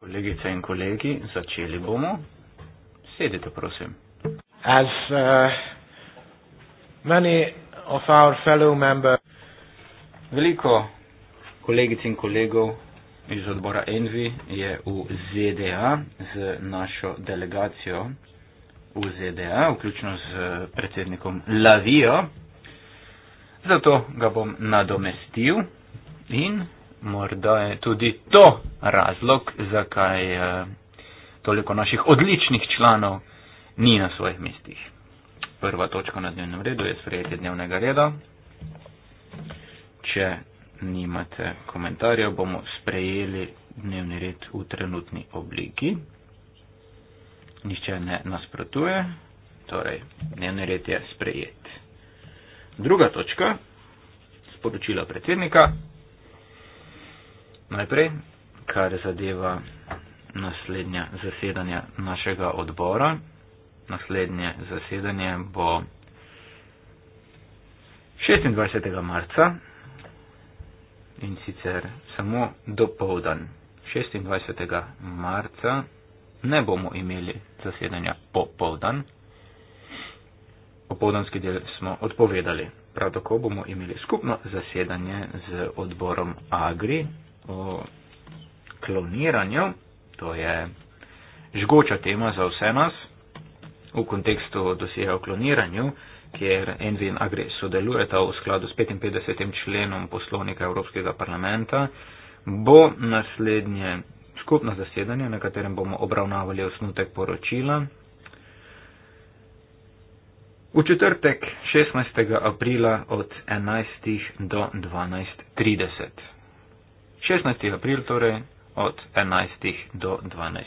Kolegice in kolegi, začeli bomo. Sedite, prosim. As, uh, many of our member... Veliko kolegic in kolegov iz odbora Envi je v ZDA z našo delegacijo v ZDA, vključno z predsednikom Lavijo. Zato ga bom nadomestil. In morda je tudi to razlog, zakaj eh, toliko naših odličnih članov ni na svojih mestih. Prva točka na dnevnem redu je sprejetje dnevnega reda. Če nimate komentarjev, bomo sprejeli dnevni red v trenutni obliki. Nihče ne nasprotuje, torej dnevni red je sprejet. Druga točka, sporočila predsednika, najprej, kar zadeva naslednja zasedanja našega odbora. Naslednje zasedanje bo 26. marca in sicer samo do povdan. 26. marca ne bomo imeli zasedanja po povdan. Opovdanski del smo odpovedali. Prav tako bomo imeli skupno zasedanje z odborom Agri o kloniranju, to je žgoča tema za vse nas v kontekstu dosjeja o kloniranju, kjer Envi in Agri sodelujeta v skladu s 55. členom poslovnika Evropskega parlamenta, bo naslednje skupno zasedanje, na katerem bomo obravnavali osnutek poročila. V četrtek 16. aprila od 11. do 12.30. 16. april torej od 11. do 12.30.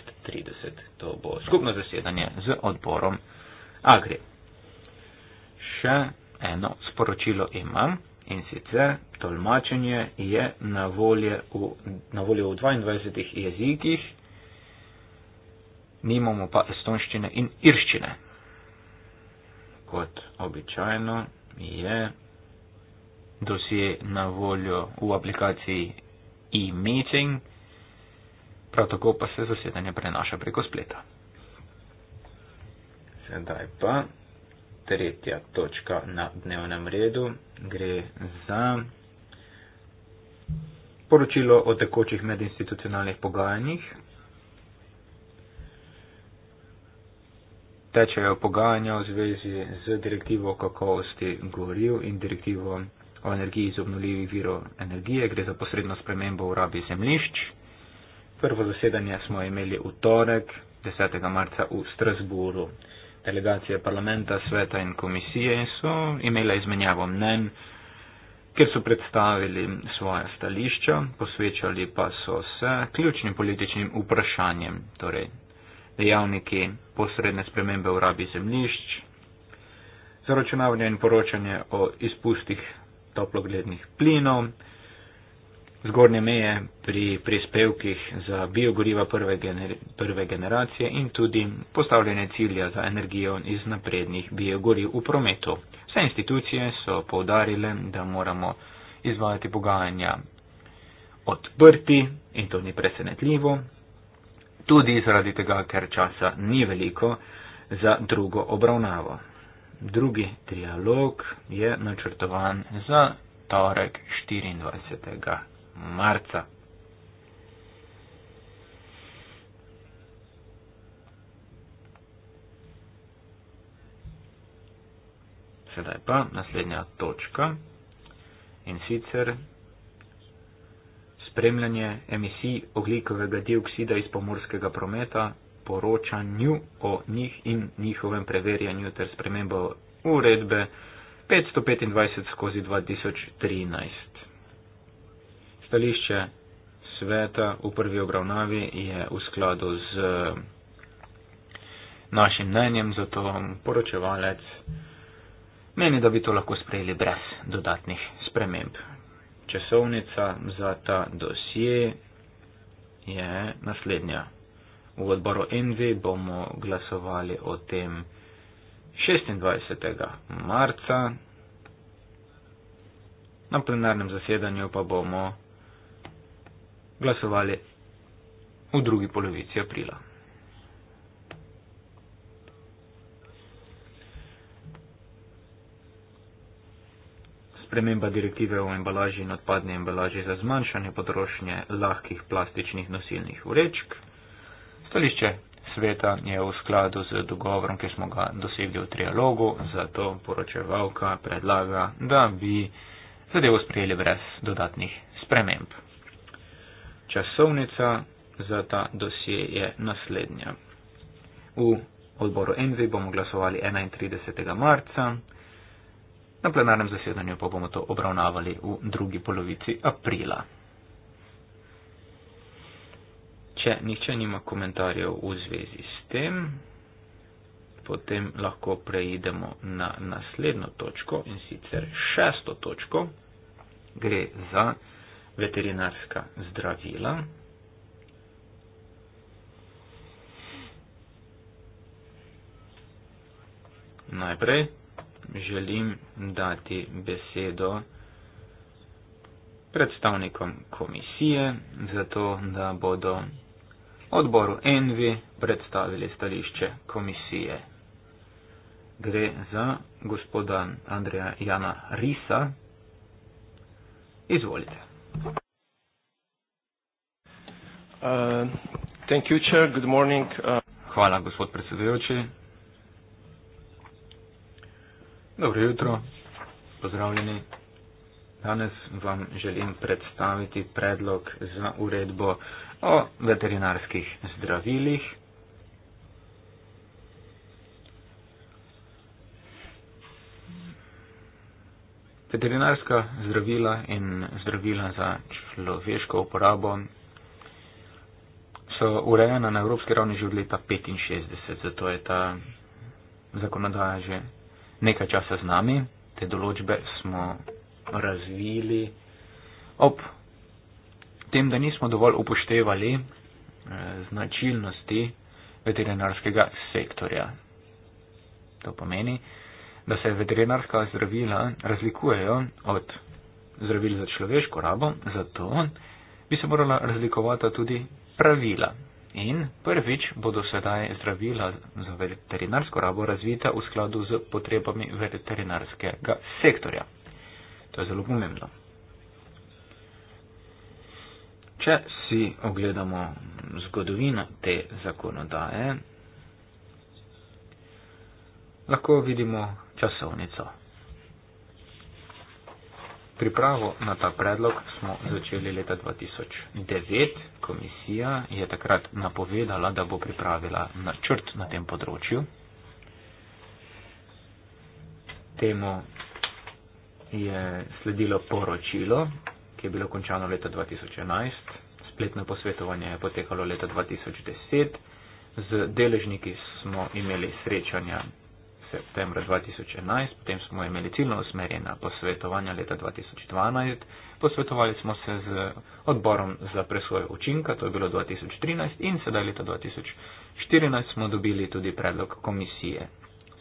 To bo skupno zasedanje z odborom Agri. Še eno sporočilo imam in sicer tolmačenje je na voljo v, na voljo v 22 jezikih, nimamo pa estonščine in irščine. Kot običajno je dosje na voljo v aplikaciji e-meeting, prav tako pa se zasedanje prenaša preko spleta. Sedaj pa tretja točka na dnevnem redu gre za poročilo o tekočih medinstitucionalnih pogajanjih. Tečejo pogajanja v zvezi z direktivo kakovosti goril in direktivo o energiji iz obnovljivih virov energije, gre za posredno spremembo v rabi zemlišč. Prvo zasedanje smo imeli v torek, 10. marca v Strasburu. Delegacije parlamenta, sveta in komisije so imele izmenjavo mnen, kjer so predstavili svoja stališča, posvečali pa so se ključnim političnim vprašanjem, torej dejavniki posredne spremembe v rabi zemlišč, zaračunavanje in poročanje o izpustih toplogrednih plinov, zgornje meje pri prispevkih za biogoriva prve, gener prve generacije in tudi postavljanje cilja za energijo iz naprednih biogoriv v prometu. Vse institucije so povdarile, da moramo izvajati pogajanja odprti in to ni presenetljivo, tudi zaradi tega, ker časa ni veliko za drugo obravnavo drugi trialog je načrtovan za torek 24. marca. Sedaj pa naslednja točka in sicer spremljanje emisij oglikovega dioksida iz pomorskega prometa poročanju o njih in njihovem preverjanju ter spremembo uredbe 525 skozi 2013. Stališče sveta v prvi obravnavi je v skladu z našim mnenjem, zato poročevalec meni, da bi to lahko sprejeli brez dodatnih sprememb. Časovnica za ta dosje je naslednja. V odboru NV bomo glasovali o tem 26. marca, na plenarnem zasedanju pa bomo glasovali v drugi polovici aprila. Prememba direktive o embalaži in odpadni embalaži za zmanjšanje potrošnje lahkih plastičnih nosilnih vrečk stališče sveta je v skladu z dogovorom, ki smo ga dosegli v trialogu, zato poročevalka predlaga, da bi zadevo sprejeli brez dodatnih sprememb. Časovnica za ta dosje je naslednja. V odboru Envi bomo glasovali 31. marca, na plenarnem zasedanju pa bomo to obravnavali v drugi polovici aprila. Če nihče nima komentarjev v zvezi s tem, potem lahko preidemo na naslednjo točko in sicer šesto točko. Gre za veterinarska zdravila. Najprej želim dati besedo predstavnikom komisije, zato da bodo odboru Envi predstavili stališče komisije. Gre za gospoda Andreja Jana Risa. Izvolite. Uh, thank you, chair. Good morning. Uh, Hvala, gospod predsedujoči. Dobro jutro. Pozdravljeni. Danes vam želim predstaviti predlog za uredbo uh, o veterinarskih zdravilih. Veterinarska zdravila in zdravila za človeško uporabo so urejena na evropski ravni že od leta 65, zato je ta zakonodaja že nekaj časa z nami. Te določbe smo razvili ob tem, da nismo dovolj upoštevali eh, značilnosti veterinarskega sektorja. To pomeni, da se veterinarska zdravila razlikujejo od zdravil za človeško rabo, zato bi se morala razlikovati tudi pravila. In prvič bodo sedaj zdravila za veterinarsko rabo razvita v skladu z potrebami veterinarskega sektorja. To je zelo pomembno. Če si ogledamo zgodovino te zakonodaje, lahko vidimo časovnico. Pripravo na ta predlog smo začeli leta 2009. Komisija je takrat napovedala, da bo pripravila načrt na tem področju. Temu je sledilo poročilo, ki je bilo končano leta 2011. Spletno posvetovanje je potekalo leta 2010. Z deležniki smo imeli srečanja septembra 2011, potem smo imeli ciljno usmerjena posvetovanja leta 2012. Posvetovali smo se z odborom za presvojo učinka, to je bilo 2013 in sedaj leta 2014 smo dobili tudi predlog komisije.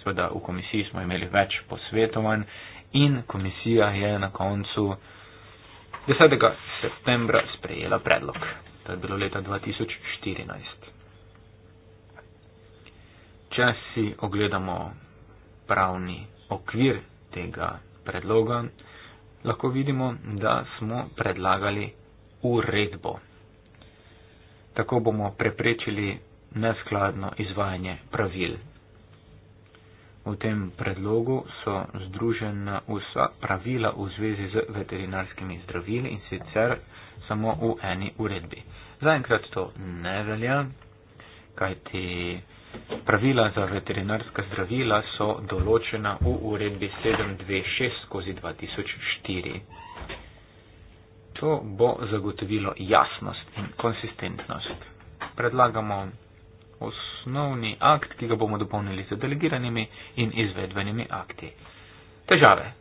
Seveda v komisiji smo imeli več posvetovanj in komisija je na koncu 10. septembra sprejela predlog. To je bilo leta 2014. Če si ogledamo pravni okvir tega predloga, lahko vidimo, da smo predlagali uredbo. Tako bomo preprečili neskladno izvajanje pravil V tem predlogu so združena vsa pravila v zvezi z veterinarskimi zdravili in sicer samo v eni uredbi. Zaenkrat to ne velja, kajti pravila za veterinarska zdravila so določena v uredbi 726-2004. To bo zagotovilo jasnost in konsistentnost. Predlagamo osnovni akt, ki ga bomo dopolnili z delegiranimi in izvedbenimi akti. Težave.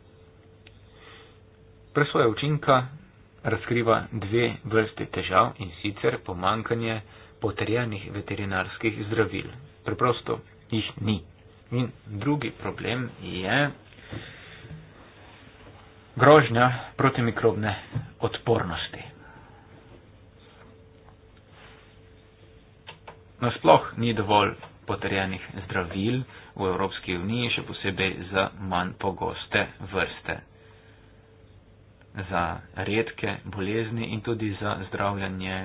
Presoja učinka razkriva dve vrste težav in sicer pomankanje potrjenih veterinarskih zdravil. Preprosto jih ni. In drugi problem je grožnja protimikrobne odpornosti. nasploh ni dovolj potrjenih zdravil v Evropski uniji, še posebej za manj pogoste vrste, za redke bolezni in tudi za zdravljanje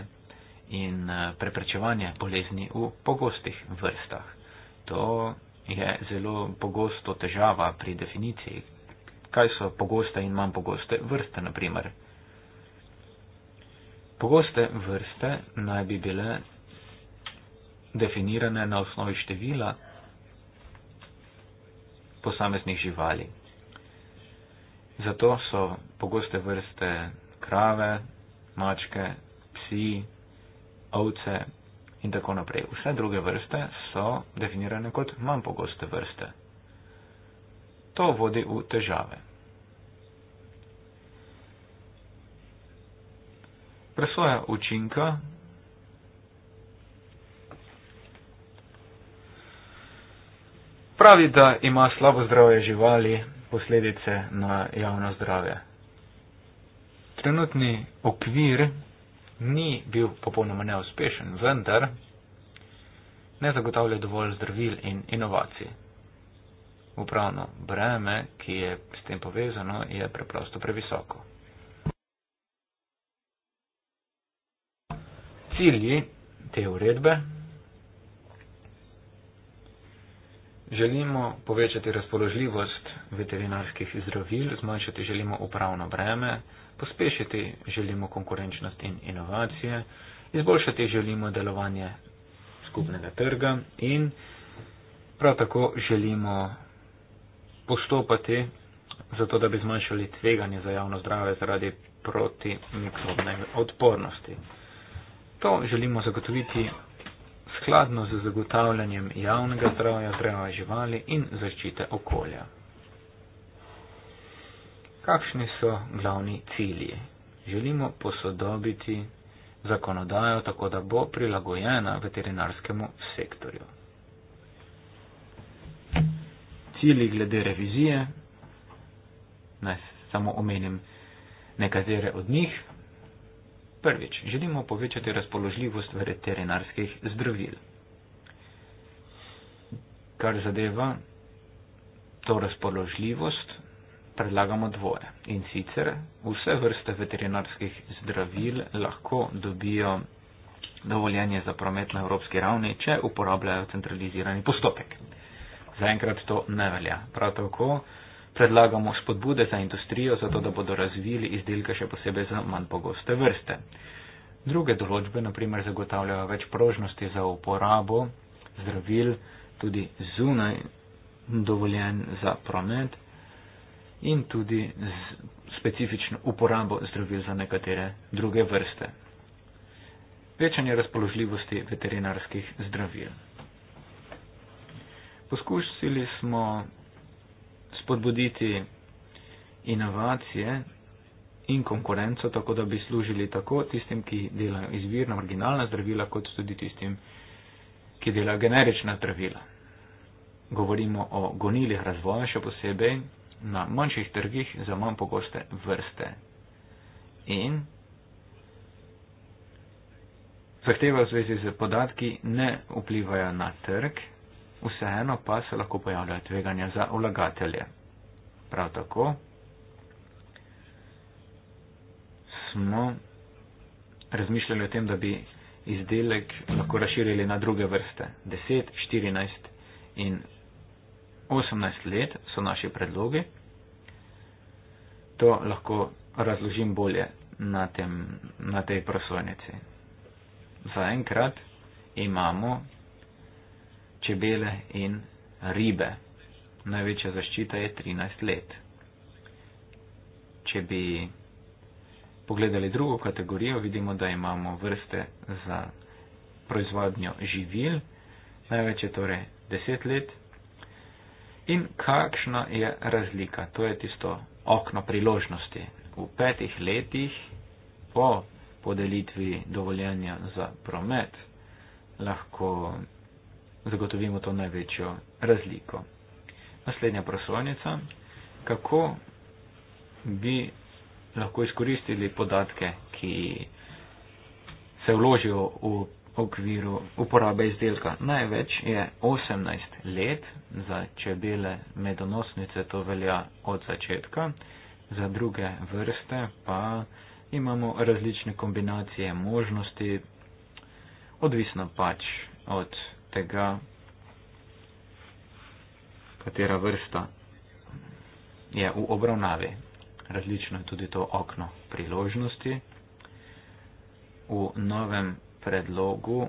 in eh, preprečevanje bolezni v pogostih vrstah. To je zelo pogosto težava pri definiciji, kaj so pogoste in manj pogoste vrste, naprimer. Pogoste vrste naj bi bile definirane na osnovi števila posameznih živali. Zato so pogoste vrste krave, mačke, psi, ovce in tako naprej. Vse druge vrste so definirane kot manj pogoste vrste. To vodi v težave. Presoja učinka pravi, da ima slabo zdravje živali posledice na javno zdravje. Trenutni okvir ni bil popolnoma neuspešen, vendar ne zagotavlja dovolj zdravil in inovacij. Upravno breme, ki je s tem povezano, je preprosto previsoko. Cilji te uredbe Želimo povečati razpoložljivost veterinarskih zdravil, zmanjšati želimo upravno breme, pospešiti želimo konkurenčnost in inovacije, izboljšati želimo delovanje skupnega trga in prav tako želimo postopati zato, da bi zmanjšali tveganje za javno zdrave zaradi protimikrobne odpornosti. To želimo zagotoviti skladno z zagotavljanjem javnega zdravja, zdravja živali in zaščite okolja. Kakšni so glavni cilji? Želimo posodobiti zakonodajo tako, da bo prilagojena veterinarskemu sektorju. Cilji glede revizije, naj samo omenim nekatere od njih, Prvič, želimo povečati razpoložljivost veterinarskih zdravil. Kar zadeva to razpoložljivost, predlagamo dvoje. In sicer vse vrste veterinarskih zdravil lahko dobijo dovoljenje za promet na evropski ravni, če uporabljajo centralizirani postopek. Zaenkrat to ne velja. Prav tako Predlagamo spodbude za industrijo, zato da bodo razvili izdelke še posebej za manj pogoste vrste. Druge določbe, naprimer, zagotavljajo več prožnosti za uporabo zdravil tudi zunaj dovoljen za promet in tudi specifično uporabo zdravil za nekatere druge vrste. Večanje razpoložljivosti veterinarskih zdravil. Poskusili smo spodbuditi inovacije in konkurenco, tako da bi služili tako tistim, ki delajo izvirna, originalna zdravila, kot tudi tistim, ki delajo generična zdravila. Govorimo o gonilih razvoja, še posebej na manjših trgih za manj pogoste vrste. In zahteva v zvezi z podatki ne vplivajo na trg, vseeno pa se lahko pojavljajo tveganja za vlagatelje. Prav tako smo razmišljali o tem, da bi izdelek lahko razširili na druge vrste. 10, 14 in 18 let so naši predlogi. To lahko razložim bolje na, tem, na tej prosojnici. Zaenkrat imamo čebele in ribe. Največja zaščita je 13 let. Če bi pogledali drugo kategorijo, vidimo, da imamo vrste za proizvodnjo živil, največ je torej 10 let. In kakšna je razlika? To je tisto okno priložnosti. V petih letih po podelitvi dovoljenja za promet lahko zagotovimo to največjo razliko. Naslednja prosojnica, kako bi lahko izkoristili podatke, ki se vložijo v okviru uporabe izdelka. Največ je 18 let za čebele medonosnice, to velja od začetka, za druge vrste pa imamo različne kombinacije možnosti, odvisno pač od tega, katera vrsta je v obravnavi. Različno je tudi to okno priložnosti. V novem predlogu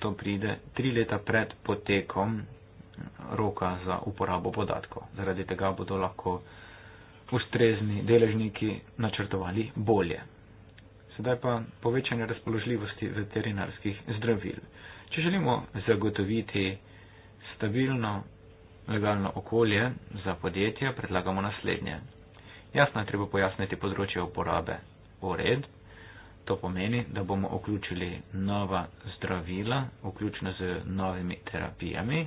to pride tri leta pred potekom roka za uporabo podatkov. Zaradi tega bodo lahko ustrezni deležniki načrtovali bolje. Sedaj pa povečanje razpoložljivosti veterinarskih zdravil. Če želimo zagotoviti stabilno legalno okolje za podjetja, predlagamo naslednje. Jasno je treba pojasniti področje uporabe ored. To pomeni, da bomo vključili nova zdravila, vključno z novimi terapijami.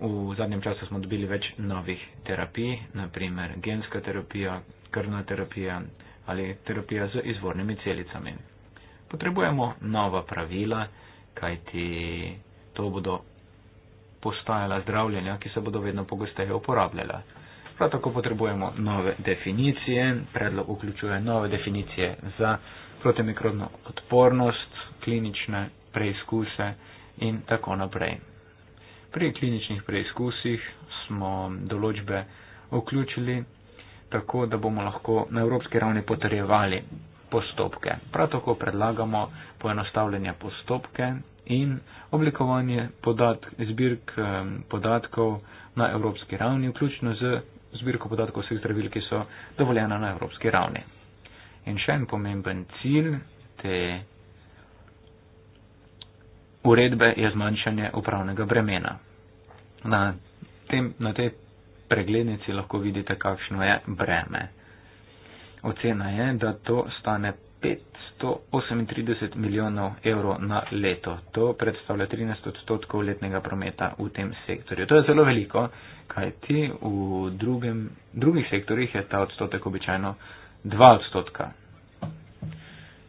V zadnjem času smo dobili več novih terapij, naprimer genska terapija, krvna terapija ali terapija z izvornimi celicami potrebujemo nova pravila, kajti to bodo postajala zdravljenja, ki se bodo vedno pogosteje uporabljala. Prav tako potrebujemo nove definicije, predlog vključuje nove definicije za protimikrobno odpornost, klinične preizkuse in tako naprej. Pri kliničnih preizkusih smo določbe vključili tako, da bomo lahko na evropski ravni potrjevali postopke. Prav tako predlagamo poenostavljanje postopke in oblikovanje podatk, zbirk podatkov na evropski ravni, vključno z zbirko podatkov vseh zdravil, ki so dovoljena na evropski ravni. In še en pomemben cilj te uredbe je zmanjšanje upravnega bremena. Na, tem, na tej preglednici lahko vidite, kakšno je breme. Ocena je, da to stane 538 milijonov evrov na leto. To predstavlja 13 odstotkov letnega prometa v tem sektorju. To je zelo veliko, kajti v drugem, drugih sektorjih je ta odstotek običajno 2 odstotka.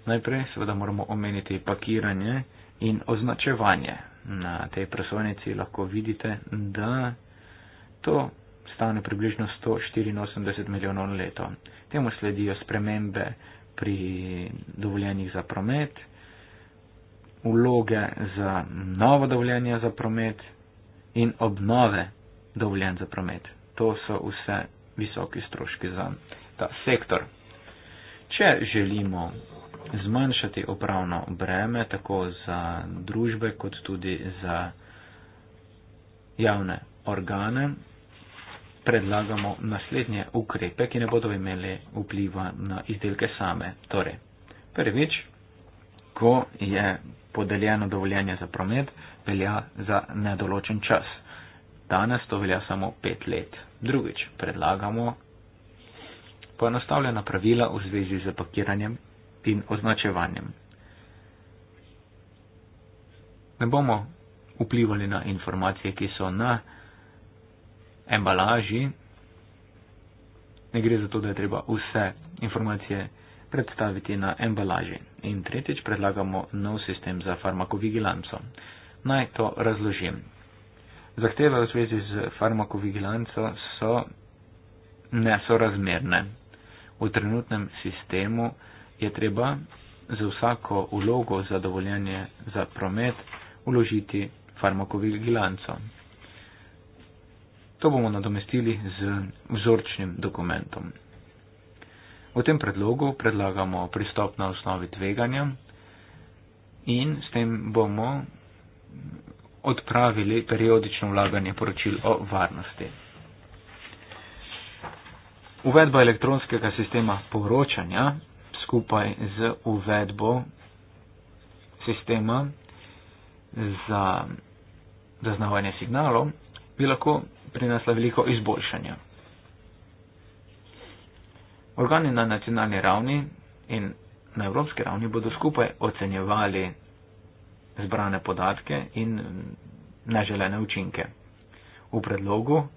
Najprej seveda moramo omeniti pakiranje in označevanje. Na tej prosovnici lahko vidite, da to ostane približno 184 milijonov na leto. Temu sledijo spremembe pri dovoljenjih za promet, uloge za novo dovoljenje za promet in obnove dovoljen za promet. To so vse visoki stroški za ta sektor. Če želimo zmanjšati upravno breme tako za družbe kot tudi za javne organe, predlagamo naslednje ukrepe, ki ne bodo imeli vpliva na izdelke same. Torej, prvič, ko je podeljeno dovoljenje za promet, velja za nedoločen čas. Danes to velja samo pet let. Drugič, predlagamo poenostavljena pravila v zvezi z pakiranjem in označevanjem. Ne bomo vplivali na informacije, ki so na embalaži, ne gre za to, da je treba vse informacije predstaviti na embalaži. In tretjič predlagamo nov sistem za farmakovigilanco. Naj to razložim. Zahteve v zvezi z farmakovigilanco so nesorazmerne. V trenutnem sistemu je treba za vsako vlogo za dovoljenje za promet vložiti farmakovigilanco. To bomo nadomestili z vzorčnim dokumentom. V tem predlogu predlagamo pristop na osnovi tveganja in s tem bomo odpravili periodično vlaganje poročil o varnosti. Uvedba elektronskega sistema poročanja skupaj z uvedbo sistema za zaznavanje signalov bi lahko prinesla veliko izboljšanja. Organi na nacionalni ravni in na evropski ravni bodo skupaj ocenjevali zbrane podatke in neželene učinke. V predlogu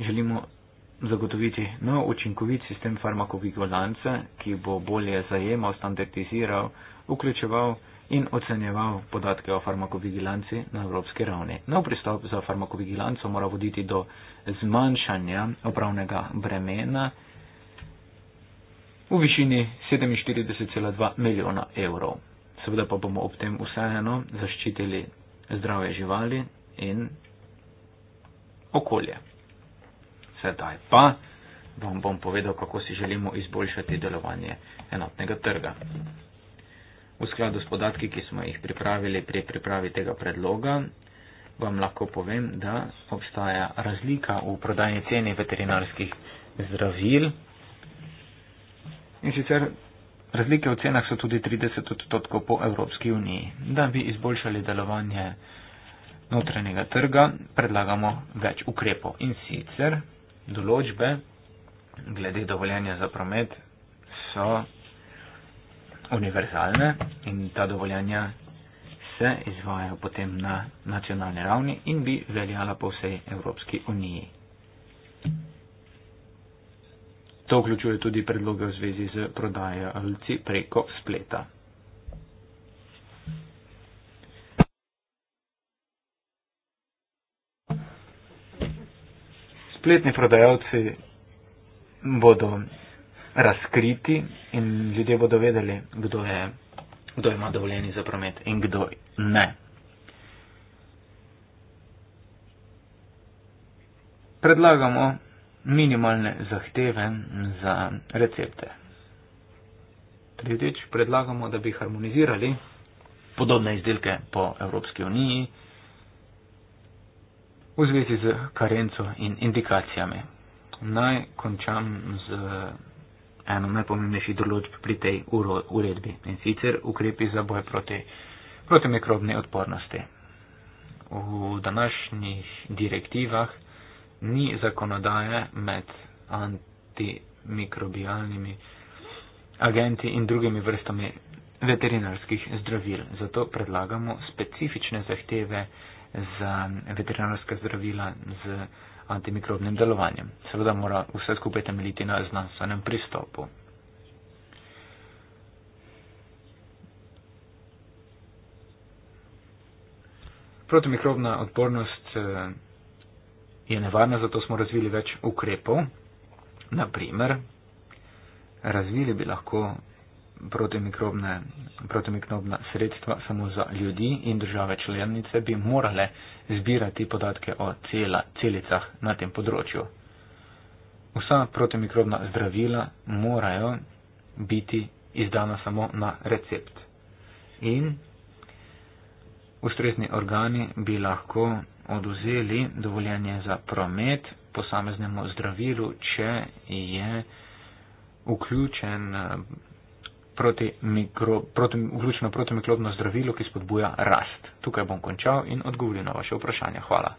želimo zagotoviti nov učinkovit sistem farmakovigilance, ki bo bolje zajemal, standardiziral, vključeval in ocenjeval podatke o farmakovigilanci na evropski ravni. Nov pristop za farmakovigilanco mora voditi do zmanjšanja upravnega bremena v višini 47,2 milijona evrov. Seveda pa bomo ob tem vseeno zaščitili zdrave živali in okolje. Sedaj pa vam bom povedal, kako si želimo izboljšati delovanje enotnega trga. V skladu s podatki, ki smo jih pripravili pri pripravi tega predloga, vam lahko povem, da obstaja razlika v prodajni ceni veterinarskih zdravil. In sicer razlike v cenah so tudi 30 odstotkov po Evropski uniji. Da bi izboljšali delovanje notranjega trga, predlagamo več ukrepov. In sicer določbe glede dovoljenja za promet so univerzalne in ta dovoljenja se izvajajo potem na nacionalni ravni in bi veljala po vsej Evropski uniji. To vključuje tudi predloge v zvezi z prodajo alci preko spleta. Spletni prodajalci bodo razkriti in ljudje bodo vedeli, kdo, je, kdo ima dovoljenje za promet in kdo ne. Predlagamo minimalne zahteve za recepte. Tretjič, predlagamo, da bi harmonizirali podobne izdelke po Evropski uniji v zvezi z karenco in indikacijami. Naj končam z eno najpomembnejših določb pri tej uredbi in sicer ukrepi za boj proti, proti mikrobni odpornosti. V današnjih direktivah ni zakonodaje med antimikrobialnimi agenti in drugimi vrstami veterinarskih zdravil. Zato predlagamo specifične zahteve za veterinarska zdravila z antimikrobnim delovanjem. Seveda mora vse skupaj temeljiti na znanstvenem pristopu. Protimikrobna odpornost eh, je nevarna, zato smo razvili več ukrepov. Naprimer, razvili bi lahko protimikrobna sredstva samo za ljudi in države članice bi morale zbirati podatke o cela, celicah na tem področju. Vsa protimikrobna zdravila morajo biti izdana samo na recept. In ustrezni organi bi lahko oduzeli dovoljenje za promet posameznemu zdravilu, če je vključen eh, proti mikro, proti, vključno protimikrobno zdravilo, ki spodbuja rast. Tukaj bom končal in odgovoril na vaše vprašanje. Hvala.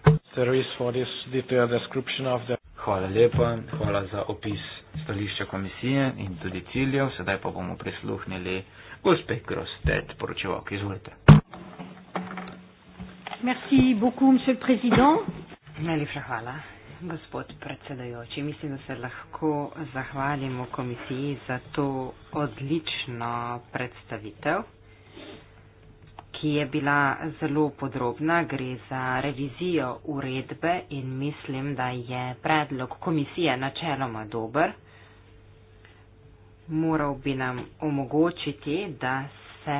Hvala lepa, hvala za opis stališča komisije in tudi ciljev. Sedaj pa bomo prisluhnili gospe Krostet, poročevalki. Izvolite. Merci beaucoup, monsieur le président. Najlepša hvala gospod predsedajoči. Mislim, da se lahko zahvalimo komisiji za to odlično predstavitev, ki je bila zelo podrobna. Gre za revizijo uredbe in mislim, da je predlog komisije načeloma dober. Moral bi nam omogočiti, da se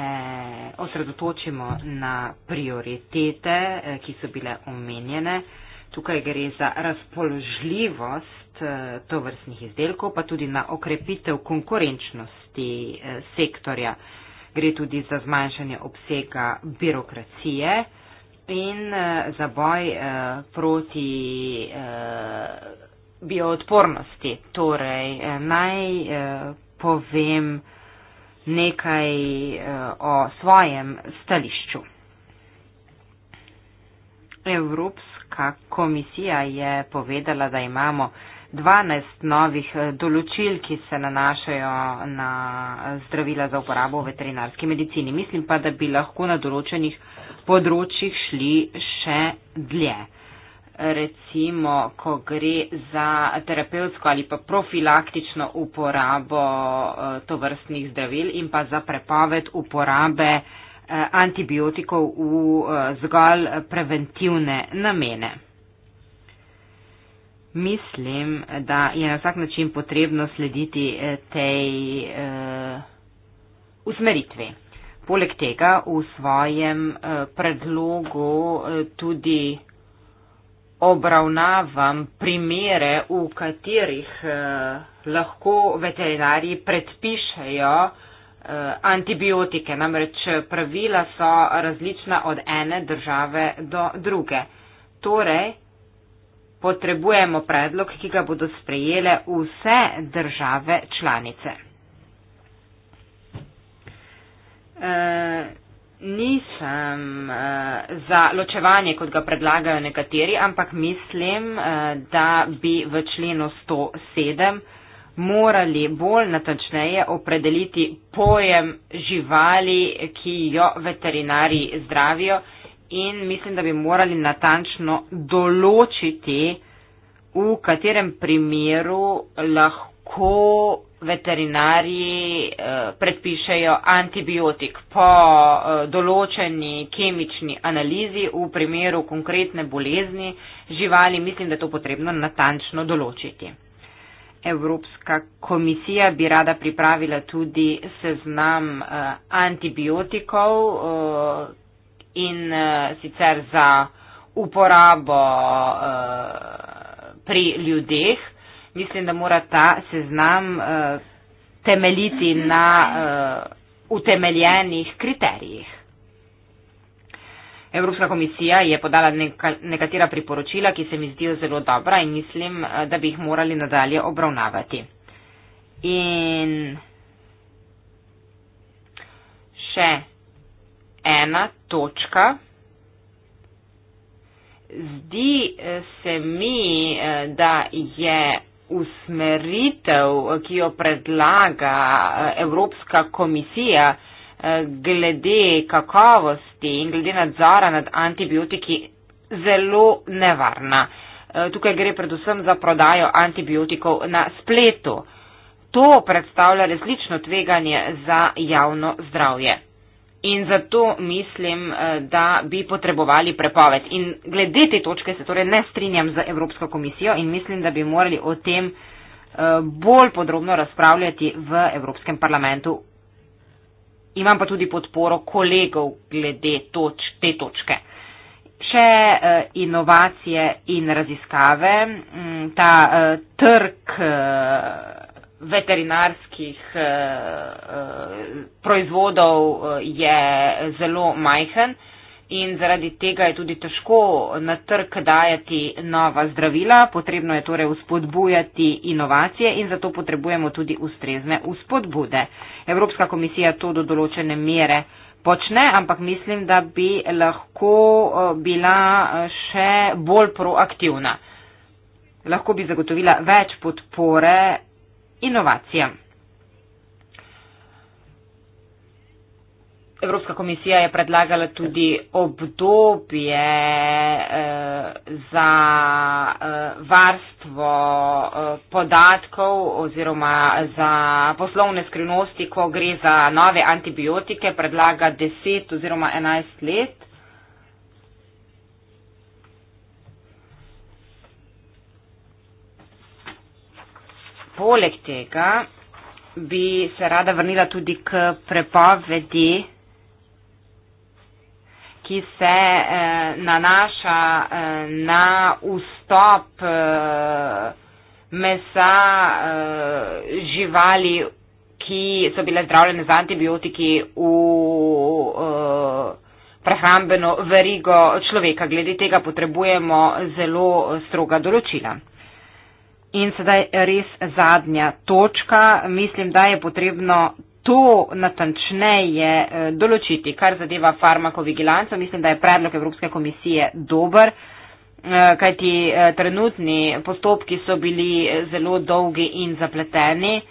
osredotočimo na prioritete, eh, ki so bile omenjene. Tukaj gre za razpoložljivost eh, to vrstnih izdelkov, pa tudi na okrepitev konkurenčnosti eh, sektorja. Gre tudi za zmanjšanje obsega birokracije in eh, za boj proti bioodpornosti. Torej, naj povem nekaj o svojem stališču. Evropsko Evropska komisija je povedala, da imamo 12 novih eh, določil, ki se nanašajo na zdravila za uporabo v veterinarski medicini. Mislim pa, da bi lahko na določenih področjih šli še dlje. Recimo, ko gre za terapevtsko ali pa profilaktično uporabo eh, tovrstnih zdravil in pa za prepoved uporabe uh, Eh, antibiotikov v eh, zgolj preventivne namene. Mislim, da je na vsak način potrebno slediti eh, tej uh, usmeritvi. Poleg tega v svojem uh, predlogu uh, tudi obravnavam primere, v katerih uh, lahko veterinari predpišajo uh, Eh, antibiotike. Namreč eh, pravila so različna od ene države do druge. Torej, potrebujemo predlog, ki ga bodo sprejele vse države članice. E, nisem e, za ločevanje, kot ga predlagajo nekateri, ampak mislim, e, da bi v členu 107 morali bolj natančneje opredeliti pojem živali, ki jo veterinari zdravijo in mislim, da bi morali natančno določiti, v katerem primeru lahko veterinari eh, predpišejo antibiotik po eh, določeni kemični analizi v primeru konkretne bolezni živali, mislim, da je to potrebno natančno določiti. Evropska komisija bi rada pripravila tudi seznam uh, antibiotikov uh, in uh, sicer za uporabo uh, pri ljudeh. Mislim, da mora ta seznam uh, temeljiti na uh, utemeljenih kriterijih. Evropska komisija je podala neka, nekatera priporočila, ki se mi zdijo zelo dobra in mislim, eh, da bi jih morali nadalje obravnavati. In še ena točka. Zdi eh, se mi, eh, da je usmeritev, ki jo predlaga Evropska komisija, Eh, glede kakovosti in glede nadzora nad antibiotiki zelo nevarna. Eh, tukaj gre predvsem za prodajo antibiotikov na spletu. To predstavlja resnično tveganje za javno zdravje. In zato mislim, eh, da bi potrebovali prepoved. In glede te točke se torej ne strinjam z Evropsko komisijo in mislim, da bi morali o tem bolj podrobno razpravljati v Evropskem parlamentu imam pa tudi podporo kolegov glede toč, te točke. Še uh, inovacije in raziskave, m, mm, ta uh, trg uh, veterinarskih uh, uh, proizvodov uh, je zelo majhen. Uh, in zaradi tega je tudi težko na trg dajati nova zdravila, potrebno je torej uspodbujati inovacije in zato potrebujemo tudi ustrezne uspodbude. Evropska komisija to do določene mere počne, ampak mislim, da bi lahko eh, bila eh, še bolj proaktivna. Lahko bi zagotovila več podpore inovacijam. Evropska komisija je predlagala tudi obdobje eh, za eh, varstvo eh, podatkov oziroma za poslovne skrivnosti, ko gre za nove antibiotike, predlaga 10 oziroma 11 let. Poleg tega bi se rada vrnila tudi k prepovedi ki se eh, nanaša eh, na vstop eh, mesa eh, živali, ki so bile zdravljene z antibiotiki v eh, prehrambeno verigo človeka. Glede tega potrebujemo zelo stroga določila. In sedaj res zadnja točka. Mislim, da je potrebno to natančneje eh, določiti, kar zadeva farmakovigilanco. Mislim, da je predlog Evropske komisije dober, eh, kajti eh, trenutni postopki so bili zelo dolgi in zapleteni.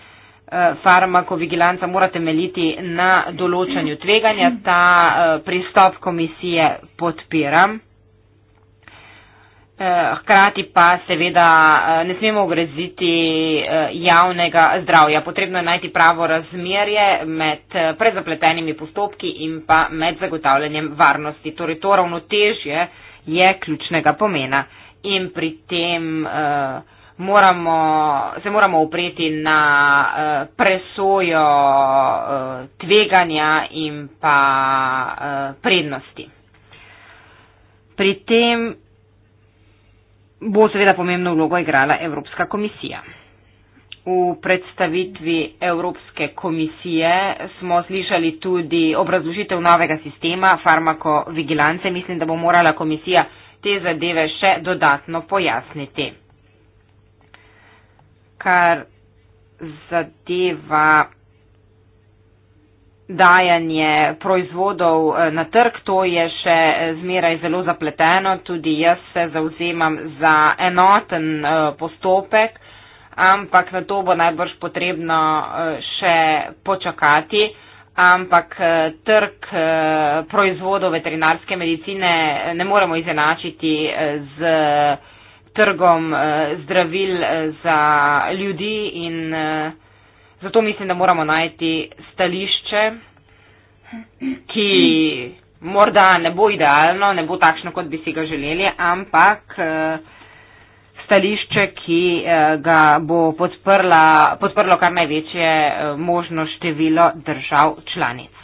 Farmakovigilanca mora temeljiti na določanju tveganja. Ta pristop komisije podpiram. Eh, hkrati pa seveda eh, ne smemo ogreziti eh, javnega zdravja. Potrebno je najti pravo razmerje med prezapletenimi postopki in pa med zagotavljanjem varnosti. Torej to ravnotežje je ključnega pomena in pri tem moramo, se moramo upreti na presojo tveganja in pa prednosti. Pri tem bo seveda pomembno vlogo igrala Evropska komisija. V predstavitvi Evropske komisije smo slišali tudi obrazložitev novega sistema farmakovigilance. Mislim, da bo morala komisija te zadeve še dodatno pojasniti. Kar zadeva dajanje proizvodov eh, na trg, to je še eh, zmeraj zelo zapleteno, tudi jaz se zauzemam za enoten eh, postopek, ampak na to bo najbrž potrebno še počakati, ampak trg proizvodov veterinarske medicine ne moremo izenačiti z trgom zdravil za ljudi in Zato mislim, da moramo najti stališče, ki morda ne bo idealno, ne bo takšno, kot bi si ga želeli, ampak eh, stališče, ki eh, ga bo podprla, podprlo kar največje eh, možno število držav članic.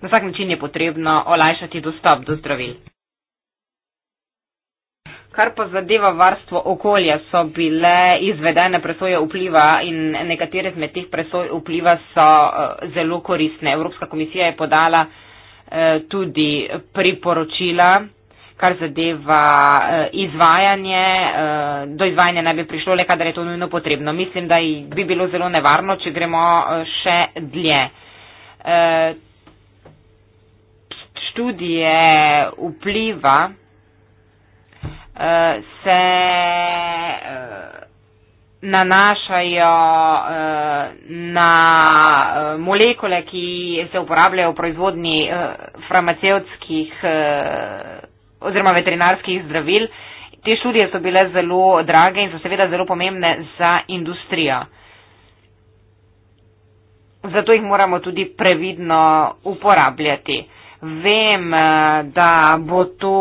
Na vsak način je potrebno olajšati dostop do zdravil. Kar pa zadeva varstvo okolja, so bile izvedene presoje vpliva in nekatere zmed teh presoj vpliva so eh, zelo koristne. Evropska komisija je podala eh, tudi priporočila, kar zadeva eh, izvajanje. Do izvajanja ne bi prišlo le, kadar je to nujno potrebno. Mislim, da bi bilo zelo nevarno, če gremo še dlje. Študije vpliva se eh, nanašajo eh, na eh, molekule, ki se uporabljajo v proizvodni farmacevskih oziroma veterinarskih zdravil. Te študije so bile zelo drage in so seveda zelo pomembne za industrijo. Zato jih moramo tudi previdno uporabljati vem, eh, da bo to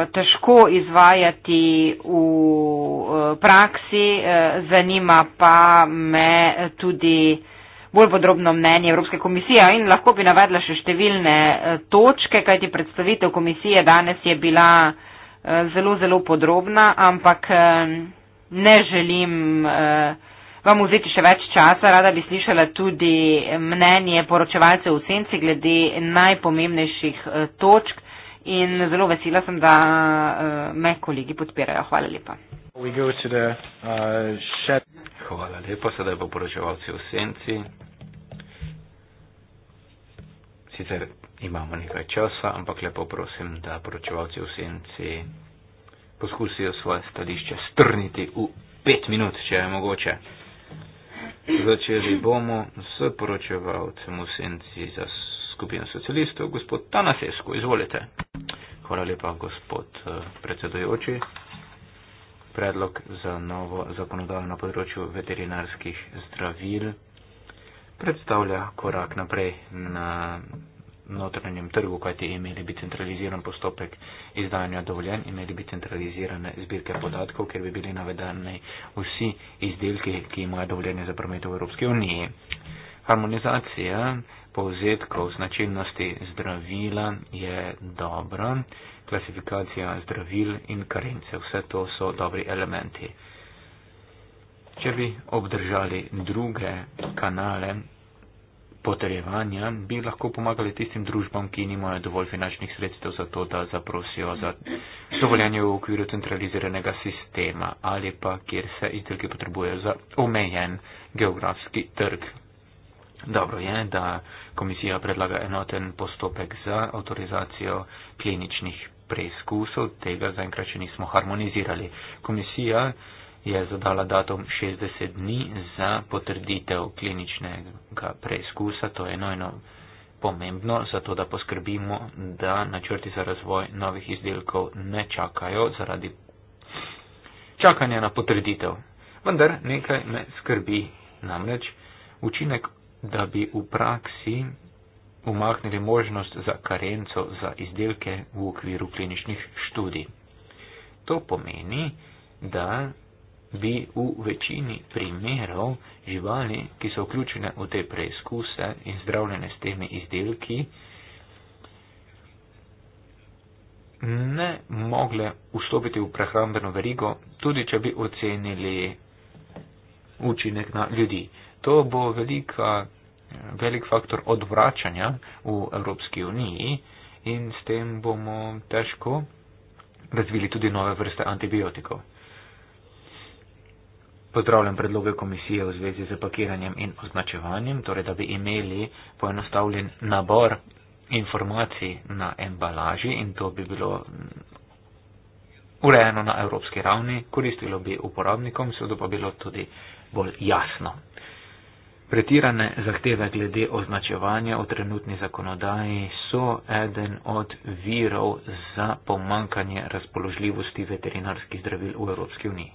eh, težko izvajati v eh, praksi, zanima pa me tudi bolj podrobno mnenje Evropske komisije in lahko bi navedla še številne točke, kajti predstavitev komisije danes je bila zelo, zelo podrobna, ampak ne želim vam vzeti še več časa, rada bi slišala tudi mnenje poročevalcev v senci glede najpomembnejših eh, točk in zelo vesela sem, da eh, me kolegi podpirajo. Hvala lepa. Uh, Hvala lepa, sedaj pa poročevalci v senci. Sicer imamo nekaj časa, ampak lepo prosim, da poročevalci v senci poskusijo svoje stališče strniti v pet minut, če je mogoče začeli bomo s poročevalcem v senci za skupino socialistov, gospod Tanasesko, izvolite. Hvala lepa, gospod eh, predsedujoči. Predlog za novo zakonodajo na področju veterinarskih zdravil predstavlja korak naprej na notranjem trgu, kajti imeli bi centraliziran postopek izdajanja dovoljen, imeli bi centralizirane zbirke podatkov, ker bi bili navedeni vsi izdelki, ki imajo dovoljenje za promet v Evropski uniji. Harmonizacija povzetkov značilnosti zdravila je dobra, klasifikacija zdravil in karence, vse to so dobri elementi. Če bi obdržali druge kanale potrjevanja bi lahko pomagali tistim družbam, ki nimajo dovolj finančnih sredstev za to, da zaprosijo za dovoljanje v okviru centraliziranega sistema ali pa kjer se izdelki potrebujejo za omejen geografski trg. Dobro je, da komisija predlaga enoten postopek za avtorizacijo kliničnih preizkusov, tega zaenkrat še nismo harmonizirali. Komisija je zadala datum 60 dni za potrditev kliničnega preizkusa. To je nojno pomembno, zato da poskrbimo, da načrti za razvoj novih izdelkov ne čakajo zaradi čakanja na potrditev. Vendar nekaj me skrbi namreč učinek, da bi v praksi umaknili možnost za karenco za izdelke v okviru kliničnih študij. To pomeni, da bi v večini primerov živali, ki so vključene v te preizkuse in zdravljene s temi izdelki, ne mogle vstopiti v prehrambeno verigo, tudi če bi ocenili učinek na ljudi. To bo velika, velik faktor odvračanja v Evropski uniji in s tem bomo težko razvili tudi nove vrste antibiotikov. Pozdravljam predloge komisije v zvezi z pakiranjem in označevanjem, torej da bi imeli poenostavljen nabor informacij na embalaži in to bi bilo mm, urejeno na evropski ravni, koristilo bi uporabnikom, sodo pa bilo tudi bolj jasno. Pretirane zahteve glede označevanja v trenutni zakonodaji so eden od virov za pomankanje razpoložljivosti veterinarskih zdravil v Evropski uniji.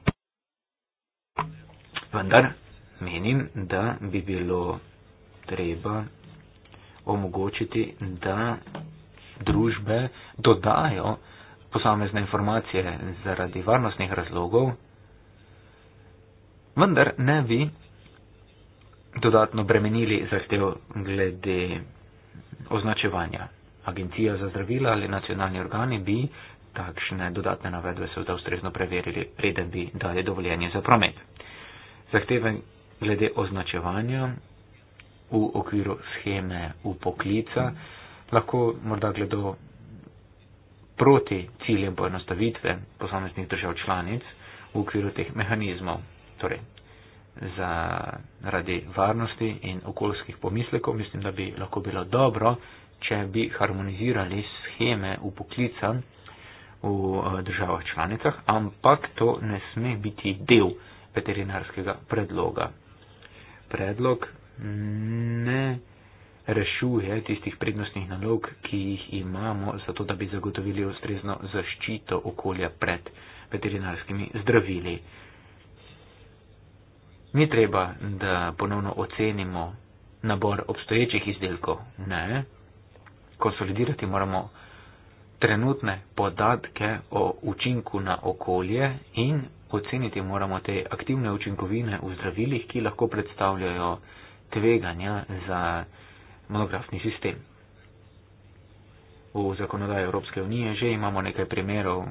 Vendar menim, da bi bilo treba omogočiti, da družbe dodajo posamezne informacije zaradi varnostnih razlogov, vendar ne bi dodatno bremenili zahtev glede označevanja. Agencija za zdravila ali nacionalni organi bi takšne dodatne navedbe seveda ustrezno preverili, preden bi dali dovoljenje za promet. Zahteve glede označevanja v okviru scheme v poklica lahko morda gledo proti ciljem poenostavitve posameznih držav članic v okviru teh mehanizmov, torej zaradi varnosti in okoljskih pomislekov, mislim, da bi lahko bilo dobro, če bi harmonizirali scheme v poklica v eh, državah članicah, ampak to ne sme biti del veterinarskega predloga. Predlog ne rešuje tistih prednostnih nalog, ki jih imamo, zato da bi zagotovili ustrezno zaščito okolja pred veterinarskimi zdravili. Ni treba, da ponovno ocenimo nabor obstoječih izdelkov, ne. Konsolidirati moramo trenutne podatke o učinku na okolje in oceniti moramo te aktivne učinkovine v zdravilih, ki lahko predstavljajo tveganja za monografni sistem. V zakonodaji Evropske unije že imamo nekaj primerov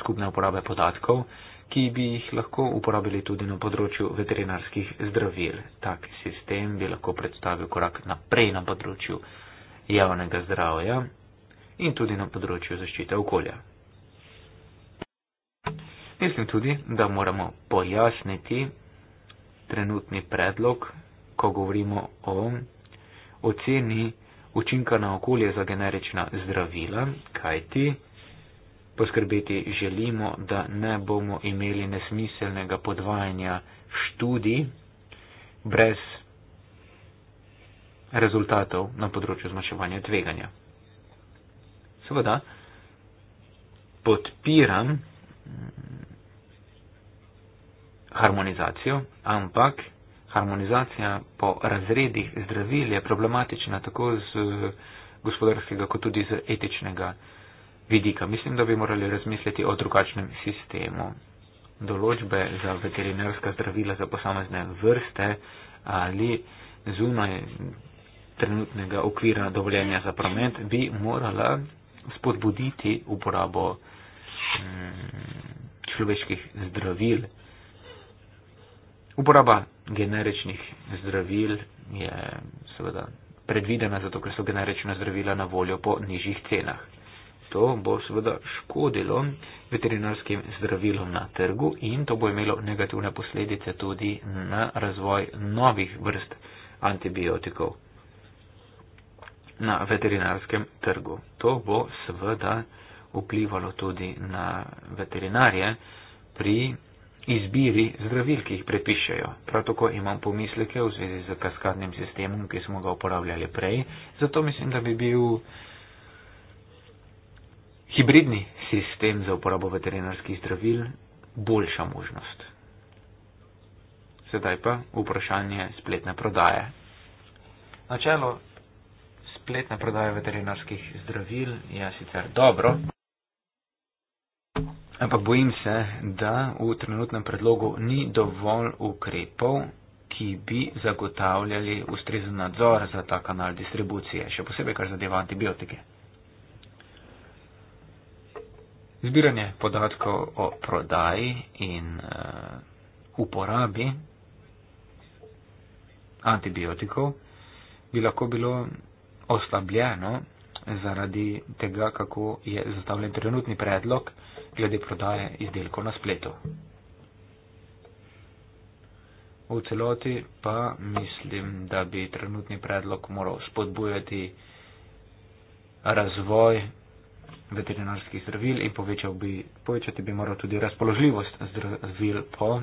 skupne uporabe podatkov, ki bi jih lahko uporabili tudi na področju veterinarskih zdravil. Tak sistem bi lahko predstavil korak naprej na področju javnega zdravja in tudi na področju zaščite okolja. Mislim tudi, da moramo pojasniti trenutni predlog, ko govorimo o oceni učinka na okolje za generična zdravila, kajti poskrbeti želimo, da ne bomo imeli nesmiselnega podvajanja študij brez rezultatov na področju zmanjševanja tveganja seveda podpiram harmonizacijo, ampak harmonizacija po razredih zdravil je problematična tako z gospodarskega kot tudi z etičnega vidika. Mislim, da bi morali razmisliti o drugačnem sistemu. Določbe za veterinarska zdravila za posamezne vrste ali zunaj trenutnega okvira dovoljenja za promet bi morala spodbuditi uporabo mm, človeških zdravil. Uporaba generičnih zdravil je seveda predvidena, zato ker so generična zdravila na voljo po nižjih cenah. To bo seveda škodilo veterinarskim zdravilom na trgu in to bo imelo negativne posledice tudi na razvoj novih vrst antibiotikov na veterinarskem trgu. To bo seveda vplivalo tudi na veterinarje pri izbiri zdravil, ki jih prepišajo. Prav tako imam pomisleke v zvezi z kaskadnim sistemom, ki smo ga uporabljali prej. Zato mislim, da bi bil hibridni sistem za uporabo veterinarskih zdravil boljša možnost. Sedaj pa vprašanje spletne prodaje. Načelo spletna prodaja veterinarskih zdravil je sicer dobro, ampak bojim se, da v trenutnem predlogu ni dovolj ukrepov, ki bi zagotavljali ustrezen nadzor za ta kanal distribucije, še posebej kar zadeva antibiotike. Zbiranje podatkov o prodaji in uh, uporabi antibiotikov bi lahko bilo oslabljeno zaradi tega, kako je zastavljen trenutni predlog glede prodaje izdelkov na spletu. V celoti pa mislim, da bi trenutni predlog moral spodbujati razvoj veterinarskih zdravil in povečal bi, povečati bi moral tudi razpoložljivost zdravil po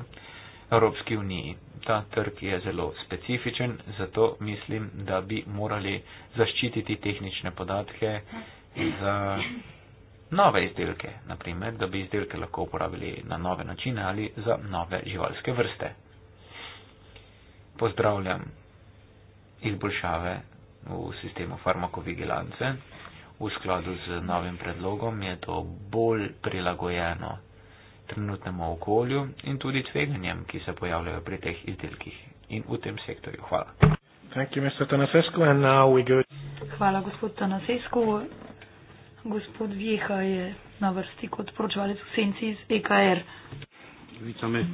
Evropski uniji. Ta trg je zelo specifičen, zato mislim, da bi morali zaščititi tehnične podatke za nove izdelke, naprimer, da bi izdelke lahko uporabili na nove načine ali za nove živalske vrste. Pozdravljam izboljšave v sistemu farmakovigilance. V skladu z novim predlogom je to bolj prilagojeno trenutnemu okolju in tudi tveganjem, ki se pojavljajo pri teh izdelkih in v tem sektorju. Hvala. You, Hvala, gospod Tanasesko. Gospod Vjeha je na vrsti kot poročevalec v senci iz EKR. Witamy.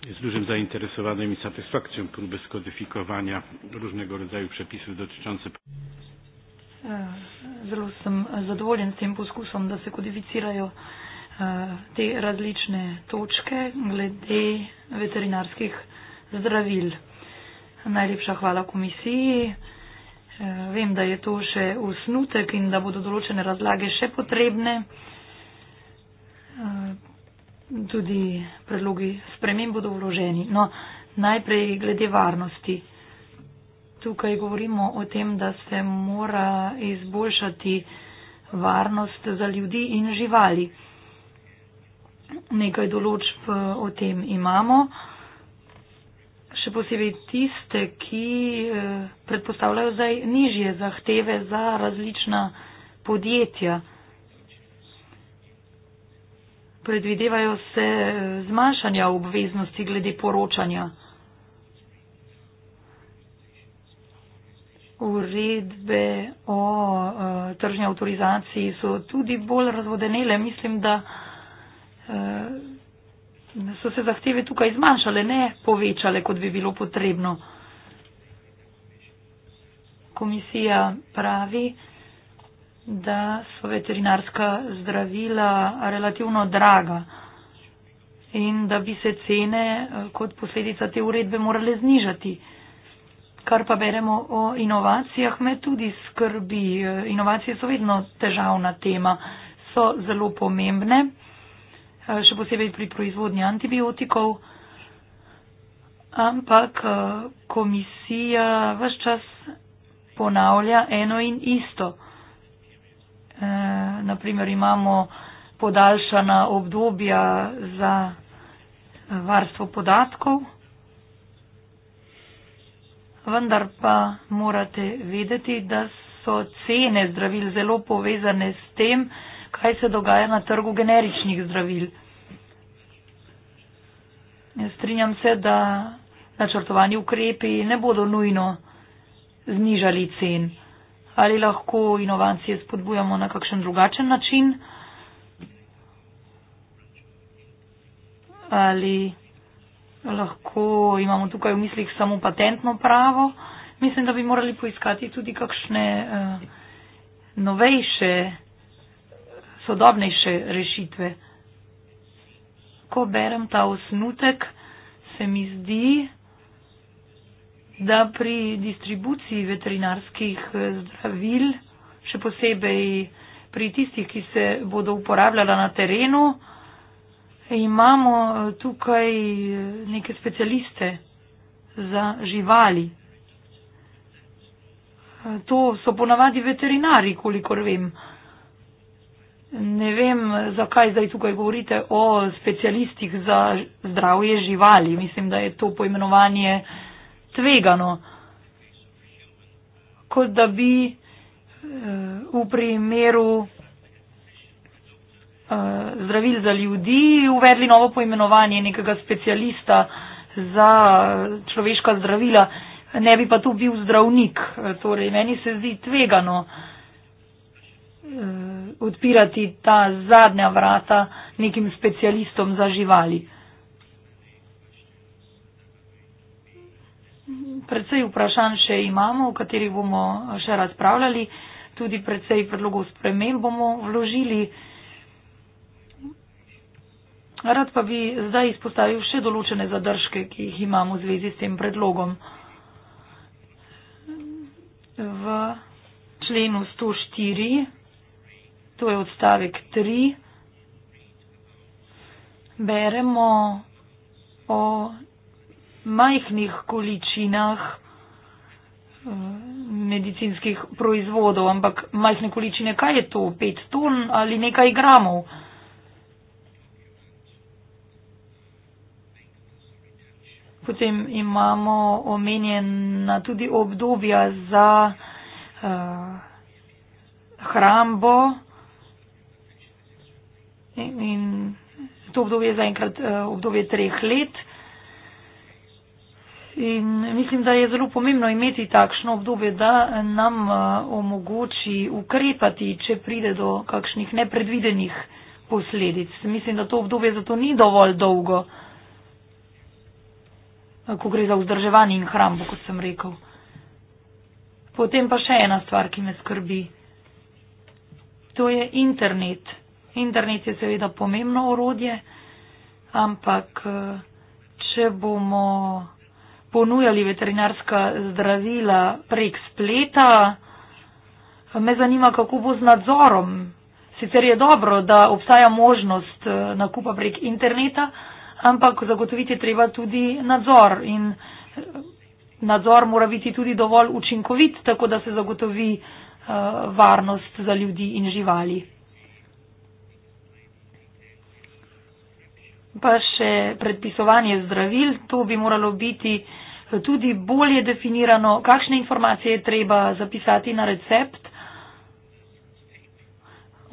Z dużym zainteresowaniem i satysfakcją próby skodyfikowania różnego rodzaju przepisów dotyczących. E, z jestem zadowolony z tym poskusem, że się kodyfikują Eh, te različne točke glede veterinarskih zdravil. Najlepša hvala komisiji. Eh, vem, da je to še usnutek in da bodo določene razlage še potrebne. Eh, tudi predlogi sprememb bodo vloženi. No, najprej glede varnosti. Tukaj govorimo o tem, da se mora izboljšati varnost za ljudi in živali nekaj določb eh, o tem imamo, še posebej tiste, ki eh, predpostavljajo zdaj nižje zahteve za različna podjetja. Predvidevajo se eh, zmanjšanja obveznosti glede poročanja. Uredbe o uh, tržni avtorizaciji so tudi bolj razvodenele. Mislim, da uh, Eh, so se zahteve tukaj zmanjšale, ne povečale, kot bi bilo potrebno. Komisija pravi, da so veterinarska zdravila relativno draga in da bi se cene eh, kot posledica te uredbe morale znižati. Kar pa beremo o inovacijah, me tudi skrbi. Eh, inovacije so vedno težavna tema, so zelo pomembne. Eh, še posebej pri proizvodnji antibiotikov. Ampak eh, komisija vse čas ponavlja eno in isto. Eh, Naprimer, imamo podaljšana obdobja za varstvo podatkov. Vendar pa morate vedeti, da so cene zdravil zelo povezane s tem, kaj se dogaja na trgu generičnih zdravil. Strinjam se, da načrtovani ukrepi ne bodo nujno znižali cen. Ali lahko inovacije spodbujamo na kakšen drugačen način? Ali lahko imamo tukaj v mislih samo patentno pravo? Mislim, da bi morali poiskati tudi kakšne uh, novejše, sodobnejše rešitve ko berem ta osnutek, se mi zdi, da pri distribuciji veterinarskih eh, zdravil, še posebej pri tistih, ki se bodo uporabljala na terenu, imamo eh, tukaj eh, neke specialiste za živali. To so ponavadi veterinari, kolikor vem. Ne vem, zakaj zdaj tukaj govorite o specialistih za zdravje živali. Mislim, da je to poimenovanje tvegano. Kot da bi eh, v primeru eh, zdravil za ljudi uvedli novo poimenovanje nekega specialista za človeška zdravila, ne bi pa tu bil zdravnik. Torej, meni se zdi tvegano. Eh, odpirati ta zadnja vrata nekim specialistom za živali. Predvsej vprašanj še imamo, o katerih bomo še razpravljali, tudi predvsej predlogov sprememb bomo vložili. Rad pa bi zdaj izpostavil še določene zadržke, ki jih imamo v zvezi s tem predlogom. V členu 104 to je odstavek 3, beremo o majhnih količinah eh, medicinskih proizvodov, ampak majhne količine, kaj je to, 5 ton ali nekaj gramov. Potem imamo omenjena tudi obdobja za uh, hrambo, in to obdobje je zaenkrat eh, obdobje treh let. In mislim, da je zelo pomembno imeti takšno obdobje, da nam eh, omogoči ukrepati, če pride do kakšnih nepredvidenih posledic. Mislim, da to obdobje zato ni dovolj dolgo, eh, ko gre za vzdrževanje in hrambo, kot sem rekel. Potem pa še ena stvar, ki me skrbi. To je internet. Internet je seveda pomembno orodje, ampak eh, če bomo ponujali veterinarska zdravila prek spleta, me zanima, kako bo z nadzorom. Sicer je dobro, da obstaja možnost eh, nakupa prek interneta, ampak zagotoviti treba tudi nadzor in eh, nadzor mora biti tudi dovolj učinkovit, tako da se zagotovi varnost za ljudi in živali. pa še predpisovanje zdravil, to bi moralo biti tudi bolje definirano, kakšne informacije je treba zapisati na recept.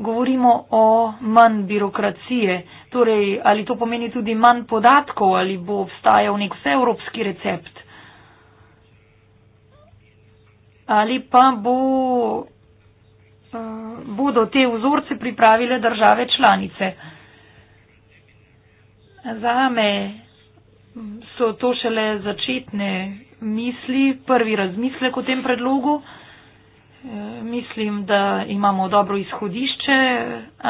Govorimo o manj birokracije, torej ali to pomeni tudi manj podatkov ali bo obstajal nek vseevropski recept. Ali pa bo, eh, bodo te vzorce pripravile države članice. Zame so to šele začetne misli, prvi razmislek o tem predlogu. E, mislim, da imamo dobro izhodišče,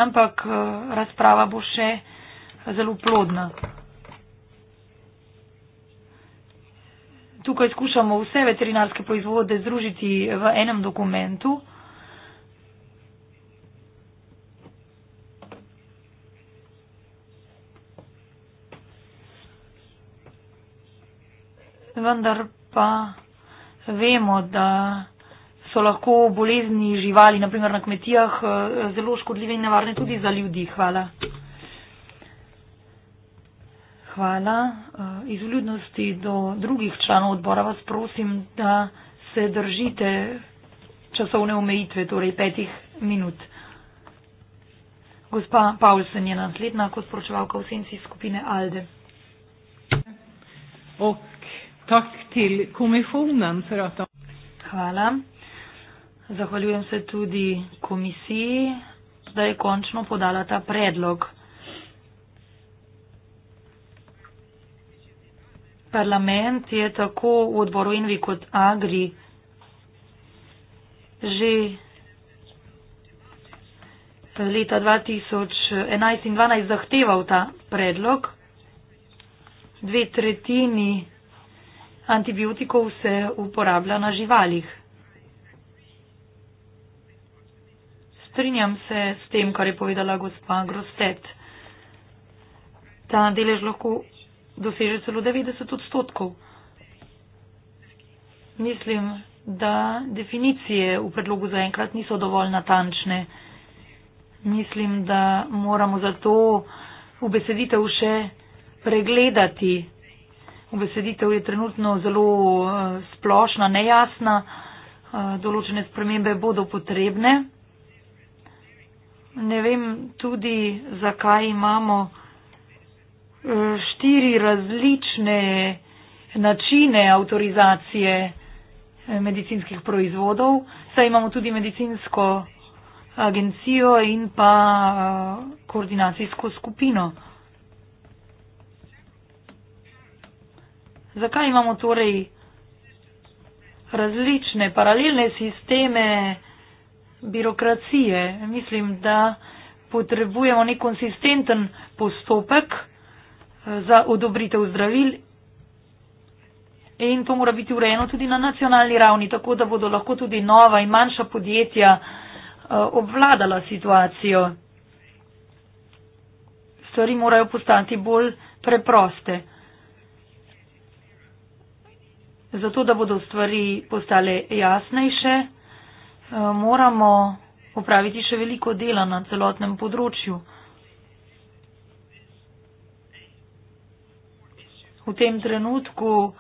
ampak e, razprava bo še zelo plodna. Tukaj skušamo vse veterinarske proizvode združiti v enem dokumentu. vendar pa vemo, da so lahko bolezni živali, naprimer na kmetijah, eh, zelo škodljive in nevarne tudi za ljudi. Hvala. Hvala. Eh, iz vljudnosti do drugih članov odbora vas prosim, da se držite časovne omejitve, torej petih minut. Gospa Paulsen je naslednja, kot sporočevalka v senci skupine Alde. Oh. Tak til komisjonen for at Hvala. Zahvaljujem se tudi komisiji, da je končno podala ta predlog. Parlament je tako v odboru Envi kot Agri že leta 2011 in 2012 zahteval ta predlog. Dve tretjini antibiotikov se uporablja na živalih. Strinjam se s tem, kar je povedala gospa Grostet. Ta delež lahko doseže celo 90 odstotkov. Mislim, da definicije v predlogu zaenkrat niso dovolj natančne. Mislim, da moramo zato v beseditev še pregledati Uveseditev je trenutno zelo eh, splošna, nejasna. Eh, določene spremembe bodo potrebne. Ne vem tudi, zakaj imamo eh, štiri različne načine avtorizacije medicinskih proizvodov. Saj imamo tudi medicinsko agencijo in pa koordinacijsko skupino. Zakaj imamo torej različne paralelne sisteme birokracije? Mislim, da potrebujemo nek konsistenten postopek eh, za odobritev zdravil in to mora biti urejeno tudi na nacionalni ravni, tako da bodo lahko tudi nova in manjša podjetja eh, obvladala situacijo. Stvari morajo postati bolj preproste zato da bodo stvari postale jasnejše, eh, moramo opraviti še veliko dela na celotnem področju. V tem trenutku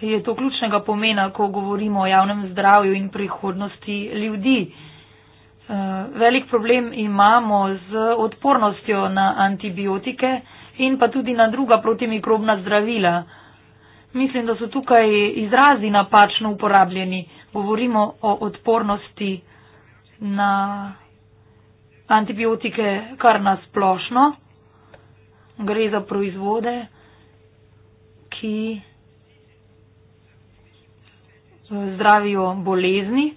je to ključnega pomena, ko govorimo o javnem zdravju in prihodnosti ljudi. Eh, velik problem imamo z odpornostjo na antibiotike in pa tudi na druga protimikrobna zdravila. Mislim, da so tukaj izrazi napačno uporabljeni. Govorimo o odpornosti na antibiotike kar na splošno. Gre za proizvode, ki eh, zdravijo bolezni.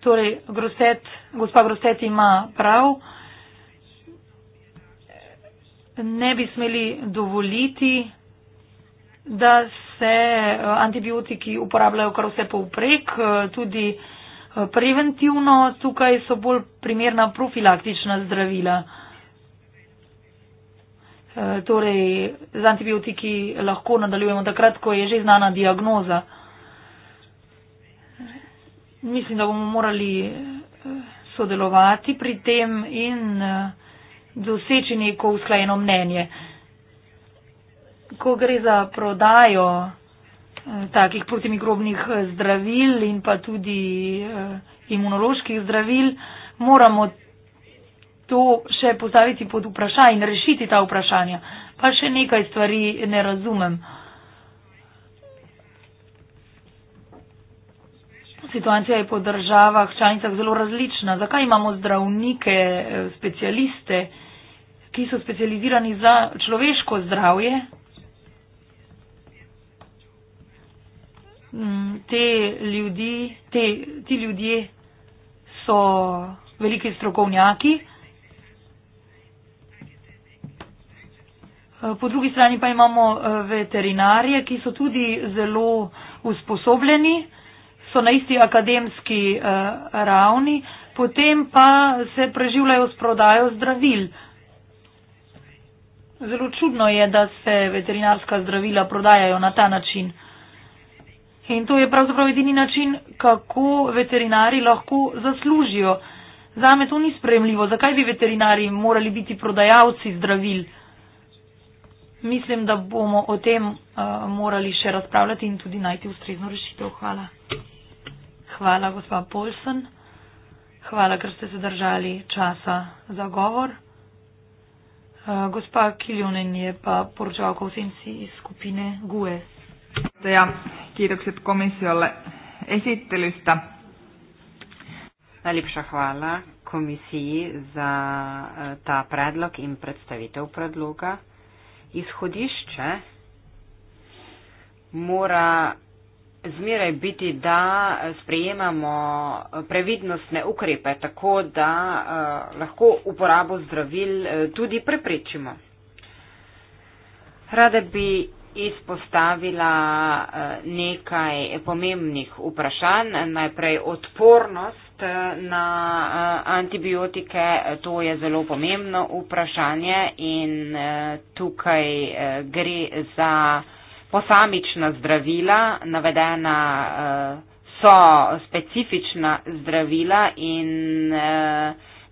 Torej, Groset, gospa Groset ima prav. Ne bi smeli dovoliti, da se eh, antibiotiki uporabljajo kar vse povprek, eh, tudi eh, preventivno, tukaj so bolj primerna profilaktična zdravila. Torej, z antibiotiki lahko nadaljujemo takrat, ko je že znana diagnoza. Mislim, da bomo morali sodelovati pri tem in doseči neko usklajeno mnenje ko gre za prodajo eh, takih protimikrobnih eh, zdravil in pa tudi eh, imunoloških zdravil, moramo to še postaviti pod vprašanje in rešiti ta vprašanja. Pa še nekaj stvari ne razumem. Situacija je po državah, članicah zelo različna. Zakaj imamo zdravnike, specialiste, ki so specializirani za človeško zdravje, Mm, te ljudi, te, ti ljudje so veliki strokovnjaki. Eh, po drugi strani pa imamo eh, veterinarje, ki so tudi zelo usposobljeni, so na isti akademski eh, ravni, potem pa se preživljajo s prodajo zdravil. Zelo čudno je, da se veterinarska zdravila prodajajo na ta način. In to je pravzaprav edini način, kako veterinari lahko zaslužijo. Zame to ni sprejemljivo. Zakaj bi veterinari morali biti prodajalci zdravil? Mislim, da bomo o tem uh, morali še razpravljati in tudi najti ustrezno rešitev. Hvala. Hvala, gospod Polsen. Hvala, ker ste se držali časa za govor. Uh, gospa Kiljonen je pa poročalka vsem si iz skupine GUES. Ja kiitokset komissiolle esittelystä. Najlepša hvala komisiji za eh, ta predlog in predstavitev predloga. Izhodišče mora zmeraj biti, da sprejemamo previdnostne ukrepe, tako da eh, lahko uporabo zdravil eh, tudi preprečimo. Rada bi izpostavila eh, nekaj pomembnih vprašanj. Najprej odpornost eh, na eh, antibiotike, to je zelo pomembno vprašanje in tukaj gre za posamična zdravila, navedena so specifična zdravila in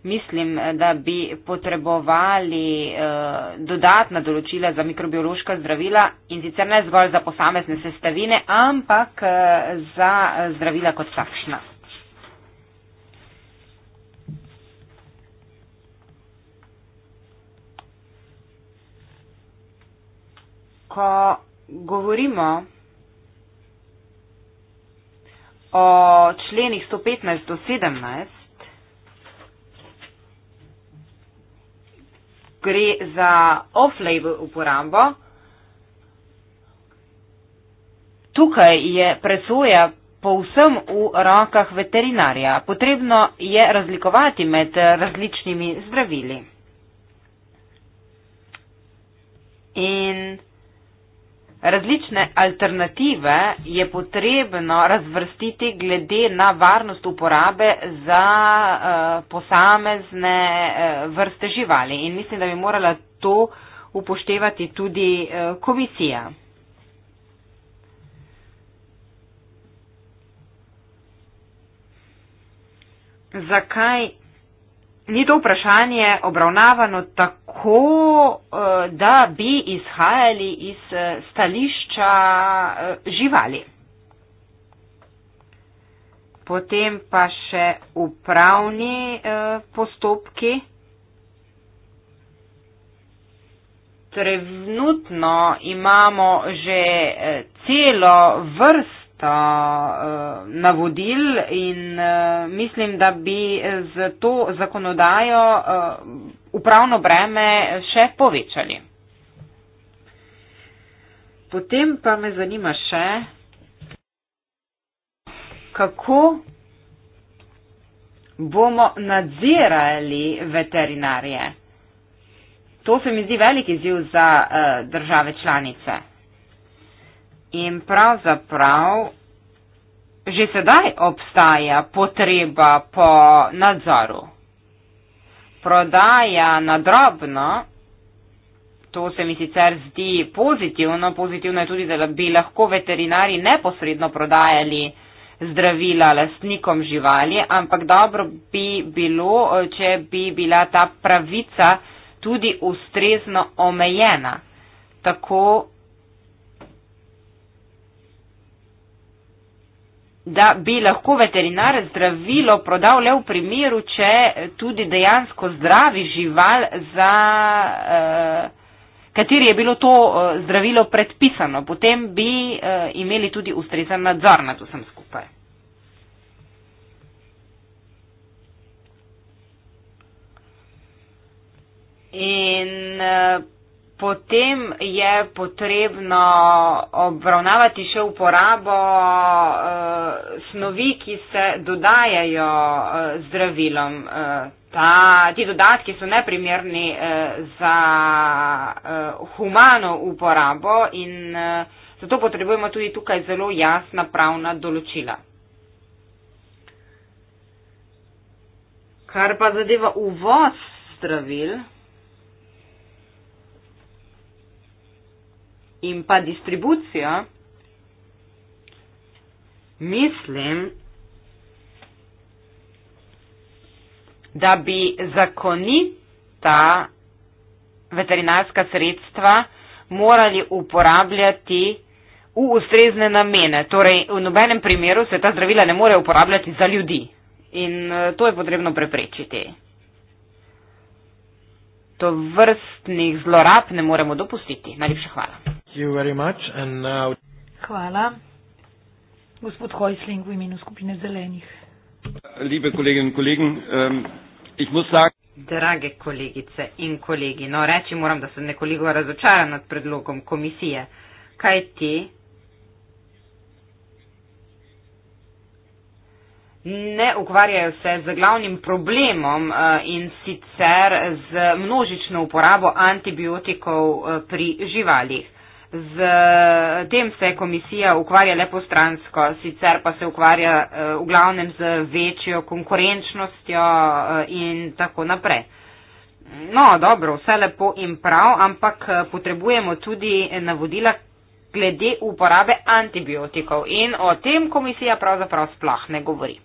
mislim, da bi potrebovali uh, dodatna določila za mikrobiološka zdravila in sicer ne zgolj za posamezne sestavine, ampak uh, za eh, zdravila kot takšna. Ko govorimo o členih 115 do 17, gre za off-label uporabo. Tukaj je presoja povsem v rokah veterinarja. Potrebno je razlikovati med različnimi zdravili. In Različne alternative je potrebno razvrstiti glede na varnost uporabe za uh, posamezne uh, vrste živali in mislim, da bi morala to upoštevati tudi uh, komisija. Zakaj ni to vprašanje obravnavano tako? kako eh, da bi izhajali iz eh, stališča eh, živali. Potem pa še upravni postopki. Trenutno imamo že celo vrsto navodil in mislim, da bi z to zakonodajo upravno breme še povečali. Potem pa me zanima še, kako bomo nadzirali veterinarje. To se mi zdi velik izziv za uh, države članice. In pravzaprav že sedaj obstaja potreba po nadzoru prodaja na drobno, to se mi sicer zdi pozitivno, pozitivno je tudi, da bi lahko veterinari neposredno prodajali zdravila lastnikom živali, ampak dobro bi bilo, če bi bila ta pravica tudi ustrezno omejena. Tako da bi lahko veterinar zdravilo prodal le v primeru, če tudi dejansko zdravi žival, za eh, kateri je bilo to eh, zdravilo predpisano. Potem bi eh, imeli tudi ustrezan nadzor nad vsem skupaj. In eh, potem je potrebno obravnavati še uporabo uh, snovi, ki se dodajajo uh, zdravilom. Uh, ta, ti dodatki so neprimerni uh, za uh, humano uporabo in uh, zato potrebujemo tudi tukaj zelo jasna pravna določila. Kar pa zadeva uvoz zdravil, in pa distribucija, mislim, da bi zakonita veterinarska sredstva morali uporabljati v ustrezne namene. Torej, v nobenem primeru se ta zdravila ne more uporabljati za ljudi in eh, to je potrebno preprečiti to vrstnih zlorab ne moremo dopustiti. Najlepša hvala. Now... Hvala. Gospod Hojsling v imenu skupine zelenih. Lepe kolege in kolegi, ähm, jih um, musak. Drage kolegice in kolegi, no reči moram, da sem nekoliko razočaran nad predlogom komisije, kaj ti ne ukvarjajo se z glavnim problemom eh, in sicer z množično uporabo antibiotikov eh, pri živalih. Z tem se komisija ukvarja le postransko, sicer pa se ukvarja eh, v glavnem z večjo konkurenčnostjo in tako naprej. No, dobro, vse lepo in prav, ampak potrebujemo tudi navodila glede uporabe antibiotikov in o tem komisija pravzaprav sploh ne govori.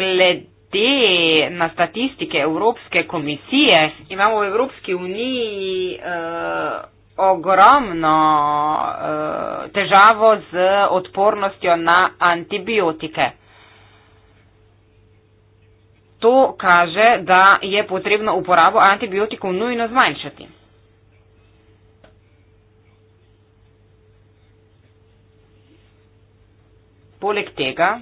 glede na statistike Evropske komisije, imamo v Evropski uniji uh, ogromno uh, težavo z odpornostjo na antibiotike. To kaže, da je potrebno uporabo antibiotikov nujno zmanjšati. Poleg tega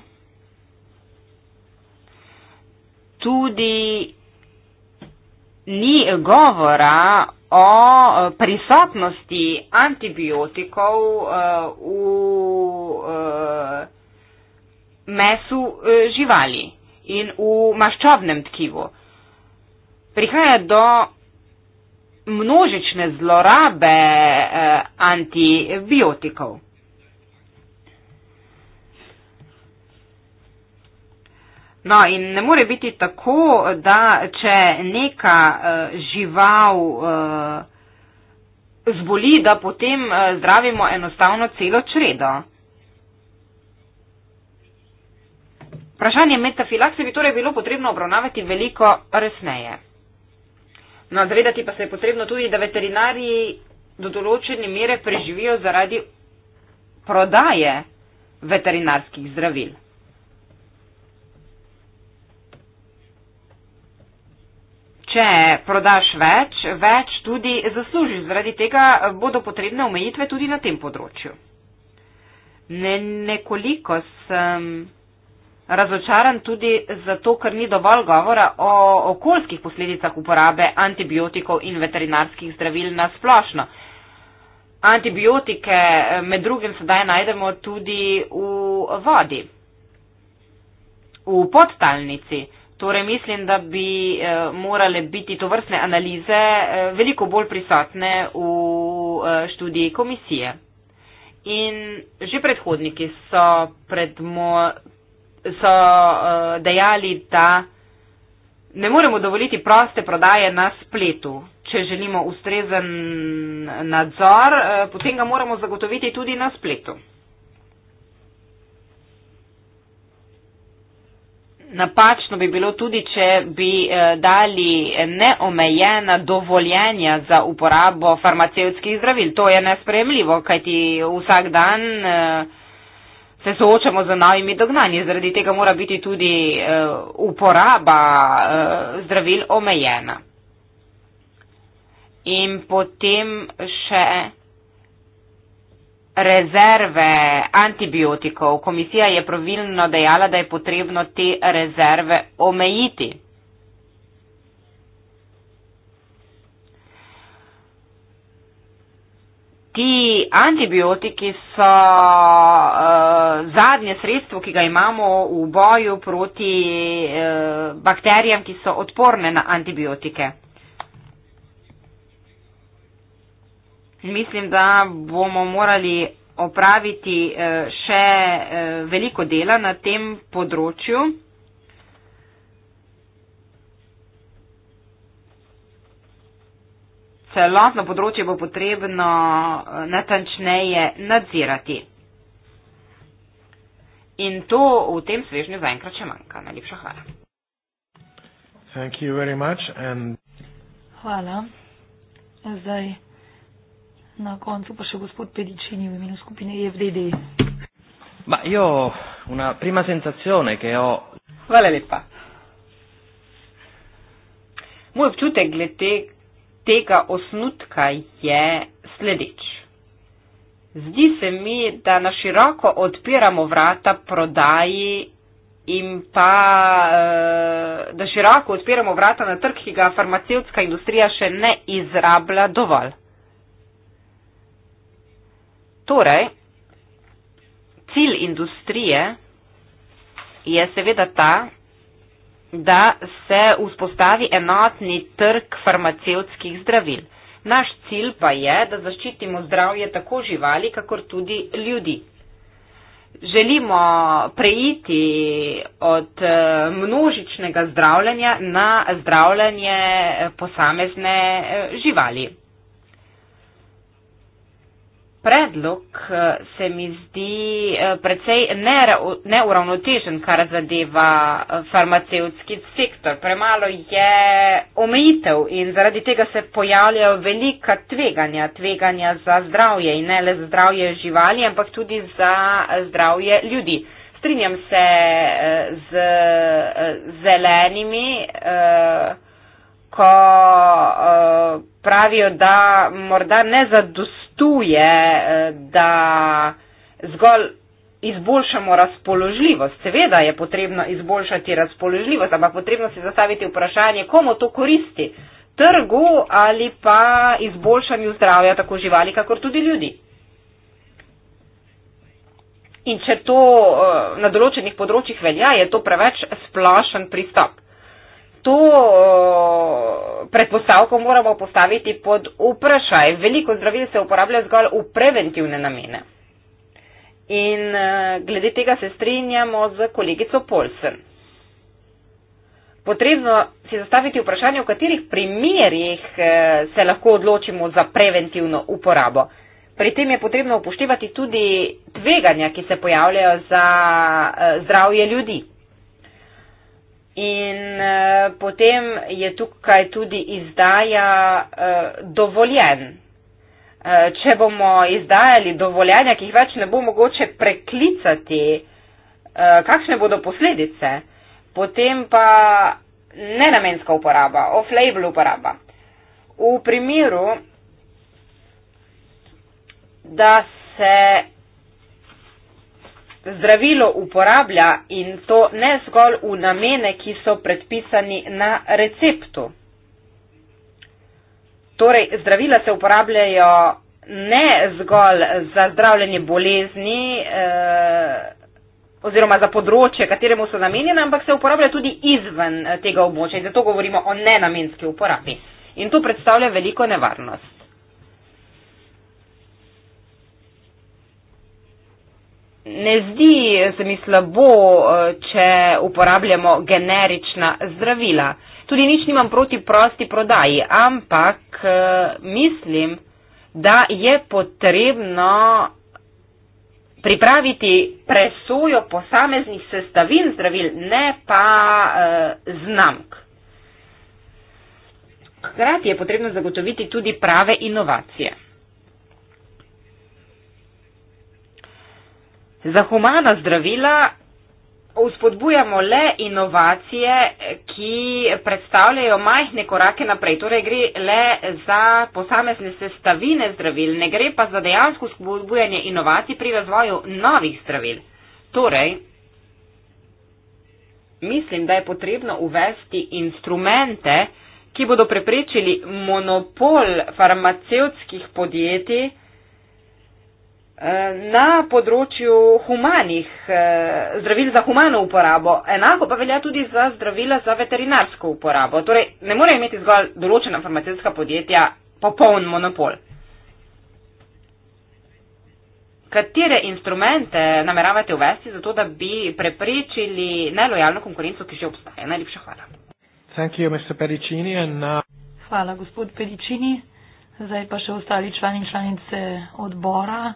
tudi ni govora o eh, prisotnosti antibiotikov eh, v eh, mesu živali in v maščobnem tkivu. Prihaja do množične zlorabe antibiotikov. No, in ne more biti tako, da če neka uh, žival uh, zboli, da potem uh, zdravimo enostavno celo čredo. Vprašanje metafilakse bi torej bilo potrebno obravnavati veliko resneje. No, zavedati pa se je potrebno tudi, da veterinari do določene mere preživijo zaradi prodaje veterinarskih zdravil. če prodaš več, več tudi zaslužiš. Zaradi tega bodo potrebne omejitve tudi na tem področju. Ne, nekoliko sem razočaran tudi zato, ker ni dovolj govora o okoljskih posledicah uporabe antibiotikov in veterinarskih zdravil na splošno. Antibiotike eh, med drugim sedaj najdemo tudi v vodi, v podtalnici. Torej mislim, da bi eh, morale biti to vrstne analize eh, veliko bolj prisotne v eh, študiji komisije. In že predhodniki so, predmo, so dejali, da ne moremo dovoliti proste prodaje na spletu. Če želimo ustrezen nadzor, potem ga moramo zagotoviti tudi na spletu. Napačno bi bilo tudi, če bi eh, dali neomejena dovoljenja za uporabo farmacevskih zdravil. To je nespremljivo, kajti vsak dan eh, se soočamo z novimi dognanji. Zaradi tega mora biti tudi eh, uporaba zdravil omejena. In potem še rezerve antibiotikov. Komisija je pravilno dejala, da je potrebno te rezerve omejiti. Ti antibiotiki so uh, zadnje sredstvo, ki ga imamo v boju proti uh, bakterijam, ki so odporne na antibiotike. mislim, da bomo morali opraviti eh, še eh, veliko dela na tem področju. Celotno področje bo potrebno eh, natančneje nadzirati. In to v tem svežnju zaenkrat še manjka. Najlepša hvala. Hvala. Zdaj, Na koncu pa še gospod Pedicini v imenu skupine EFDD. Ma io ho una prima sensazione che ho. Vale le pa. Moj občutek glede tega osnutka je sledeč. Zdi se mi, da na široko odpiramo vrata prodaji in pa eh, da široko odpiramo vrata na trg, ki ga farmacevtska industrija še ne izrablja dovolj. Torej, cilj industrije je seveda ta, da se vzpostavi enotni trg farmacevskih zdravil. Naš cilj pa je, da zaščitimo zdravje tako živali, kakor tudi ljudi. Želimo preiti od eh, množičnega zdravljanja na zdravljanje posamezne eh, živali predlog eh, se mi zdi eh, precej neuravnotežen, kar zadeva eh, farmacevski sektor. Premalo je omejitev in zaradi tega se pojavljajo velika tveganja, tveganja za zdravje in ne le za zdravje živali, ampak tudi za zdravje ljudi. Strinjam se z zelenimi, ko pravijo, da morda ne zadostujejo svetuje, eh, da zgolj izboljšamo razpoložljivost. Seveda je potrebno izboljšati razpoložljivost, ampak potrebno se zastaviti vprašanje, komu to koristi. Trgu ali pa izboljšanju zdravja tako živali, kakor tudi ljudi. In če to eh, na določenih področjih velja, je to preveč splošen pristop to e, predpostavko moramo postaviti pod vprašaj. Veliko zdravil se uporablja zgolj v preventivne namene. In e, glede tega se strinjamo z kolegico Polsen. Potrebno si zastaviti vprašanje, v katerih primerjih e, se lahko odločimo za preventivno uporabo. Pri tem je potrebno upoštevati tudi tveganja, ki se pojavljajo za e, zdravje ljudi. In uh, potem je tukaj tudi izdaja uh, eh, dovoljen. Uh, eh, če bomo izdajali dovoljenja, ki jih več ne bo mogoče preklicati, uh, kakšne bodo posledice, potem pa nenamenska uporaba, off-label uporaba. V primeru, da se zdravilo uporablja in to ne zgolj v namene, ki so predpisani na receptu. Torej, zdravila se uporabljajo ne zgolj za zdravljenje bolezni eh, oziroma za področje, kateremu so namenjena, ampak se uporablja tudi izven eh, tega območja in zato govorimo o nenamenski uporabi. In to predstavlja veliko nevarnost. ne zdi se mi slabo, eh, če uporabljamo generična zdravila. Tudi nič nimam proti prosti prodaji, ampak eh, mislim, da je potrebno pripraviti presojo posameznih sestavin zdravil, ne pa eh, znamk. Hkrati je potrebno zagotoviti tudi prave inovacije. Za humana zdravila vzpodbujamo le inovacije, ki predstavljajo majhne korake naprej. Torej gre le za posamezne sestavine zdravil, ne gre pa za dejansko vzpodbujanje inovacij pri razvoju novih zdravil. Torej, mislim, da je potrebno uvesti instrumente, ki bodo preprečili monopol farmacevskih podjetij, na področju humanih, eh, zdravil za humano uporabo. Enako pa velja tudi za zdravila za veterinarsko uporabo. Torej, ne more imeti zgolj določena farmacijska podjetja popoln monopol. Katere instrumente nameravate uvesti za to, da bi preprečili nelojalno konkurenco, ki že obstaja? Najlepša hvala. You, and, uh... Hvala, gospod Pedicini. Zdaj pa še ostali člani in članice odbora.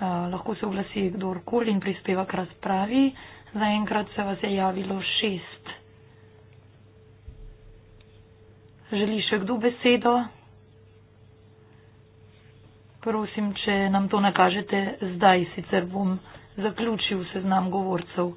Eh, lahko se oglasi kdorkoli in prispeva k razpravi. Zaenkrat se vas je javilo šest. Želi še kdo besedo? Prosim, če nam to nakažete zdaj, sicer bom zaključil seznam govorcev.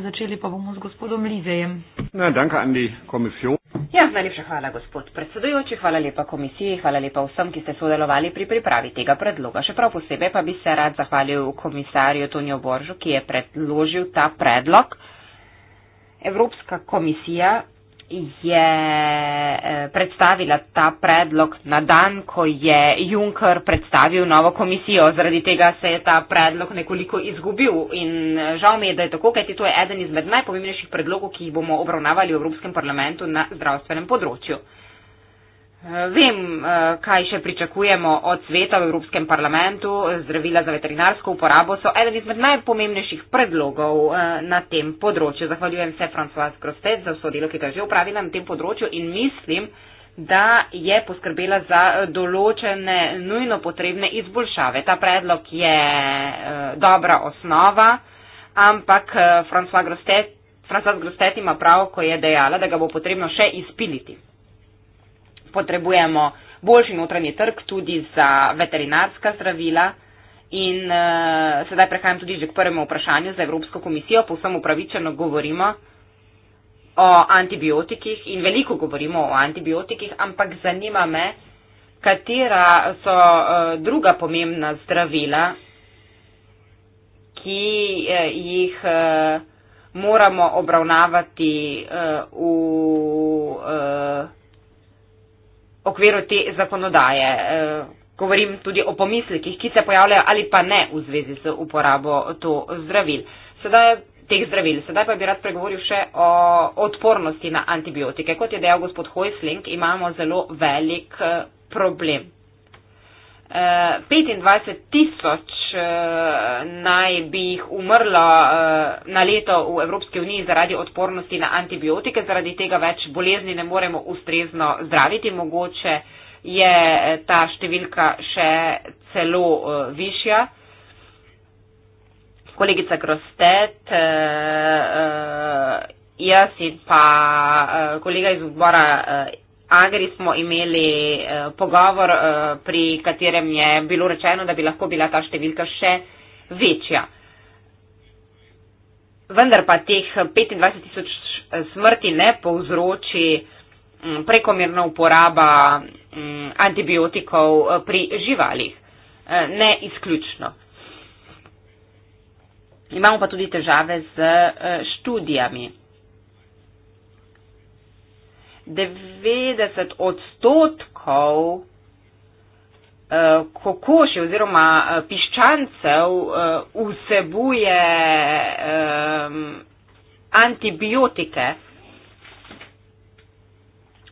Začeli pa bomo z gospodom Lizejem. Danke an die Kommission. Ja, najlepša hvala, gospod predsedujoči, hvala lepa komisiji, hvala lepa vsem, ki ste sodelovali pri pripravi tega predloga. Še prav posebej pa bi se rad zahvalil komisarju Tonijo Boržu, ki je predložil ta predlog. Evropska komisija je eh, predstavila ta predlog na dan, ko je Juncker predstavil novo komisijo. Zaradi tega se je ta predlog nekoliko izgubil in eh, žal mi je, da je tako, kajti to je eden izmed najpomembnejših predlogov, ki jih bomo obravnavali v Evropskem parlamentu na zdravstvenem področju. Vem, eh, kaj še pričakujemo od sveta v Evropskem parlamentu. Zdravila za veterinarsko uporabo so eden izmed najpomembnejših predlogov eh, na tem področju. Zahvaljujem se Françoise Grostet za vso delo, ki ga je že upravila na tem področju in mislim, da je poskrbela za eh, določene nujno potrebne izboljšave. Ta predlog je dobra osnova, ampak Françoise Grostet, Grostet ima prav, ko je dejala, da ga bo potrebno še izpiliti potrebujemo boljši notranji trg tudi za veterinarska zdravila. In uh, sedaj prehajam tudi že k prvemu vprašanju za Evropsko komisijo. Povsem upravičeno govorimo o antibiotikih in veliko govorimo o antibiotikih, ampak zanima me, katera so uh, druga pomembna zdravila, ki uh, jih uh, moramo obravnavati uh, v. Uh, okviru te zakonodaje. Eh, govorim tudi o pomislikih, ki se pojavljajo ali pa ne v zvezi z uporabo to zdravil. Sedaj, teh zdravil. Sedaj pa bi rad pregovoril še o odpornosti na antibiotike. Kot je dejal gospod Hojsling, imamo zelo velik eh, problem. 25 eh, tisoč eh, naj bi jih umrlo eh, na leto v Evropski uniji zaradi odpornosti na antibiotike, zaradi tega več bolezni ne moremo ustrezno zdraviti. Mogoče je ta številka še celo višja. Kolegica Grostet, jaz in pa kolega iz odbora Agri smo imeli eh, pogovor, eh, pri katerem je bilo rečeno, da bi lahko bila ta številka še večja. Vendar pa teh 25 tisoč eh, smrti ne povzroči mm, prekomerna uporaba mm, antibiotikov eh, pri živalih. Eh, ne izključno. Imamo pa tudi težave z študijami. 90 odstotkov eh, kokoši oziroma eh, piščancev eh, vsebuje ehm, antibiotike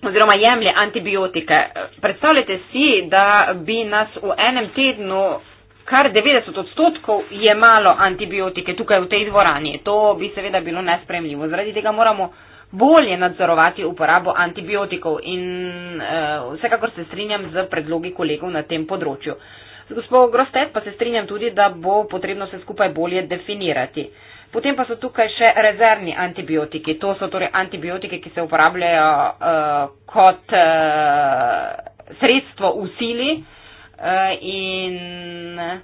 oziroma jemlje antibiotike. Predstavljajte si, da bi nas v enem tednu kar 90 odstotkov jemalo antibiotike tukaj v tej dvorani. To bi seveda bilo nespremljivo. Zaradi tega moramo uh, bolje nadzorovati uporabo antibiotikov in uh, vsekakor se strinjam z predlogi kolegov na tem področju. Z gospod Grostet pa se strinjam tudi, da bo potrebno vse skupaj bolje definirati. Potem pa so tukaj še rezervni antibiotiki. To so torej antibiotiki, ki se uporabljajo uh, kot uh, sredstvo v sili uh, in uh,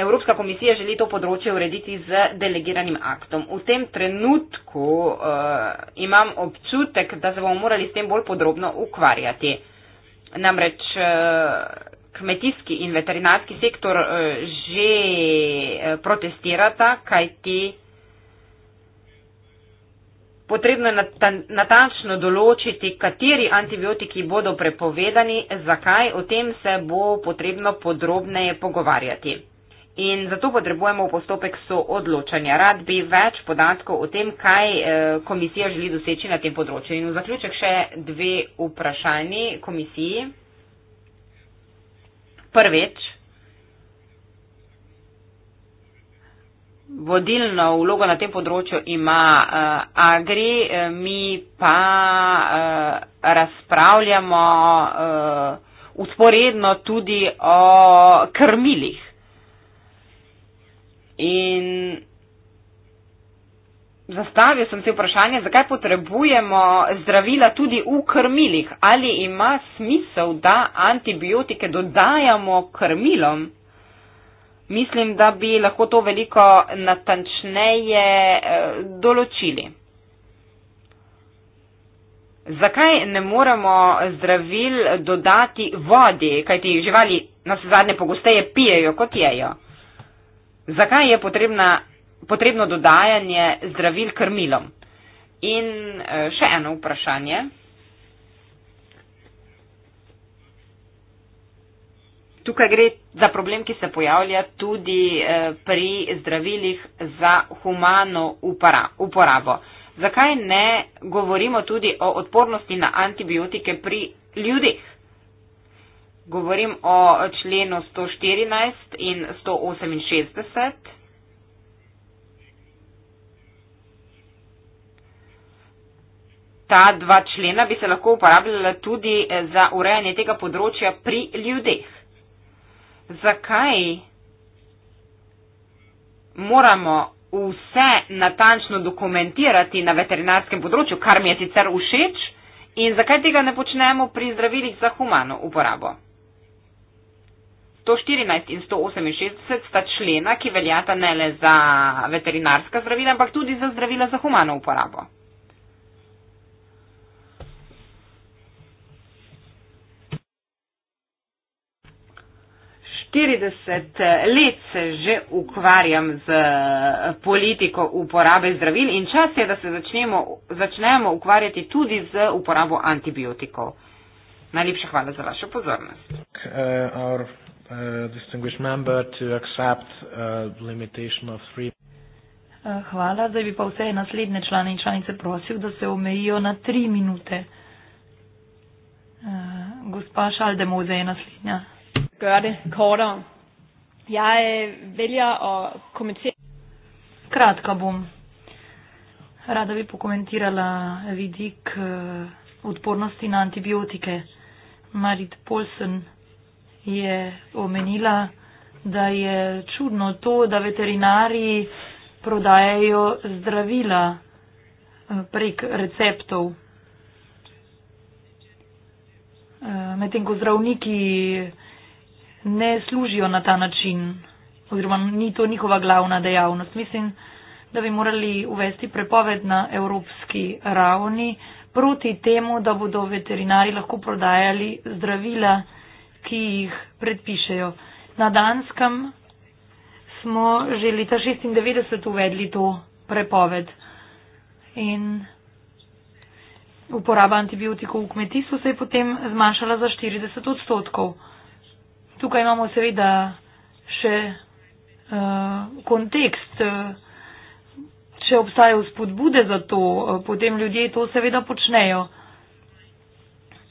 Evropska komisija želi to področje urediti z delegiranim aktom. V tem trenutku uh, imam občutek, da se bomo morali s tem bolj podrobno ukvarjati. Namreč uh, kmetijski in veterinarski sektor uh, že protestirata, kajti potrebno je natančno določiti, kateri antibiotiki bodo prepovedani, zakaj, o tem se bo potrebno podrobneje pogovarjati in zato potrebujemo v postopek soodločanja. Rad bi več podatkov o tem, kaj eh, komisija želi doseči na tem področju. In v zaključek še dve vprašanji komisiji. Prvič, vodilno vlogo na tem področju ima uh, Agri, eh, mi pa uh, razpravljamo uh, usporedno tudi o krmilih. In zastavil sem si vprašanje, zakaj potrebujemo zdravila tudi v krmilih. Ali ima smisel, da antibiotike dodajamo krmilom? Mislim, da bi lahko to veliko natančneje eh, določili. Zakaj ne moremo zdravil dodati vodi, kajti živali nas zadnje pogosteje pijejo kot jejo? zakaj je potrebna, potrebno dodajanje zdravil krmilom. In e, še eno vprašanje. Tukaj gre za problem, ki se pojavlja tudi e, pri zdravilih za humano uporabo. Zakaj ne govorimo tudi o odpornosti na antibiotike pri ljudeh? Govorim o členu 114 in 168. Ta dva člena bi se lahko uporabljala tudi za urejanje tega področja pri ljudeh. Zakaj moramo vse natančno dokumentirati na veterinarskem področju, kar mi je sicer všeč, in zakaj tega ne počnemo pri zdravilih za humano uporabo? 114 in 168 sta člena, ki veljata ne le za veterinarska zdravila, ampak tudi za zdravila za humano uporabo. Let se že ukvarjam z eh, politiko uporabe zdravil in čas je, da se začnemo, začnemo ukvarjati tudi z uporabo antibiotikov. Najlepša hvala za vašo pozornost. Okay, eh, our... Uh, distinguished member to accept uh, limitation of three. Uh, hvala. Zdaj bi pa vse naslednje člane in članice prosil, da se omejijo na tri minute. Uh, gospa Šaldemoze je naslednja. Ja, velja o komentiranju. Kratka bom. Rada bi pokomentirala vidik uh, odpornosti na antibiotike. Marit Polsen je omenila, da je čudno to, da veterinari prodajajo zdravila eh, prek receptov. Eh, medtem ko zdravniki ne služijo na ta način, oziroma ni to njihova glavna dejavnost. Mislim, da bi morali uvesti prepoved na evropski ravni proti temu, da bodo veterinari lahko prodajali zdravila ki jih predpišejo. Na Danskem smo že leta 96 uvedli to prepoved in uporaba antibiotikov v kmetijstvu se je potem zmanjšala za 40 odstotkov. Tukaj imamo seveda še uh, kontekst, uh, če obstajajo spodbude za to, uh, potem ljudje to seveda počnejo.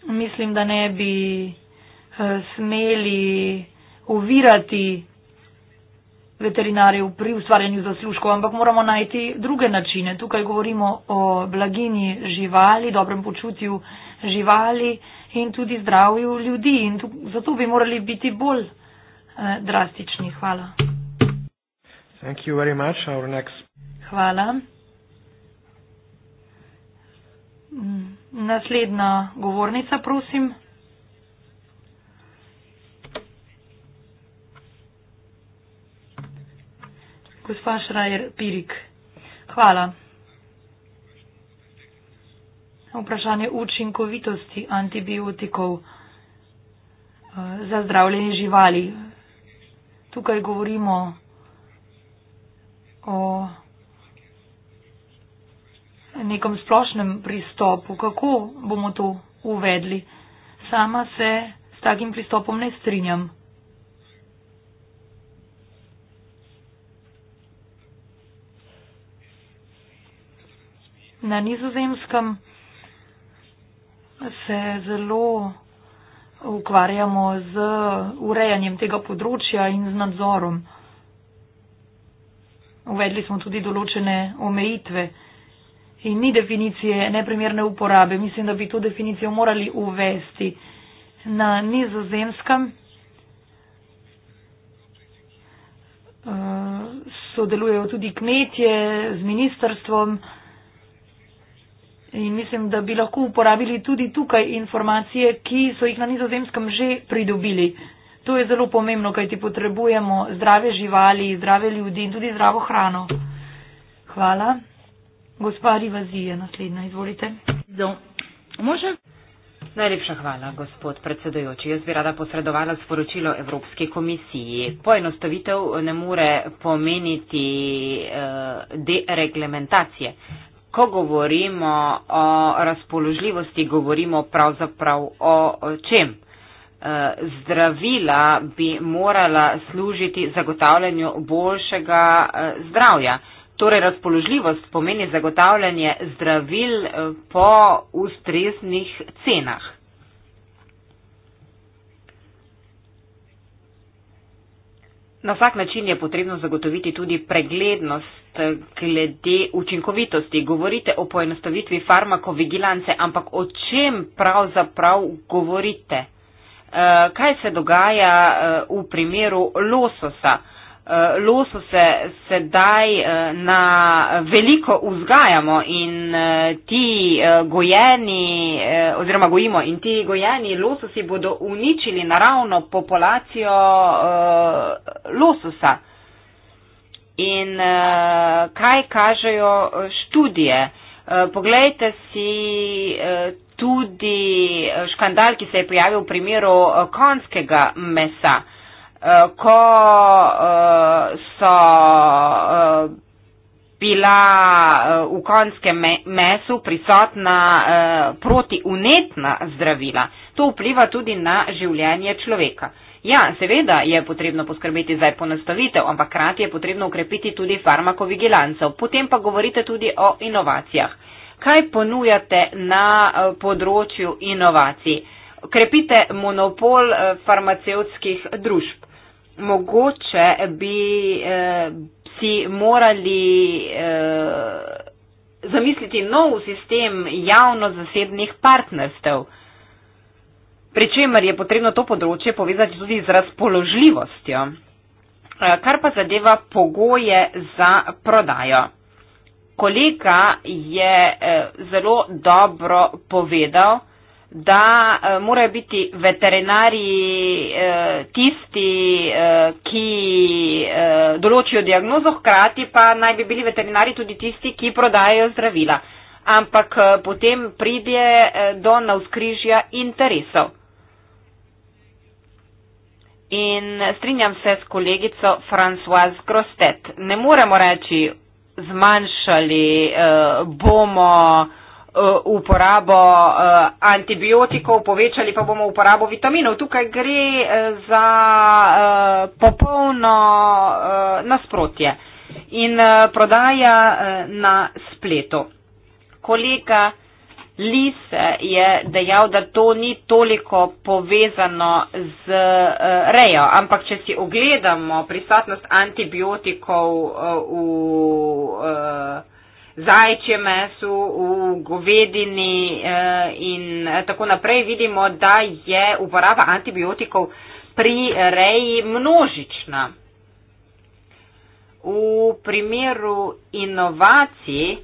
Mislim, da ne bi smeli uvirati veterinarjev pri ustvarjanju zaslužkov, ampak moramo najti druge načine. Tukaj govorimo o blagini živali, dobrem počutju živali in tudi zdravju ljudi in zato bi morali biti bolj eh, drastični. Hvala. Thank you very much. Our next... Hvala. Mm, naslednja govornica, prosim. gospa Šrajer Pirik. Hvala. Vprašanje učinkovitosti antibiotikov eh, za zdravljenje živali. Tukaj govorimo o nekem splošnem pristopu, kako bomo to uvedli. Sama se s takim pristopom ne strinjam. na nizozemskem se zelo ukvarjamo z urejanjem tega področja in z nadzorom. Uvedli smo tudi določene omejitve in ni definicije neprimerne uporabe. Mislim, da bi to definicijo morali uvesti na nizozemskem. Eh, sodelujejo tudi kmetje z ministrstvom. In mislim, da bi lahko uporabili tudi tukaj informacije, ki so jih na nizozemskem že pridobili. To je zelo pomembno, kaj ti potrebujemo zdrave živali, zdrave ljudi in tudi zdravo hrano. Hvala. Gospa Rivazija, naslednja, izvolite. Može? Najlepša hvala, gospod predsedojoči. Jaz bi rada posredovala sporočilo Evropske komisiji. Poenostavitev ne more pomeniti uh, dereglementacije ko govorimo o razpoložljivosti, govorimo pravzaprav o čem. E, zdravila bi morala služiti zagotavljanju boljšega e, zdravja. Torej, razpoložljivost pomeni zagotavljanje zdravil e, po ustreznih cenah. Na vsak način je potrebno zagotoviti tudi preglednost glede učinkovitosti. Govorite o poenostavitvi farmakovigilance, ampak o čem pravzaprav govorite? Eh, kaj se dogaja eh, v primeru lososa? Eh, lososa sedaj eh, na veliko vzgajamo in eh, ti gojeni oziroma gojimo in ti gojeni lososi bodo uničili naravno populacijo lososa. In kaj kažejo študije? Poglejte si tudi škandal, ki se je pojavil v primeru konskega mesa. Eh, ko eh, so eh, bila v konskem mesu prisotna protiunetna zdravila. To vpliva tudi na življenje človeka. Ja, seveda je potrebno poskrbeti za ponastavitev, ampak krati je potrebno ukrepiti tudi farmakovigilanco. Potem pa govorite tudi o inovacijah. Kaj ponujate na področju inovacij? Krepite monopol farmacevskih družb mogoče bi eh, si morali eh, zamisliti nov sistem javno-zasebnih partnerstev, pri čemer je potrebno to področje povezati tudi z razpoložljivostjo, eh, kar pa zadeva pogoje za prodajo. Kolega je eh, zelo dobro povedal, da uh, morajo biti veterinari uh, eh, tisti, uh, ki uh, določijo diagnozo, hkrati pa naj bi bili veterinari tudi tisti, ki prodajajo zdravila. Ampak uh, potem pride uh, do navskrižja interesov. In strinjam se s kolegico Françoise Grostet. Ne moremo reči, zmanjšali uh, bomo. Eh, uporabo eh, antibiotikov, povečali pa bomo uporabo vitaminov. Tukaj gre eh, za popolno nasprotje in prodaja na spletu. Kolega Lis je dejal, da to ni toliko povezano z rejo, ampak če si ogledamo prisotnost antibiotikov v zajčjem mesu, v govedini eh, in eh, tako naprej vidimo, da je uporaba antibiotikov pri reji množična. V primeru inovacij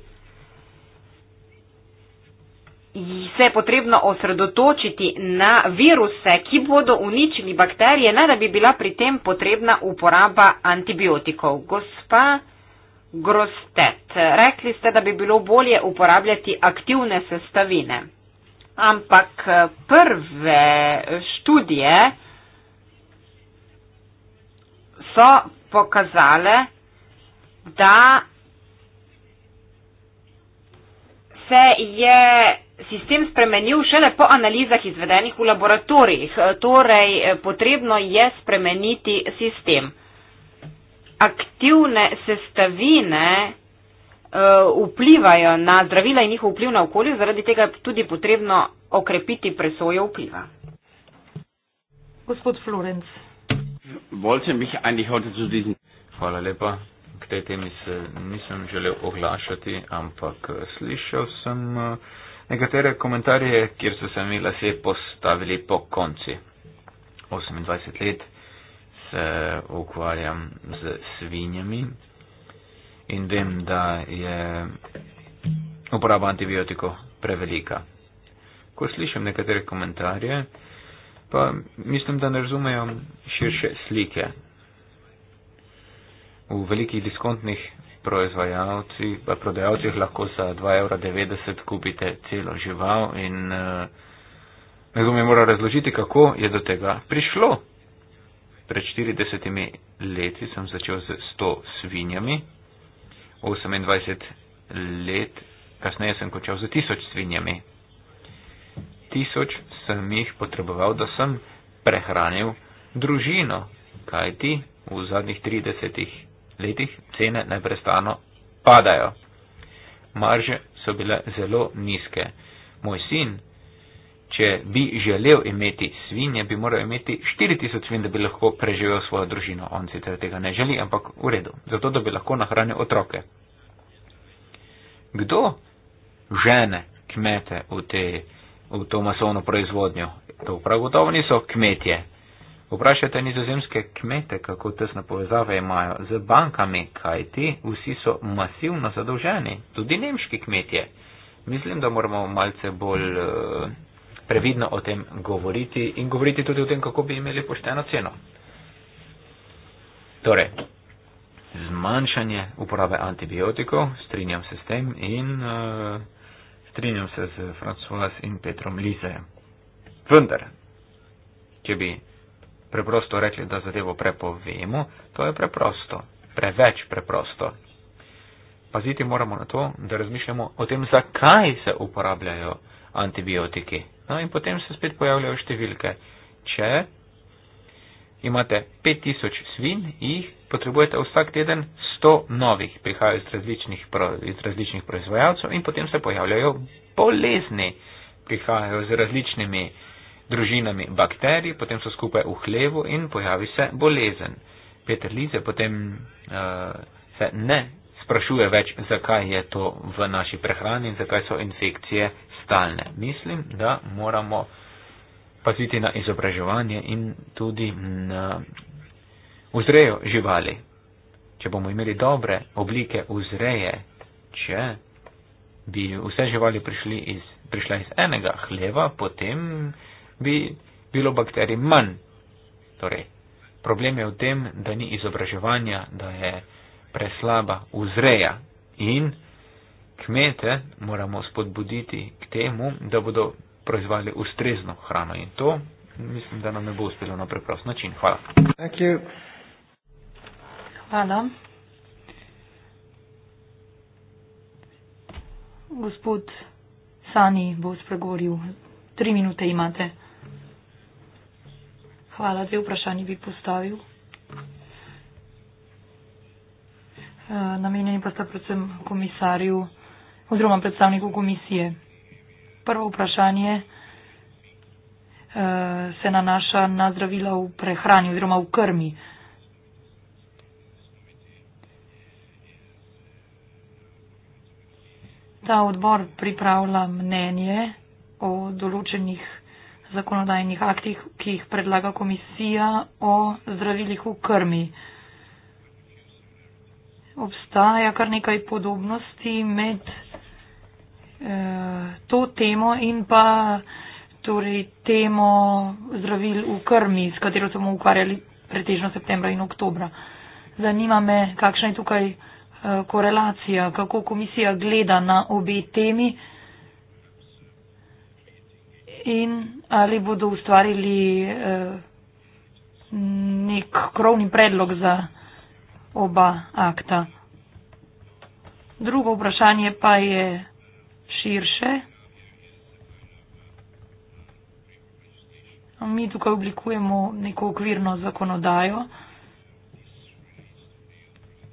se je potrebno osredotočiti na viruse, ki bodo uničili bakterije, ne da bi bila pri tem potrebna uporaba antibiotikov. Gospa Grostet. Rekli ste, da bi bilo bolje uporabljati aktivne sestavine. Ampak eh, prve študije so pokazale, da se je sistem spremenil šele po analizah izvedenih v laboratorijih. Torej, eh, potrebno je spremeniti sistem aktivne sestavine eh, vplivajo na zdravila in njihov vpliv na okolje, zaradi tega je tudi potrebno okrepiti presojo vpliva. Gospod Florenc. Hvala lepa. K tej temi se nisem želel oglašati, ampak eh, slišal sem eh, nekatere komentarje, kjer so se mi lasje postavili po konci. 28 let, se eh, ukvarjam z svinjami in vem, da je uporaba antibiotikov prevelika. Ko slišim nekatere komentarje, pa mislim, da ne razumejo širše slike. V velikih diskontnih proizvajalcih, pa prodajalcih lahko za 2,90 evra kupite celo žival in uh, eh, nekdo mi mora razložiti, kako je do tega prišlo. Pred 40 leti sem začel z 100 svinjami, 28 let kasneje sem končal z 1000 svinjami. 1000 sem jih potreboval, da sem prehranil družino, kajti v zadnjih 30 letih cene neprestano padajo. Marže so bile zelo nizke. Moj sin Če bi želel imeti svinje, bi moral imeti 4000 svin, da bi lahko preživel svojo družino. On sicer tega ne želi, ampak v redu. Zato, da bi lahko nahranil otroke. Kdo žene kmete v, te, v to masovno proizvodnjo? To prav gotovo niso kmetje. Vprašajte nizozemske kmete, kako tesne povezave imajo z bankami, kaj ti vsi so masivno zadolženi, tudi nemški kmetje. Mislim, da moramo malce bolj. Uh, previdno o tem govoriti in govoriti tudi o tem, kako bi imeli pošteno ceno. Torej, zmanjšanje uporabe antibiotikov, strinjam se s tem in uh, strinjam se z Francois in Petrom Lizejem. Vendar, če bi preprosto rekli, da zadevo prepovemo, to je preprosto, preveč preprosto. Paziti moramo na to, da razmišljamo o tem, zakaj se uporabljajo antibiotiki. No, in potem se spet pojavljajo številke. Če imate 5000 svin, jih potrebujete vsak teden 100 novih, prihajajo iz različnih, iz različnih proizvajalcev in potem se pojavljajo bolezni, prihajajo z različnimi družinami bakterij, potem so skupaj v hlevu in pojavi se bolezen. Peter Lize potem uh, se ne sprašuje več, zakaj je to v naši prehrani in zakaj so infekcije stalne. Mislim, da moramo paziti na izobraževanje in tudi na vzrejo živali. Če bomo imeli dobre oblike vzreje, če bi vse živali iz, prišle iz enega hleva, potem bi bilo bakterij manj. Torej, problem je v tem, da ni izobraževanja, da je preslaba vzreja in kmete moramo spodbuditi k temu, da bodo proizvali ustrezno hrano in to mislim, da nam ne bo uspelo na preprost način. Hvala. Thank you. Hvala. Gospod Sani bo spregovoril. Tri minute imate. Hvala, dve vprašanje bi postavil. Eh, namenjeni pa sta predvsem komisarju oziroma predstavniku komisije. Prvo vprašanje eh, se nanaša na zdravila v prehrani oziroma v krmi. Ta odbor pripravlja mnenje o določenih zakonodajnih aktih, ki jih predlaga komisija o zdravilih v krmi. Obstaja kar nekaj podobnosti med Eh, to temo in pa torej, temo zdravil v krmi, s katero smo ukvarjali pretežno septembra in oktobra. Zanima me, kakšna je tukaj eh, korelacija, kako komisija gleda na obe temi in ali bodo ustvarili eh, nek krovni predlog za oba akta. Drugo vprašanje pa je širše. No, mi tukaj oblikujemo neko okvirno zakonodajo.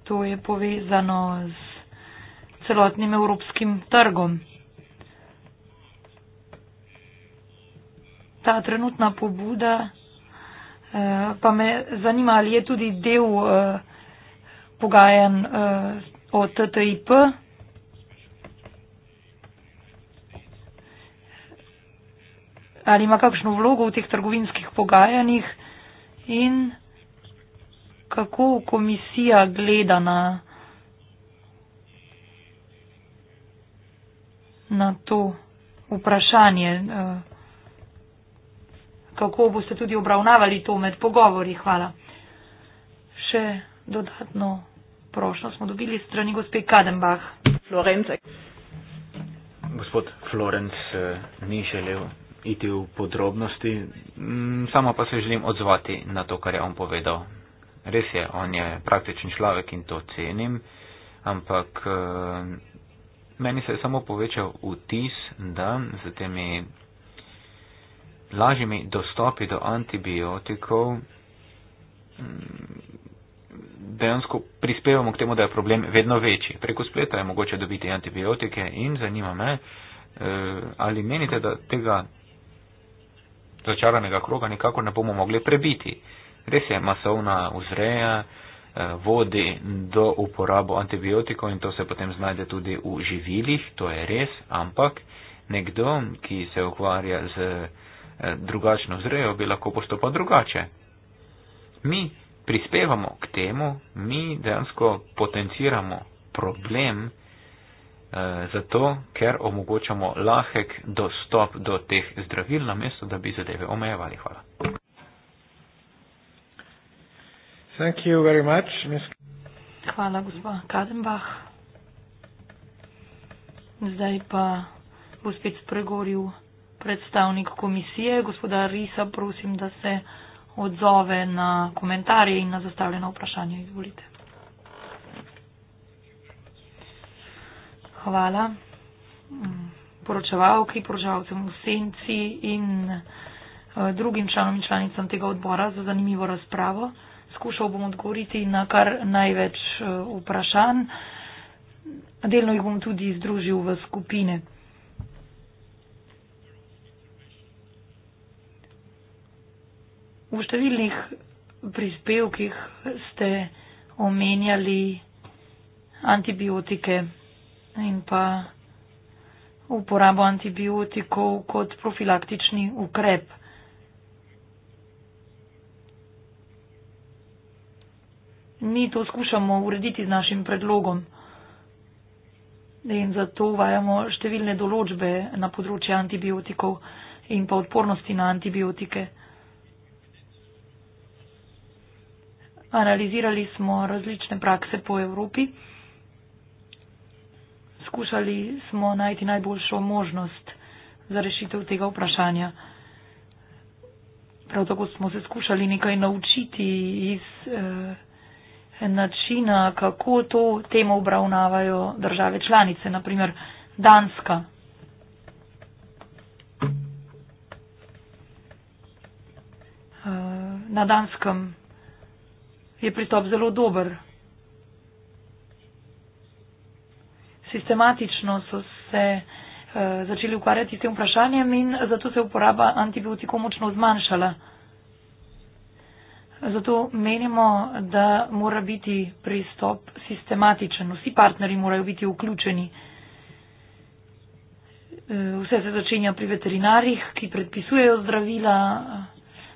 To je povezano z celotnim evropskim trgom. Ta trenutna pobuda eh, pa me zanima, ali je tudi del eh, pogajanj eh, o TTIP. ali ima kakšno vlogo v teh trgovinskih pogajanjih in kako komisija gleda na, na to vprašanje, eh, kako boste tudi obravnavali to med pogovori. Hvala. Še dodatno prošlo smo dobili strani gospe Kadenbach. Florence. Gospod Florenc eh, ni želel iti v podrobnosti, mm, samo pa se želim odzvati na to, kar je on povedal. Res je, on je praktičen človek in to cenim, ampak eh, meni se je samo povečal vtis, da z temi lažjimi dostopi do antibiotikov mm, dejansko prispevamo k temu, da je problem vedno večji. Preko spleta je mogoče dobiti antibiotike in zanima me, eh, ali menite, da tega začaranega kroga nikako ne bomo mogli prebiti. Res je, masovna vzreja eh, vodi do uporabo antibiotikov in to se potem znajde tudi v živilih, to je res, ampak nekdo, ki se ukvarja z eh, drugačno vzrejo, bi lahko postopal drugače. Mi prispevamo k temu, mi dejansko potenciramo problem, Eh, zato, ker omogočamo lahek dostop do teh zdravil, namesto da bi zadeve omejevali. Hvala. Much, mis... Hvala, gospod Kadenbach. Zdaj pa bo spet spregovoril predstavnik komisije. Gospoda Risa, prosim, da se odzove na komentarje in na zastavljeno vprašanje. Izvolite. Hvala mm, poročevalki, poročevalcem v senci in eh, drugim članom in članicam tega odbora za zanimivo razpravo. Skušal bom odgovoriti na kar največ eh, vprašanj. Delno jih bom tudi združil v skupine. V številnih prispevkih ste omenjali antibiotike in pa uporabo antibiotikov kot profilaktični ukrep. Mi to skušamo urediti z našim predlogom in zato uvajamo številne določbe na področju antibiotikov in pa odpornosti na antibiotike. Analizirali smo različne prakse po Evropi skušali smo najti najboljšo možnost za rešitev tega vprašanja. Prav tako smo se skušali nekaj naučiti iz eh, načina, kako to temo obravnavajo države članice, naprimer Danska. Eh, na Danskem je pristop zelo dober. sistematično so se uh, začeli ukvarjati s tem vprašanjem in zato se je uporaba antibiotikov močno zmanjšala. Zato menimo, da mora biti pristop sistematičen. Vsi partnerji morajo biti vključeni. Eh, vse se začenja pri veterinarjih, ki predpisujejo zdravila,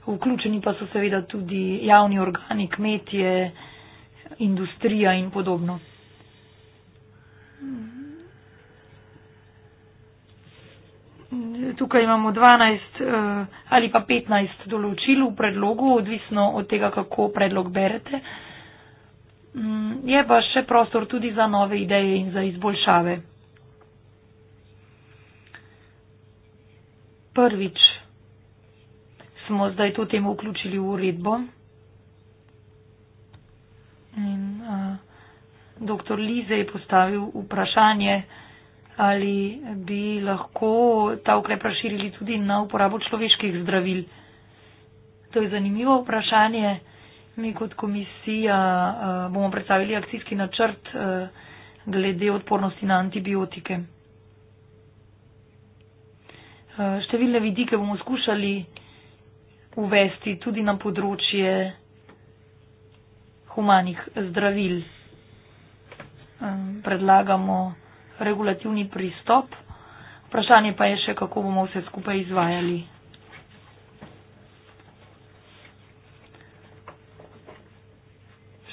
vključeni pa so seveda tudi javni organi, kmetije, industrija in podobno. Mhm. Tukaj imamo 12 eh, ali pa 15 določil v predlogu, odvisno od tega, kako predlog berete. Mm, je pa še prostor tudi za nove ideje in za izboljšave. Prvič smo zdaj to temo vključili v uredbo. In, uh, dr. Lize je postavil vprašanje, ali bi lahko ta ukrep razširili tudi na uporabo človeških zdravil. To je zanimivo vprašanje. Mi kot komisija eh, bomo predstavili akcijski načrt eh, glede odpornosti na antibiotike. Eh, številne vidike bomo skušali uvesti tudi na področje humanih zdravil predlagamo regulativni pristop. Vprašanje pa je še, kako bomo vse skupaj izvajali.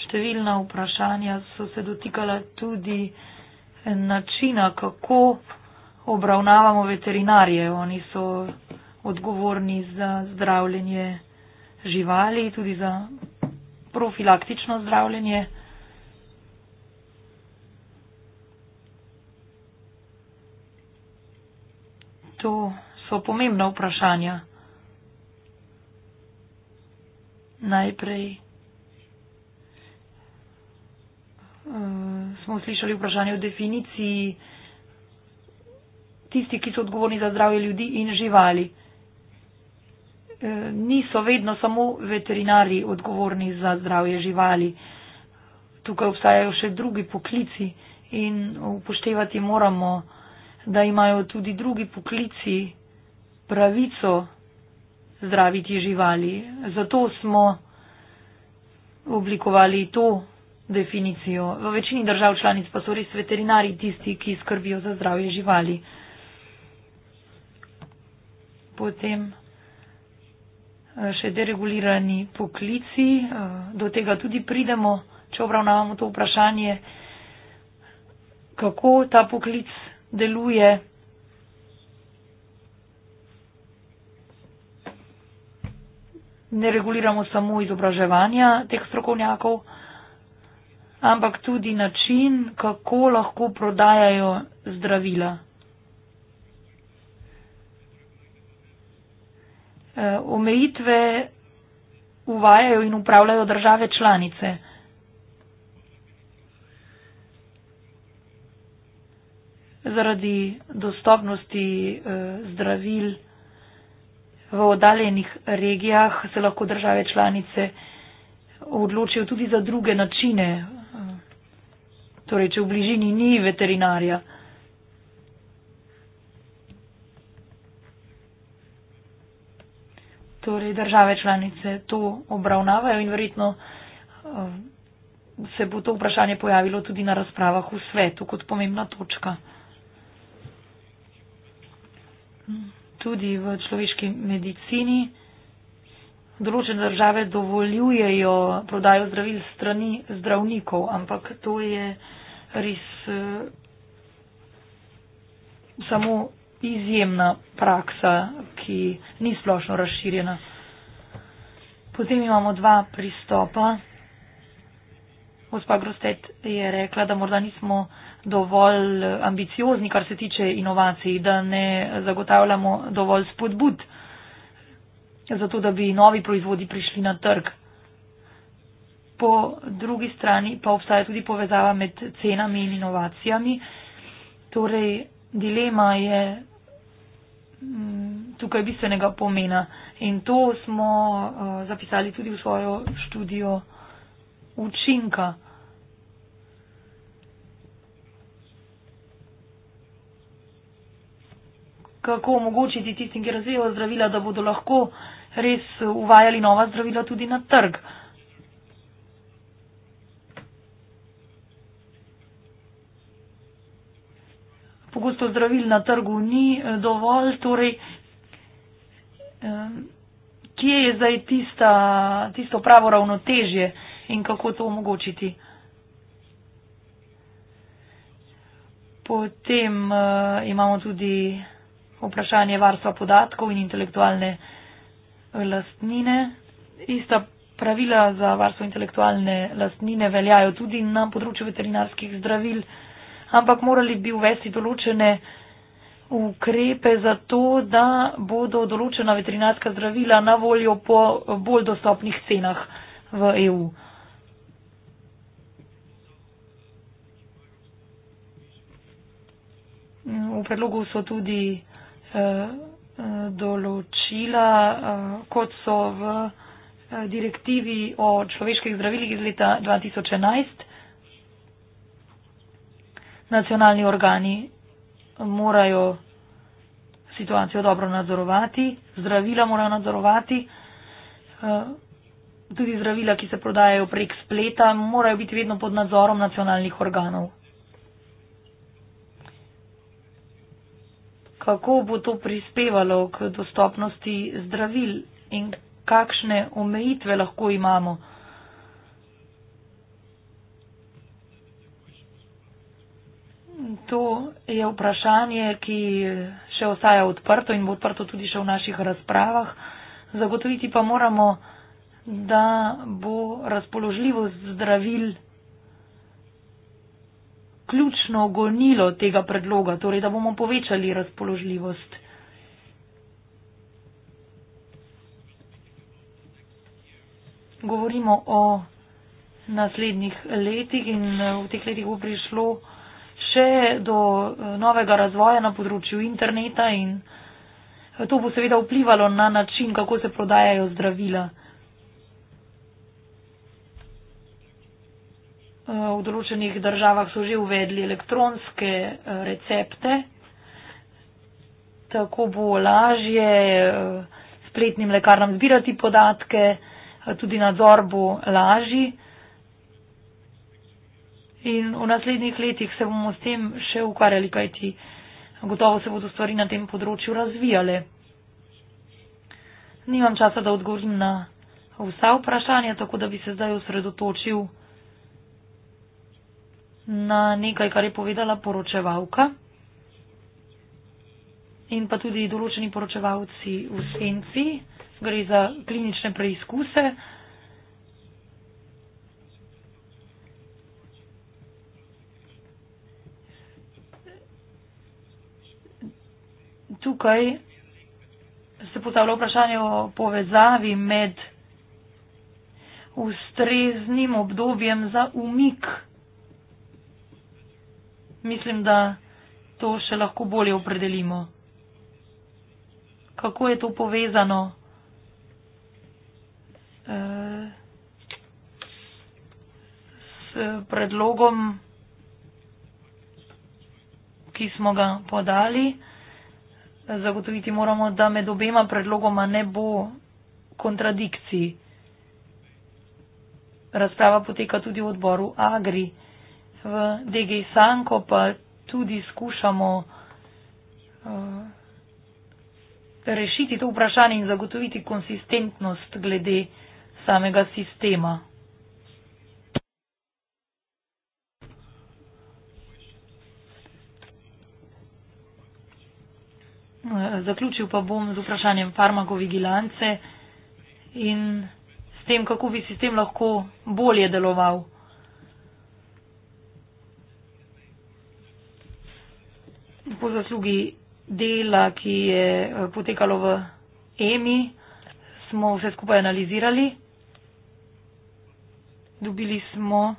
Številna vprašanja so se dotikala tudi načina, kako obravnavamo veterinarje. Oni so odgovorni za zdravljenje živali, tudi za profilaktično zdravljenje. To so pomembna vprašanja. Najprej uh, smo slišali vprašanje o definiciji tisti, ki so odgovorni za zdravje ljudi in živali. E, niso vedno samo veterinari odgovorni za zdravje živali. Tukaj obstajajo še drugi poklici in upoštevati moramo, da imajo tudi drugi poklici pravico zdraviti živali. Zato smo oblikovali to definicijo. V večini držav članic pa so res veterinari tisti, ki skrbijo za zdravje živali. Potem eh, še deregulirani poklici, eh, do tega tudi pridemo, če obravnavamo to vprašanje, kako ta poklic deluje ne reguliramo samo izobraževanja teh strokovnjakov, ampak tudi način, kako lahko prodajajo zdravila. Eh, Omejitve uvajajo in upravljajo države članice. zaradi dostopnosti eh, zdravil v oddaljenih regijah se lahko države članice odločijo tudi za druge načine, torej če v bližini ni veterinarja. Torej države članice to obravnavajo in verjetno eh, se bo to vprašanje pojavilo tudi na razpravah v svetu kot pomembna točka tudi v človeški medicini. Določene države dovoljujejo prodajo zdravil strani zdravnikov, ampak to je res uh, samo izjemna praksa, ki ni splošno razširjena. Potem imamo dva pristopa. Gospa Grostet je rekla, da morda nismo uh, dovolj ambiciozni, kar se tiče inovacij, da ne zagotavljamo dovolj spodbud, zato da bi novi proizvodi prišli na trg. Po drugi strani pa obstaja tudi povezava med cenami in inovacijami. Torej, dilema je mm, tukaj bistvenega pomena in to smo uh, zapisali tudi v svojo študijo učinka. kako omogočiti tistim, ki razvijajo zdravila, da bodo lahko res uvajali nova zdravila tudi na trg. Pogosto zdravil na trgu ni eh, dovolj, torej eh, kje je zdaj tista, tisto pravo ravnotežje in kako to omogočiti. Potem uh, imamo tudi vprašanje varstva podatkov in intelektualne lastnine. Ista pravila za varstvo intelektualne lastnine veljajo tudi na področju veterinarskih zdravil, ampak morali bi uvesti določene ukrepe za to, da bodo določena veterinarska zdravila na voljo po bolj dostopnih cenah v EU. V predlogu so tudi določila, eh, kot so v eh, direktivi o človeških zdravilih iz leta 2011. Nacionalni organi morajo situacijo dobro nadzorovati, zdravila morajo nadzorovati, eh, tudi zdravila, ki se prodajajo prek spleta, morajo biti vedno pod nadzorom nacionalnih organov. kako bo to prispevalo k dostopnosti zdravil in kakšne omejitve lahko imamo. To je vprašanje, ki še ostaja odprto in bo odprto tudi še v naših razpravah. Zagotoviti pa moramo, da bo razpoložljivost zdravil ključno gonilo tega predloga, torej da bomo povečali razpoložljivost. Govorimo o naslednjih letih in eh, v teh letih bo prišlo še do eh, novega razvoja na področju interneta in eh, to bo seveda vplivalo na način, kako se prodajajo zdravila. V določenih državah so že uvedli elektronske eh, recepte, tako bo lažje eh, spletnim lekarnam zbirati podatke, eh, tudi nadzor bo lažji. In v naslednjih letih se bomo s tem še ukvarjali, kajti gotovo se bodo stvari na tem področju razvijale. Nimam časa, da odgovorim na vsa vprašanja, tako da bi se zdaj osredotočil na nekaj, kar je povedala poročevalka in pa tudi določeni poročevalci v senci. Gre za klinične preizkuse. Tukaj se postavlja vprašanje o povezavi med ustreznim obdobjem za umik mislim, da to še lahko bolje opredelimo. Kako je to povezano? E, S predlogom, ki smo ga podali, zagotoviti moramo, da med obema predlogoma ne bo kontradikcij. Razprava poteka tudi v odboru Agri v DGI Sanko pa tudi skušamo eh, rešiti to vprašanje in zagotoviti konsistentnost glede samega sistema. Eh, zaključil pa bom z vprašanjem farmakovigilance in s tem, kako bi sistem lahko bolje deloval. po zaslugi dela, ki je eh, potekalo v EMI, smo vse skupaj analizirali. Dobili smo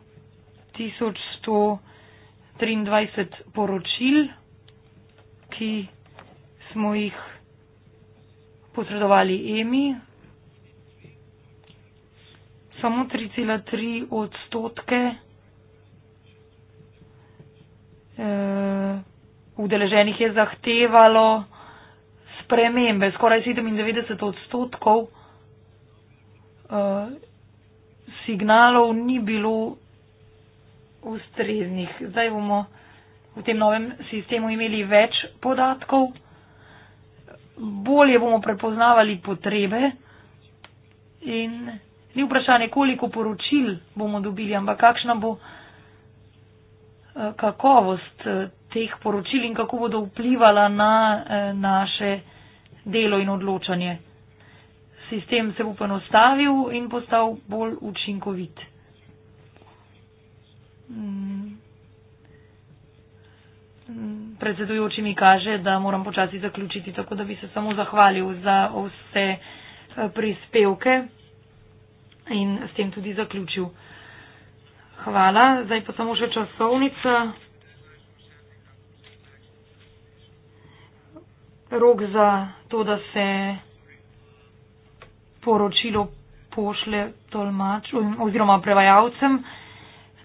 1123 poročil, ki smo jih posredovali EMI. Samo 3,3 odstotke. Uh, udeleženih je zahtevalo spremembe. Skoraj 97 odstotkov uh, signalov ni bilo ustreznih. Zdaj bomo v tem novem sistemu imeli več podatkov, bolje bomo prepoznavali potrebe in ni vprašanje, koliko poročil bomo dobili, ampak kakšna bo eh, kakovost eh, teh poročil in kako bodo vplivala na eh, naše delo in odločanje. Sistem se bo poenostavil in postal bolj učinkovit. Mm. Predsedujoči mi kaže, da moram počasi zaključiti, tako da bi se samo zahvalil za vse eh, prispevke in s tem tudi zaključil. Hvala. Zdaj pa samo še časovnica. rok za to, da se poročilo pošle tolmaču oziroma prevajalcem.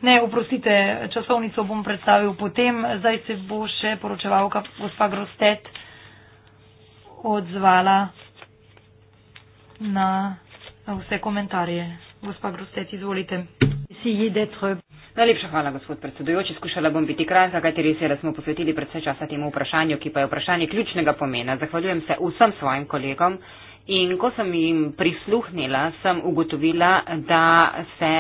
Ne, oprostite, časovnico bom predstavil potem. Zdaj se bo še poročevalka gospa Grostet odzvala na vse komentarje. Gospa Grostet, izvolite. Najlepša hvala, gospod predsedujoči. Skušala bom biti kratka, kajti res je, da smo posvetili predvsej časa temu vprašanju, ki pa je vprašanje ključnega pomena. Zahvaljujem se vsem svojim kolegom in ko sem jim prisluhnila, sem ugotovila, da se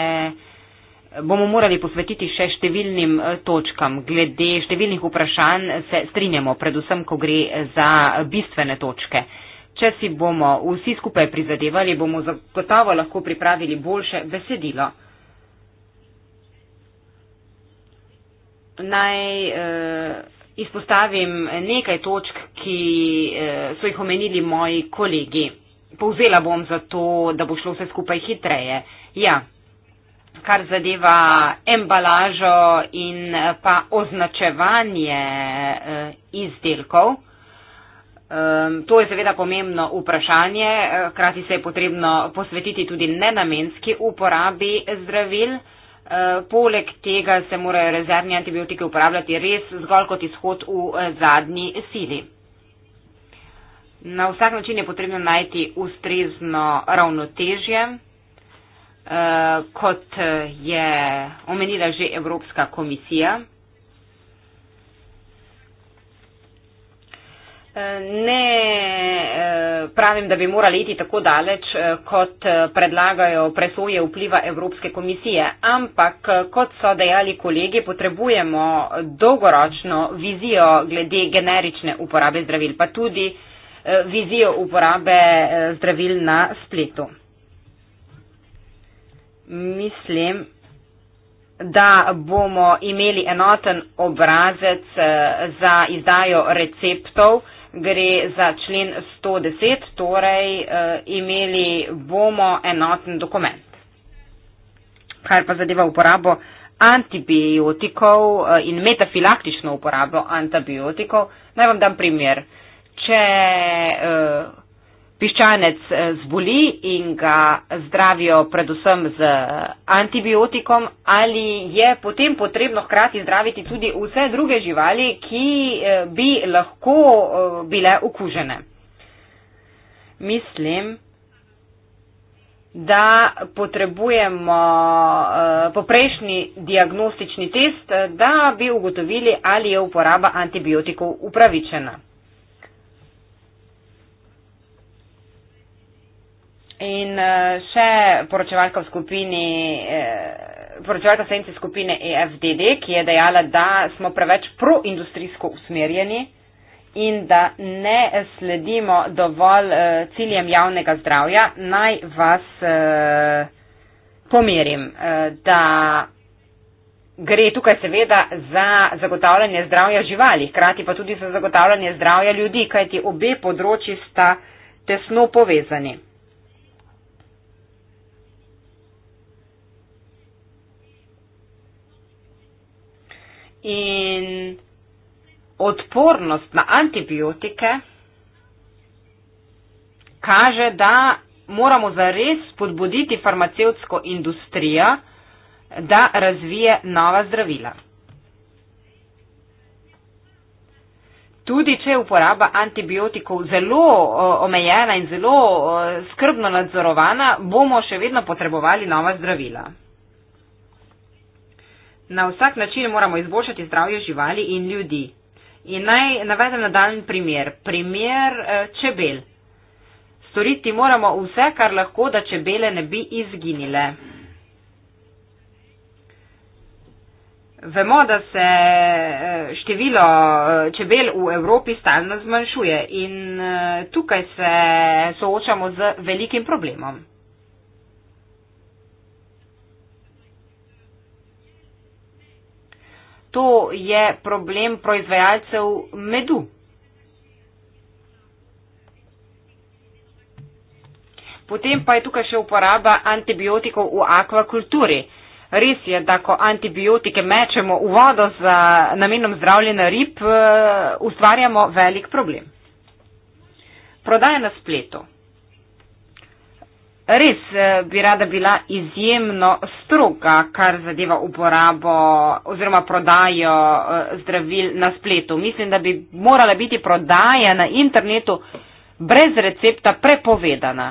bomo morali posvetiti še številnim eh, točkam. Glede številnih vprašanj se strinjamo, predvsem, ko gre za bistvene točke. Če si bomo vsi skupaj prizadevali, bomo zagotovo lahko pripravili boljše besedilo. naj eh, izpostavim nekaj točk, ki eh, so jih omenili moji kolegi. Povzela bom zato, da bo šlo vse skupaj hitreje. Ja, kar zadeva embalažo in eh, pa označevanje eh, izdelkov. Ehm, to je seveda pomembno vprašanje, eh, krati se je potrebno posvetiti tudi nenamenski uporabi zdravil. Eh, poleg tega se morajo rezervni antibiotiki uporabljati res zgolj kot izhod v eh, zadnji sili. Na vsak način je potrebno najti ustrezno ravnotežje, eh, kot je omenila že Evropska komisija. Ne eh, pravim, da bi morali iti tako daleč, eh, kot eh, predlagajo presoje vpliva Evropske komisije, ampak kot so dejali kolegi, potrebujemo dolgoročno vizijo glede generične uporabe zdravil, pa tudi vizijo uporabe zdravil na spletu. Mislim, da bomo imeli enoten obrazec za izdajo receptov, gre za člen 110, torej uh, imeli bomo enoten dokument. Kar pa zadeva uporabo antibiotikov uh, in metafilaktično uporabo antibiotikov, naj vam dam primer. Če uh, piščanec eh, zboli in ga zdravijo predvsem z eh, antibiotikom, ali je potem potrebno hkrati zdraviti tudi vse druge živali, ki eh, bi lahko bile okužene. Mislim, da potrebujemo poprejšnji diagnostični test, da bi ugotovili, ali je uporaba antibiotikov upravičena. In eh, še poročevalka v skupini, eh, poročevalka sence skupine EFDD, ki je dejala, da smo preveč proindustrijsko usmerjeni in da ne sledimo dovolj eh, ciljem javnega zdravja, naj vas pomerim, da gre tukaj seveda za zagotavljanje zdravja živali, hkrati pa tudi za zagotavljanje zdravja ljudi, kajti obe področji sta tesno povezani. in odpornost na antibiotike kaže, da moramo zares spodbuditi farmacevtsko industrijo, da razvije nova zdravila. Tudi, če je uporaba antibiotikov zelo omejena in zelo skrbno nadzorovana, bomo še vedno potrebovali nova zdravila. Na vsak način moramo izboljšati zdravje živali in ljudi. In naj navedem nadaljni primer. Primer eh, čebel. Storiti moramo vse, kar lahko, da čebele ne bi izginile. Vemo, da se eh, število eh, čebel v Evropi stalno zmanjšuje in tukaj se soočamo z velikim problemom. to je problem proizvajalcev medu. Potem pa je tukaj še uporaba antibiotikov v akvakulturi. Res je, da ko antibiotike mečemo v vodo z namenom zdravljena rib, eh, ustvarjamo velik problem. Prodaja na spletu. Res eh, bi rada bila izjemno stroga, kar zadeva uporabo oziroma prodajo eh, zdravil na spletu. Mislim, da bi morala biti prodaja na internetu brez recepta prepovedana.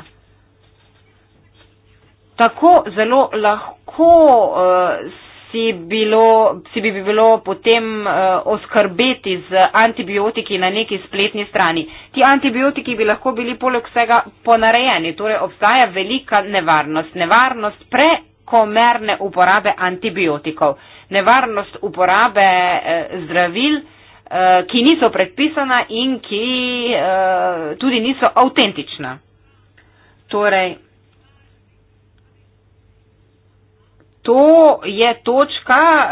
Tako zelo lahko uh, si, bilo, si bi bilo potem uh, oskrbeti z antibiotiki na neki spletni strani. Ti antibiotiki bi lahko bili poleg vsega ponarejeni, torej obstaja velika nevarnost. Nevarnost prekomerne uporabe antibiotikov, nevarnost uporabe uh, zdravil, uh, ki niso predpisana in ki uh, tudi niso avtentična. Torej, to je točka, eh,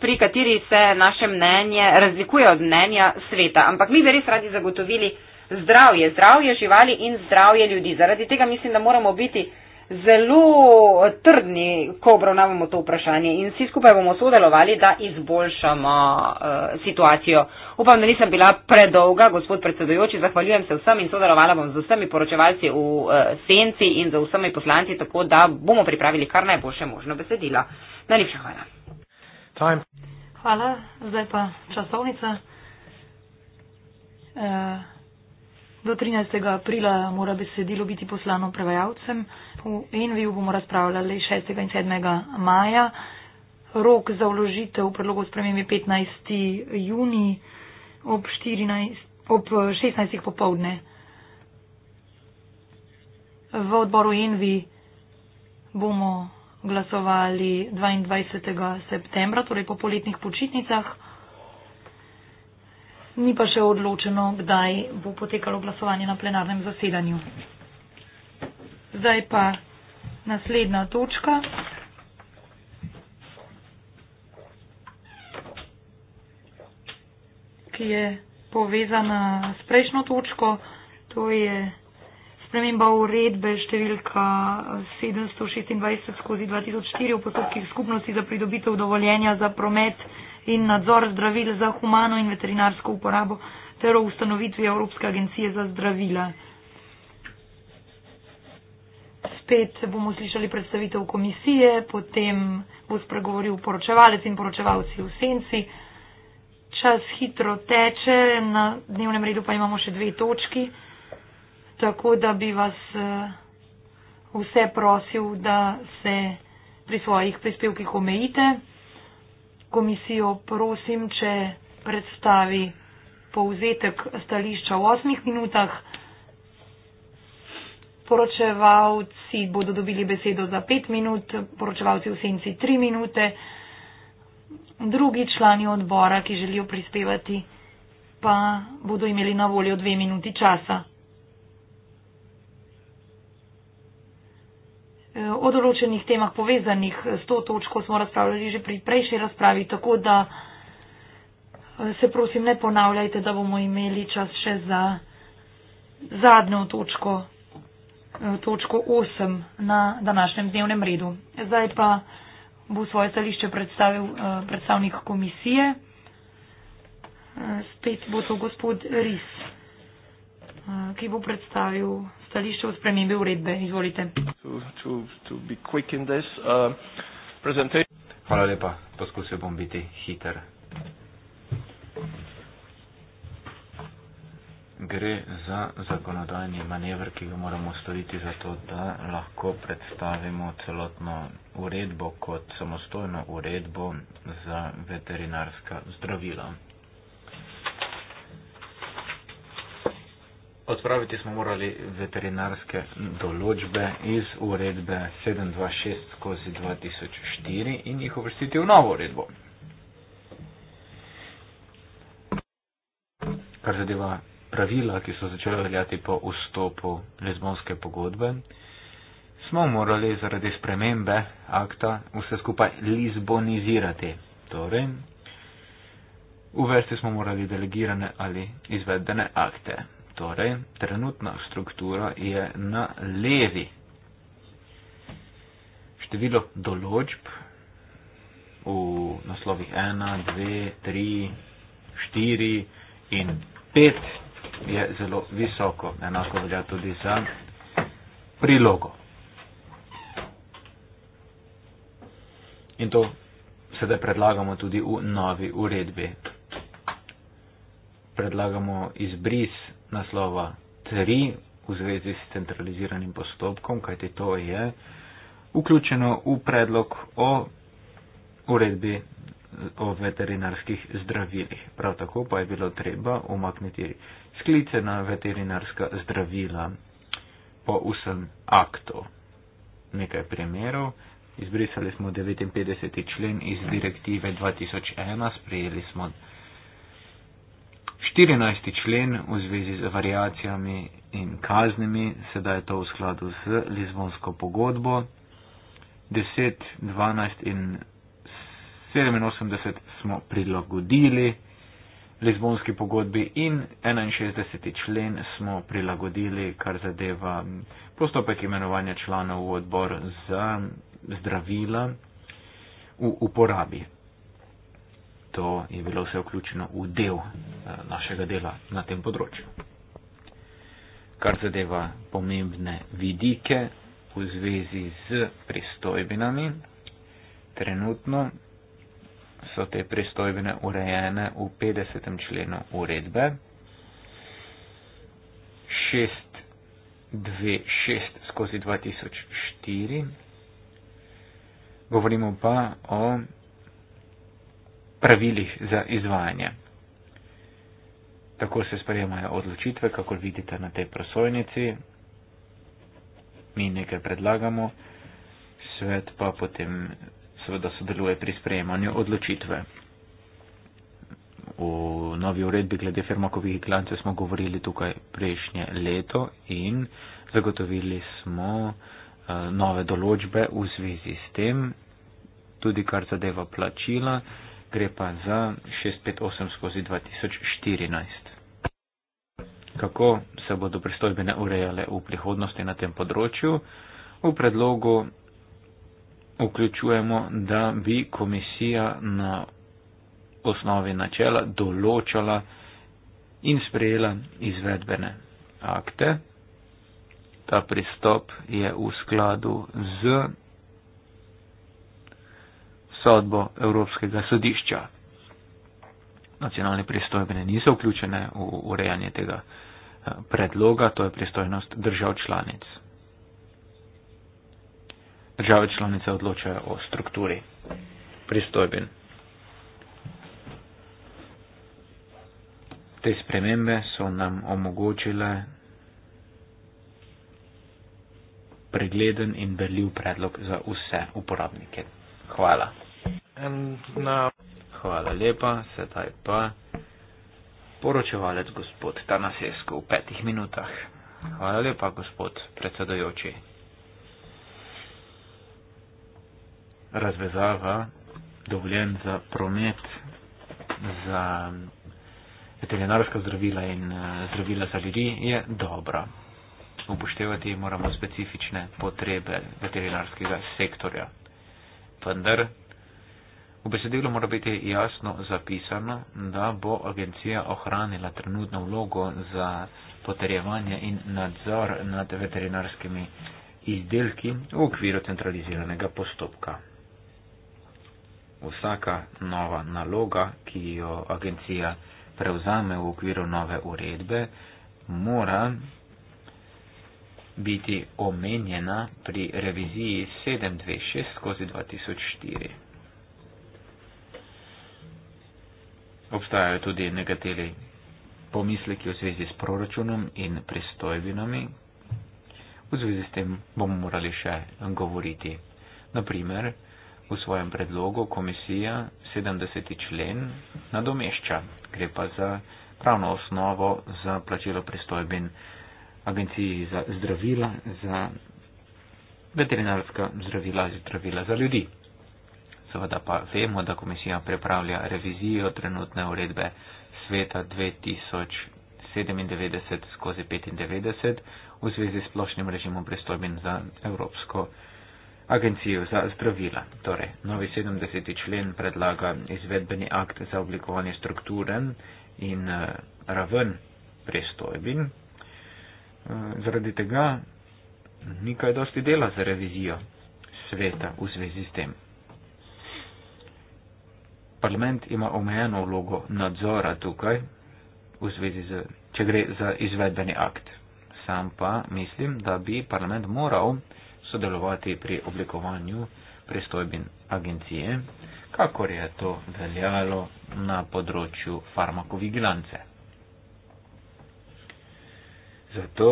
pri kateri se naše mnenje razlikuje od mnenja sveta. Ampak mi bi res radi zagotovili zdravje, zdravje živali in zdravje ljudi. Zaradi tega mislim, da moramo biti zelo trdni, ko obravnavamo to vprašanje in vsi skupaj bomo sodelovali, da izboljšamo uh, situacijo. Upam, da nisem bila predolga, gospod predsedujoči, zahvaljujem se vsem in sodelovala bom z vsemi poročevalci v uh, senci in z vsemi poslanci, tako da bomo pripravili kar najboljše možno besedilo. Najlepša hvala. Time. Hvala, zdaj pa časovnica. Uh, do 13. aprila mora besedilo biti poslano prevajalcem. V Enviju bomo razpravljali 6. in 7. maja. Rok za vložitev predlogov sprememb je 15. juni ob, 14, ob 16. popovdne. V odboru Envi bomo glasovali 22. septembra, torej po poletnih počitnicah. Ni pa še odločeno, kdaj bo potekalo glasovanje na plenarnem zasedanju. Zdaj pa naslednja točka. ki je povezana s prejšnjo točko, to je sprememba uredbe številka 726 skozi 2004 v postopkih skupnosti za pridobitev dovoljenja za promet in nadzor zdravil za humano in veterinarsko uporabo ter o ustanovitvi Evropske agencije za zdravila spet bomo slišali predstavitev komisije, potem bo spregovoril poročevalec in poročevalci v senci. Čas hitro teče, na dnevnem redu pa imamo še dve točki, tako da bi vas eh, vse prosil, da se pri svojih prispevkih omejite. Komisijo prosim, če predstavi povzetek stališča v osmih minutah poročevalci bodo dobili besedo za pet minut, poročevalci v senci tri minute, drugi člani odbora, ki želijo prispevati, pa bodo imeli na voljo dve minuti časa. E, o določenih temah povezanih s to točko smo razpravljali že pri prejšnji razpravi, tako da e, se prosim ne ponavljajte, da bomo imeli čas še za zadnjo točko točko 8 na današnjem dnevnem redu. Zdaj pa bo svoje stališče predstavil eh, predstavnik komisije. Eh, spet bo to gospod Ris, eh, ki bo predstavil stališče o spremembi uredbe. Izvolite. To, to, to this, uh, Hvala lepa, poskusil bom biti hiter. gre za zakonodajni manevr, ki ga moramo storiti za to, da lahko predstavimo celotno uredbo kot samostojno uredbo za veterinarska zdravila. Odpraviti smo morali veterinarske določbe iz uredbe 726-2004 in jih uvrstiti v novo uredbo. Kar zadeva pravila, ki so začela veljati po vstopu Lizbonske pogodbe, smo morali zaradi spremembe akta vse skupaj lizbonizirati. Torej, uvesti smo morali delegirane ali izvedene akte. Torej, trenutna struktura je na levi. Število določb v naslovih 1, 2, 3, 4 in 5 je zelo visoko, enako velja tudi za prilogo. In to sedaj predlagamo tudi v novi uredbi. Predlagamo izbris naslova 3 v zvezi s centraliziranim postopkom, kajti to je vključeno v predlog o uredbi o veterinarskih zdravilih. Prav tako pa je bilo treba umakniti sklicena veterinarska zdravila po vsem aktu. Nekaj primerov. Izbrisali smo 59. člen iz direktive 2001, sprejeli smo 14. člen v zvezi z variacijami in kaznimi, sedaj je to v skladu z Lizbonsko pogodbo. 10, 12 in 87 smo prilagodili. Lizbonski pogodbi in 61. člen smo prilagodili, kar zadeva postopek imenovanja članov v odbor za zdravila v uporabi. To je bilo vse vključeno v del eh, našega dela na tem področju. Kar zadeva pomembne vidike v zvezi z pristojbinami, trenutno so te pristojbine urejene v 50. členu uredbe. 626 skozi 2004. Govorimo pa o pravilih za izvajanje. Tako se sprejemajo odločitve, kako vidite na tej prosojnici. Mi nekaj predlagamo, svet pa potem seveda sodeluje pri sprejemanju odločitve. V novi uredbi glede firmakovih klance smo govorili tukaj prejšnje leto in zagotovili smo eh, nove določbe v zvezi s tem, tudi kar zadeva plačila, gre pa za 658 skozi 2014. Kako se bodo pristojbene urejale v prihodnosti na tem področju? V predlogu vključujemo, da bi komisija na osnovi načela določala in sprejela izvedbene akte. Ta pristop je v skladu z sodbo Evropskega sodišča. Nacionalne pristojbene niso vključene v urejanje tega eh, predloga, to je pristojnost držav članic države članice odločajo o strukturi pristojbin. Te spremembe so nam omogočile pregleden in berljiv predlog za vse uporabnike. Hvala. Hvala lepa, sedaj pa poročevalec gospod Tanasesko v petih minutah. Hvala lepa, gospod predsedojoči. razvezava dovoljen za promet, za veterinarska zdravila in eh, zdravila za ljudi, je dobra. Upoštevati moramo specifične potrebe veterinarskega sektorja. Vendar v besedilu mora biti jasno zapisano, da bo agencija ohranila trenutno vlogo za potrjevanje in nadzor nad veterinarskimi izdelki v okviru centraliziranega postopka vsaka nova naloga, ki jo agencija prevzame v okviru nove uredbe, mora biti omenjena pri reviziji 726 skozi 2004. Obstajajo tudi nekateri pomisleki v zvezi s proračunom in pristojbinami. V zvezi s tem bomo morali še govoriti. Naprimer, V svojem predlogu komisija 70. člen nadomešča, gre pa za pravno osnovo za plačilo pristojbin agenciji za zdravila, za veterinarska zdravila, za zdravila za ljudi. Seveda pa vemo, da komisija prepravlja revizijo trenutne uredbe sveta 2000. 97 skozi 95 v zvezi s splošnim režimom pristojbin za Evropsko agencijo za zdravila. Torej, novi 70. člen predlaga izvedbeni akt za oblikovanje strukture in uh, raven prestojbin. Uh, eh, zaradi tega ni kaj dosti dela za revizijo sveta v zvezi s tem. Parlament ima omejeno vlogo nadzora tukaj, z, če gre za izvedbeni akt. Sam pa mislim, da bi parlament moral sodelovati pri oblikovanju pristojbin agencije, kakor je to veljalo na področju farmakovigilance. Zato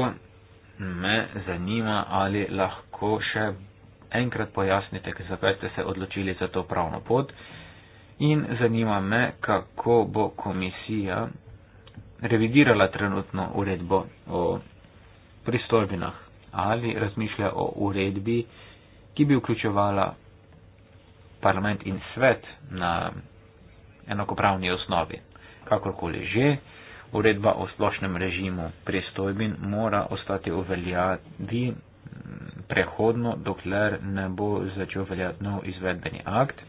me zanima, ali lahko še enkrat pojasnite, zakaj ste se odločili za to pravno pot in zanima me, kako bo komisija revidirala trenutno uredbo o pristojbinah ali razmišlja o uredbi, ki bi vključevala parlament in svet na enakopravni osnovi. Kakorkoli že, uredba o splošnem režimu pristojbin mora ostati uveljavi prehodno, dokler ne bo začel veljati nov izvedbeni akt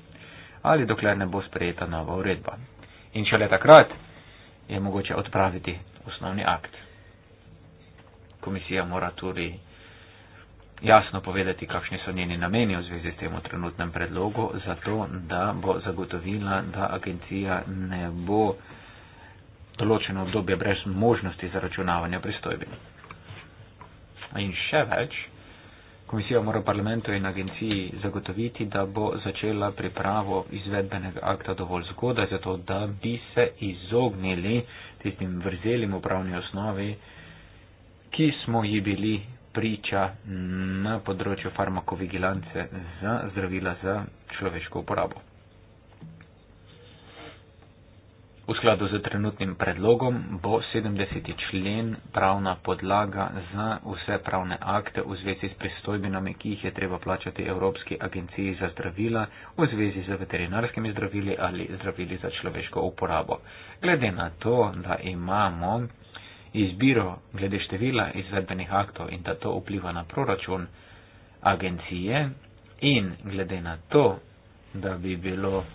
ali dokler ne bo sprejeta nova uredba. In šele takrat je mogoče odpraviti osnovni akt. Komisija mora tudi. Torej jasno povedati, kakšni so njeni nameni v zvezi s tem trenutnem predlogu, zato da bo zagotovila, da agencija ne bo določeno obdobje brez možnosti zaračunavanja pristojbin. In še več, komisija mora parlamentu in agenciji zagotoviti, da bo začela pripravo izvedbenega akta dovolj zgodaj, zato da bi se izognili tistim vrzelim upravni osnovi, ki smo ji bili priča na področju farmakovigilance za zdravila za človeško uporabo. V skladu z trenutnim predlogom bo 70. člen pravna podlaga za vse pravne akte v zvezi s pristojbinami, ki jih je treba plačati Evropski agenciji za zdravila v zvezi z veterinarskimi zdravili ali zdravili za človeško uporabo. Glede na to, da imamo izbiro glede števila izvedbenih aktov in da to vpliva na proračun agencije in glede na to, da bi bilo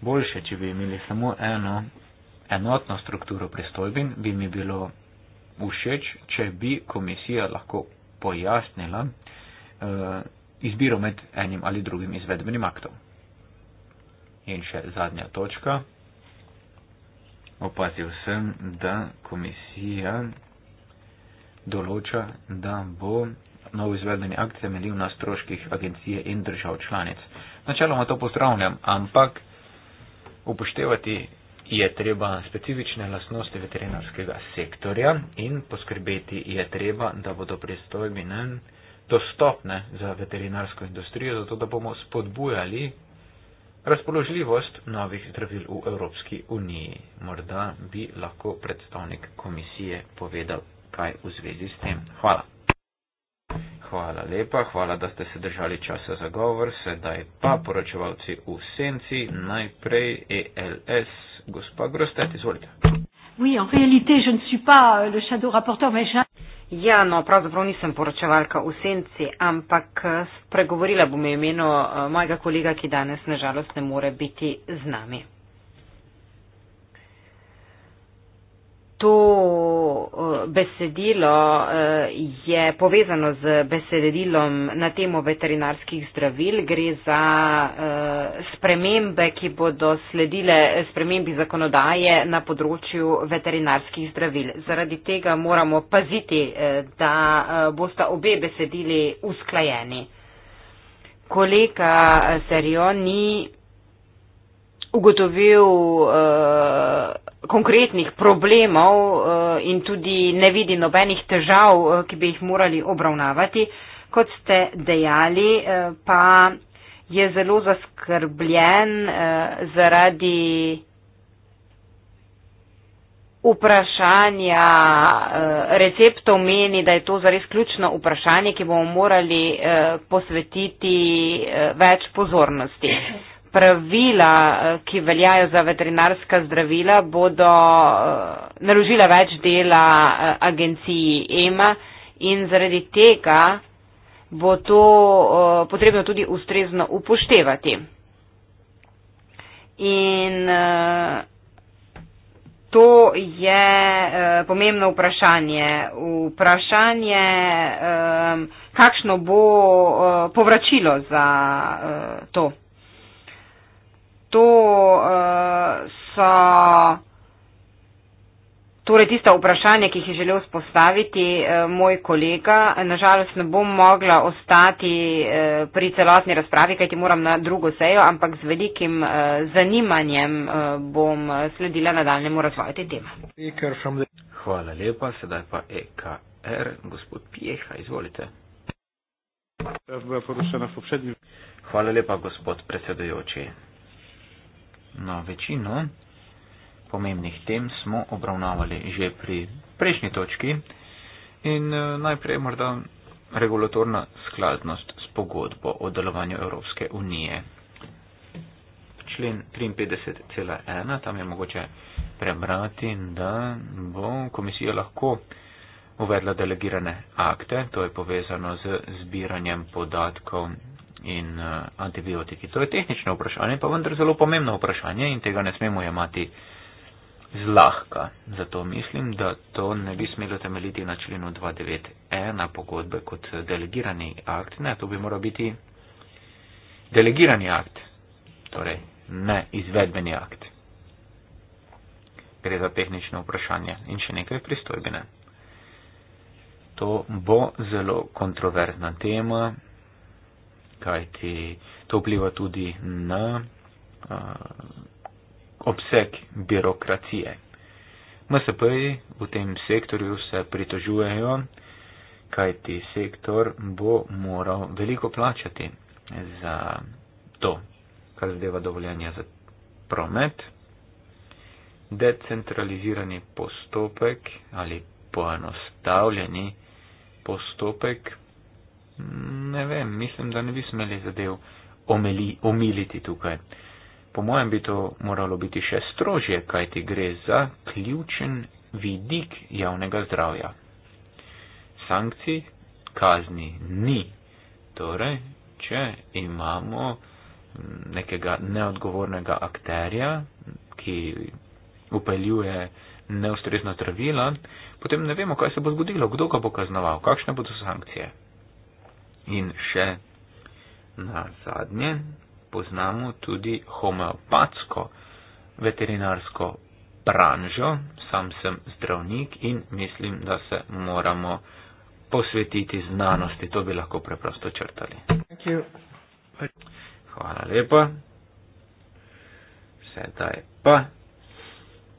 boljše, če bi imeli samo eno enotno strukturo pristojbin, bi mi bilo všeč, če bi komisija lahko pojasnila uh, izbiro med enim ali drugim izvedbenim aktom. In še zadnja točka opazil sem, da komisija določa, da bo nov izvedbeni akt temeljil na stroških agencije in držav članic. Načeloma to pozdravljam, ampak upoštevati je treba specifične lastnosti veterinarskega sektorja in poskrbeti je treba, da bodo pristojbine dostopne za veterinarsko industrijo, zato da bomo spodbujali razpoložljivost novih zdravil v Evropski uniji. Morda bi lahko predstavnik komisije povedal, kaj v zvezi s tem. Hvala. Hvala lepa, hvala, da ste se držali časa za govor. Sedaj pa poročevalci v senci, najprej ELS, gospa Grostet, izvolite. Oui, en réalité, je ne suis pas euh, le shadow rapporteur, mais j'ai. Ja, no, pravzaprav nisem poročevalka v senci, ampak eh, spregovorila bom imeno eh, mojega kolega, ki danes nažalost ne more biti z nami. to eh, besedilo eh, je povezano z besedilom na temo veterinarskih zdravil. Gre za eh, spremembe, ki bodo sledile spremembi zakonodaje na področju veterinarskih zdravil. Zaradi tega moramo paziti, da bosta obe besedili usklajeni. Kolega Serjo ni ugotovil uh, konkretnih problemov uh, in tudi ne vidi nobenih težav, uh, ki bi jih morali obravnavati. Kot ste dejali, uh, pa je zelo zaskrbljen uh, zaradi vprašanja receptov meni, da je to zares ključno vprašanje, ki bomo morali posvetiti več pozornosti pravila, eh, ki veljajo za veterinarska zdravila, bodo eh, naložila več dela eh, agenciji EMA in zaradi tega bo to potrebno tudi ustrezno upoštevati. In to je pomembno vprašanje. Vprašanje, kakšno bo povračilo za to to uh, so torej tista vprašanja, ki jih je želel spostaviti uh, moj kolega. Nažalost ne bom mogla ostati uh, pri celotni razpravi, kajti moram na drugo sejo, ampak z velikim uh, zanimanjem uh, bom sledila nadaljemu razvoju te teme. Hvala lepa, sedaj pa EKR, gospod Pijeha, izvolite. Hvala lepa, gospod predsedujoči na večino pomembnih tem smo obravnavali že pri prejšnji točki in eh, najprej morda regulatorna skladnost s pogodbo o delovanju Evropske unije. Člen 53.1, tam je mogoče prebrati, da bo komisija lahko uvedla delegirane akte, to je povezano z zbiranjem podatkov in uh, antibiotiki. To je tehnično vprašanje, pa vendar zelo pomembno vprašanje in tega ne smemo jemati zlahka. Zato mislim, da to ne bi smelo temeljiti na členu 291 e pogodbe kot delegirani akt. Ne, to bi moral biti delegirani akt, torej ne izvedbeni akt. Gre za tehnično vprašanje in še nekaj pristojbine. To bo zelo kontroverzna tema kajti to vpliva tudi na a, obseg birokracije. MSP-ji v tem sektorju se pritožujejo, kajti sektor bo moral veliko plačati za to, kar zadeva dovoljenja za promet. Decentralizirani postopek ali poenostavljeni postopek Ne vem, mislim, da ne bi smeli zadev omeli, omiliti tukaj. Po mojem bi to moralo biti še strožje, kajti gre za ključen vidik javnega zdravja. Sankcij, kazni ni. Torej, če imamo mm, nekega neodgovornega akterja, ki upeljuje neustrezna travila, potem ne vemo, kaj se bo zgodilo, kdo ga bo kaznoval, kakšne bodo sankcije. In še na zadnje poznamo tudi homeopatsko veterinarsko branžo. Sam sem zdravnik in mislim, da se moramo posvetiti znanosti. To bi lahko preprosto črtali. Hvala lepa. Sedaj pa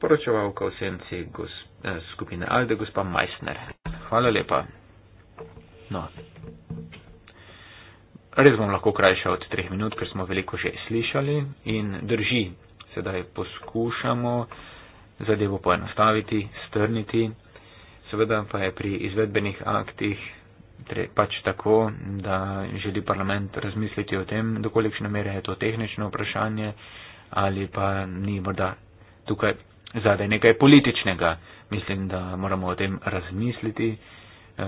poročevalka v senci gos, eh, skupine Alde, gospa Meissner. Hvala lepa. No, Res bom lahko krajša od treh minut, ker smo veliko že slišali in drži. Sedaj poskušamo zadevo poenostaviti, strniti. Seveda pa je pri izvedbenih aktih pač tako, da želi parlament razmisliti o tem, dokolikšne mere je to tehnično vprašanje ali pa ni morda tukaj zadaj nekaj političnega. Mislim, da moramo o tem razmisliti. Uh,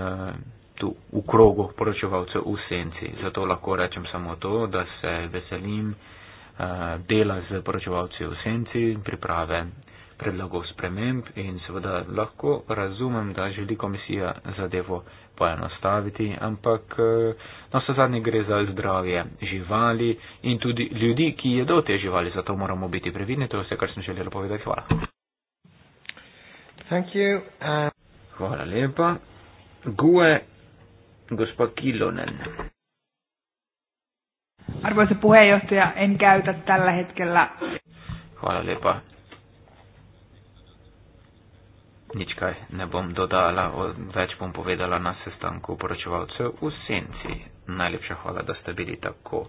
tu v krogu poročevalcev v senci. Zato lahko rečem samo to, da se veselim uh, dela z poročevalci v senci, priprave predlogov sprememb in seveda lahko razumem, da želi komisija zadevo poenostaviti, ampak eh, na no, vse zadnje gre za zdravje živali in tudi ljudi, ki jedo te živali, zato moramo biti previdni, to je vse, kar sem želel povedati. Hvala. Thank you. Uh... Hvala lepa. Gue gospa Kilonen. Arvoisa puheenjohtaja, en käytä tällä hetkellä. Hvala lepa. Nič kaj, ne bom dodala, več bom povedala na sestanku poročevalcev v senci. Najlepša hvala, da ste bili tako.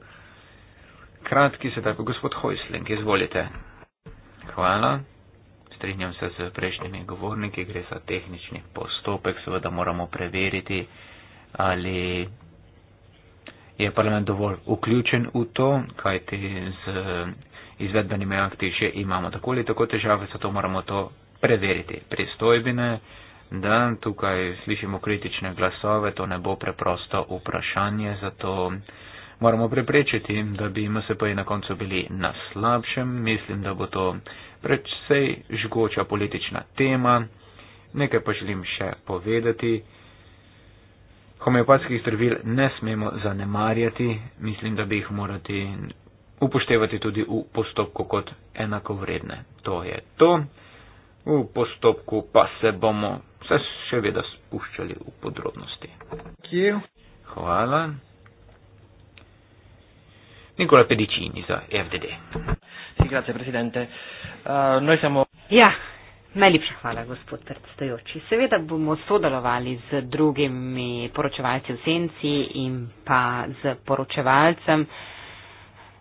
Kratki se tako, gospod Hojsling, izvolite. Hvala. Strinjam se z prejšnjimi govorniki, gre za tehnični postopek, seveda moramo preveriti ali je parlament dovolj vključen v to, kajti z izvedbenimi akti že imamo tako ali tako težave, zato moramo to preveriti. Pristojbine, da tukaj slišimo kritične glasove, to ne bo preprosto vprašanje, zato moramo preprečiti, da bi MSP na koncu bili na slabšem. Mislim, da bo to predvsej žgoča politična tema. Nekaj pa želim še povedati. Homeopatskih zdravil ne smemo zanemarjati, mislim, da bi jih morali upoštevati tudi v postopku kot enakovredne. To je to. V postopku pa se bomo vse še vedno spuščali v podrobnosti. Hvala. Nicola Pedicini za FDD. Sì, grazie Presidente. Uh, noi siamo... Yeah. Ja, Najlepša hvala, gospod predstojoči. Seveda bomo sodelovali z drugimi poročevalci v senci in pa z poročevalcem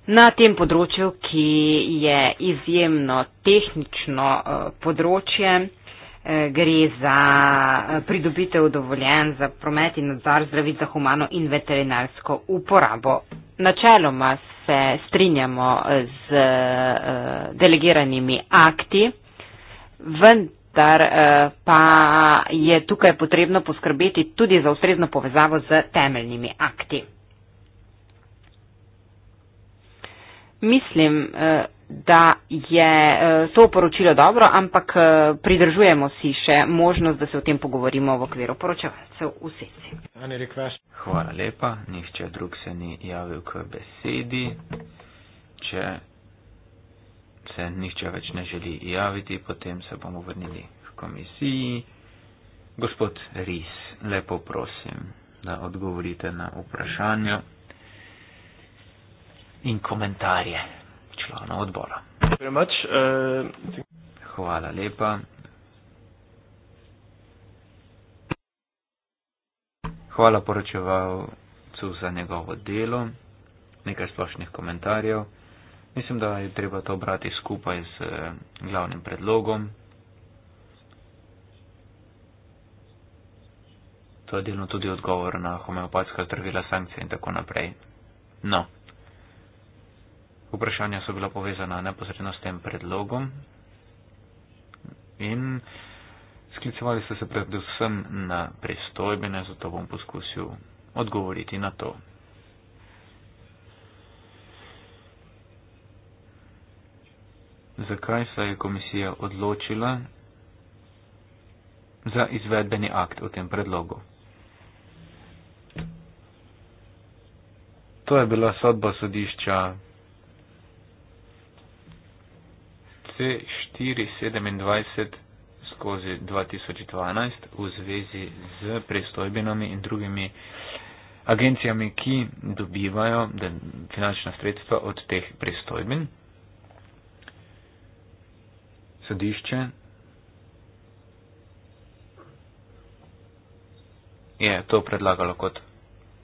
na tem področju, ki je izjemno tehnično eh, področje. Eh, gre za eh, pridobitev dovoljen za promet in nadzor zdravil za humano in veterinarsko uporabo. Načeloma se strinjamo z delegiranimi akti vendar eh, pa je tukaj potrebno poskrbeti tudi za ustrezno povezavo z temeljnimi akti. Mislim, eh, da je eh, to poročilo dobro, ampak pridržujemo si še možnost, da se o tem pogovorimo v okviru poročevalcev v sesi. Hvala lepa, nihče drug se ni javil k besedi. Če se nihče več ne želi javiti, potem se bomo vrnili v komisiji. Gospod Ris, lepo prosim, da odgovorite na vprašanje in komentarje člana odbora. Hvala lepa. Hvala poročevalcu za njegovo delo. Nekaj splošnih komentarjev. Mislim, da je treba to brati skupaj z eh, glavnim predlogom. To je delno tudi odgovor na homeopatska trvila sankcije in tako naprej. No, vprašanja so bila povezana neposredno s tem predlogom in sklicovali so se predvsem na pristojbene, zato bom poskusil odgovoriti na to. zakaj se je komisija odločila za izvedbeni akt v tem predlogu. To je bila sodba sodišča C427 skozi 2012 v zvezi z pristojbinami in drugimi agencijami, ki dobivajo finančna sredstva od teh pristojbin sodišče je to predlagalo kot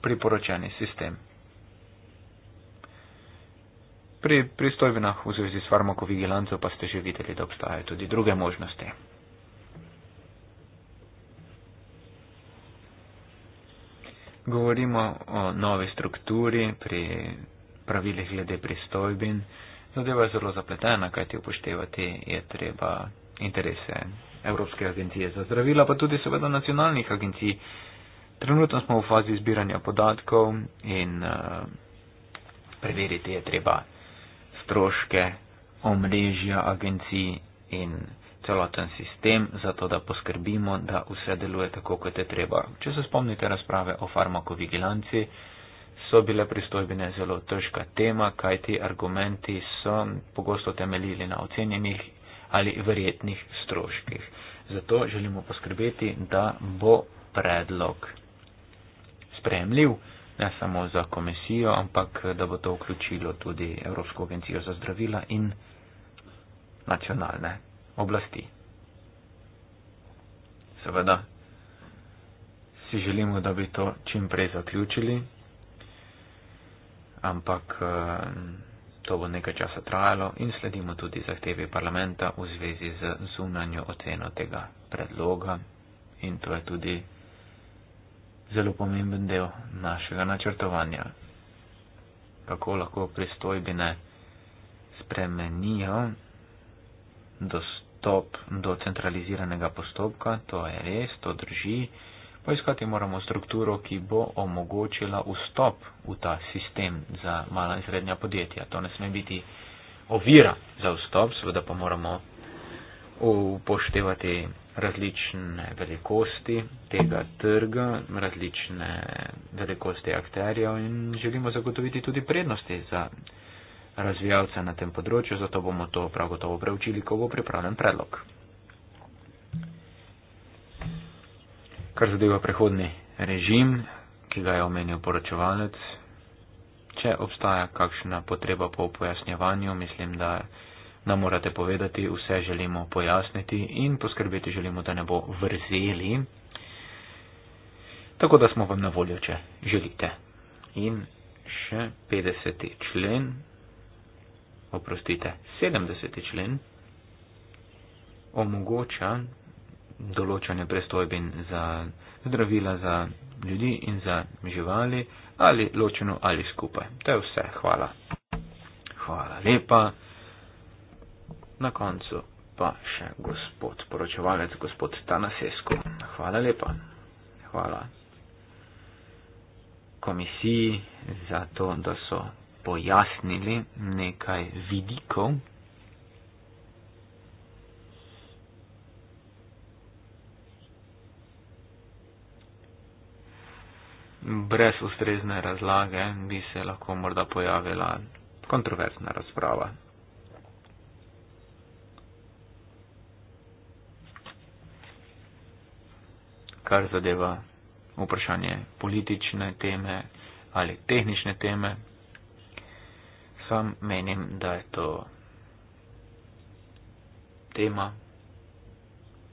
priporočeni sistem. Pri pristojbinah v zvezi s farmakovigilanco pa ste že videli, da obstajajo tudi druge možnosti. Govorimo o novi strukturi pri pravilih glede pristojbin. Zadeva je zelo zapletena, kajti upoštevati je treba interese Evropske agencije za zdravila, pa tudi seveda nacionalnih agencij. Trenutno smo v fazi zbiranja podatkov in eh, preveriti je treba stroške omrežja agencij in celoten sistem, zato da poskrbimo, da vse deluje tako, kot je treba. Če se spomnite razprave o farmakovigilanci, so bile pristojbine zelo težka tema, kajti argumenti so pogosto temeljili na ocenjenih ali verjetnih stroških. Zato želimo poskrbeti, da bo predlog spremljiv, ne samo za komisijo, ampak da bo to vključilo tudi Evropsko agencijo za zdravila in nacionalne oblasti. Seveda si želimo, da bi to čim prej zaključili ampak eh, to bo nekaj časa trajalo in sledimo tudi zahtevi parlamenta v zvezi z zunanjo oceno tega predloga in to je tudi zelo pomemben del našega načrtovanja. Kako lahko pristojbine spremenijo dostop do centraliziranega postopka, to je res, to drži poiskati moramo strukturo, ki bo omogočila vstop v ta sistem za mala in srednja podjetja. To ne sme biti ovira za vstop, seveda pa moramo upoštevati različne velikosti tega trga, različne velikosti akterjev in želimo zagotoviti tudi prednosti za razvijalce na tem področju, zato bomo to prav gotovo preučili, ko bo pripravljen predlog. kar zadeva prehodni režim, ki ga je omenil poročevalec. Če obstaja kakšna potreba po pojasnjevanju, mislim, da nam morate povedati, vse želimo pojasniti in poskrbeti želimo, da ne bo vrzeli. Tako da smo vam na voljo, če želite. In še 50. člen, oprostite, 70. člen omogoča določanje prestojbin za zdravila za ljudi in za živali ali ločeno ali skupaj. To je vse. Hvala. Hvala lepa. Na koncu pa še gospod poročevalec, gospod Tanasesko. Hvala lepa. Hvala komisiji za to, da so pojasnili nekaj vidikov. brez ustrezne razlage bi se lahko morda pojavila kontroverzna razprava. Kar zadeva vprašanje politične teme ali tehnične teme, sam menim, da je to tema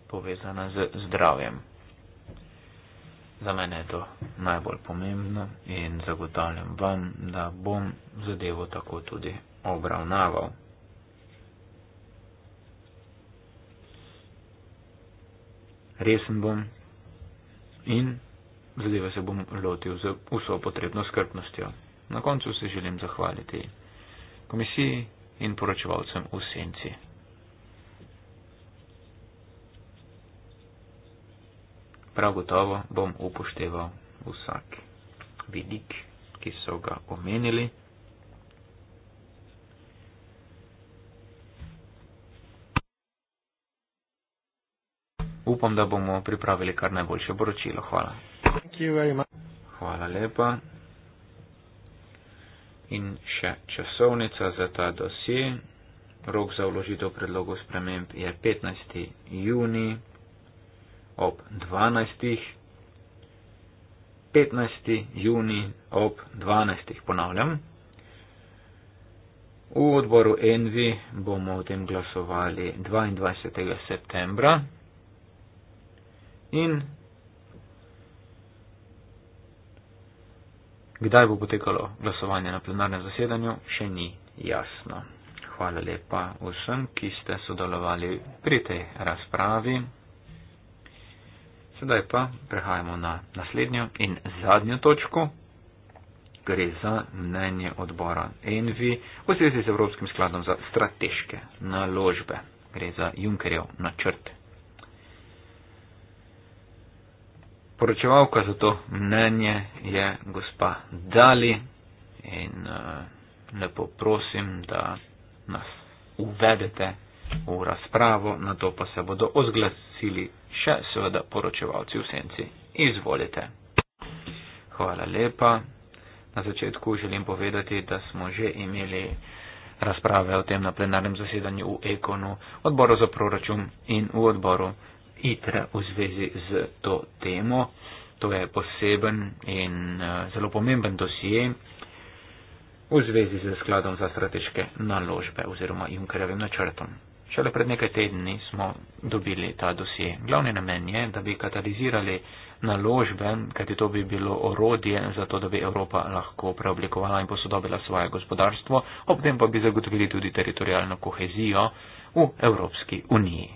povezana z zdravjem. Za mene je to najbolj pomembno in zagotavljam vam, da bom zadevo tako tudi obravnaval. Resen bom in zadeve se bom lotil z vso potrebno skrbnostjo. Na koncu se želim zahvaliti komisiji in poročevalcem v senci. prav gotovo bom upošteval vsak vidik, ki so ga omenili. Upam, da bomo pripravili kar najboljše poročilo. Hvala. Hvala lepa. In še časovnica za ta dosje. Rok za vložitev predlogov sprememb je 15. junij ob 12. 15. juni ob 12. ponavljam. V odboru Envi bomo o tem glasovali 22. septembra in kdaj bo potekalo glasovanje na plenarnem zasedanju, še ni jasno. Hvala lepa vsem, ki ste sodelovali pri tej razpravi. Sedaj pa prehajamo na naslednjo in zadnjo točko. Gre za mnenje odbora Envi v zvezi z Evropskim skladom za strateške naložbe. Gre za Junkerjev načrt. Poročevalka za to mnenje je gospa Dali in uh, lepo prosim, da nas uvedete v razpravo, na to pa se bodo ozglasili še seveda poročevalci v senci. Izvolite. Hvala lepa. Na začetku želim povedati, da smo že imeli razprave o tem na plenarnem zasedanju v Ekonu, odboru za proračun in v odboru ITRE v zvezi z to temo. To je poseben in eh, zelo pomemben dosije v zvezi z skladom za strateške naložbe oziroma Junkerjevim načrtom. Šele pred nekaj tedni smo dobili ta dosje. Glavni namen je, da bi katalizirali naložbe, kajti to bi bilo orodje za to, da bi Evropa lahko preoblikovala in posodobila svoje gospodarstvo, ob tem pa bi zagotovili tudi teritorijalno kohezijo v Evropski uniji.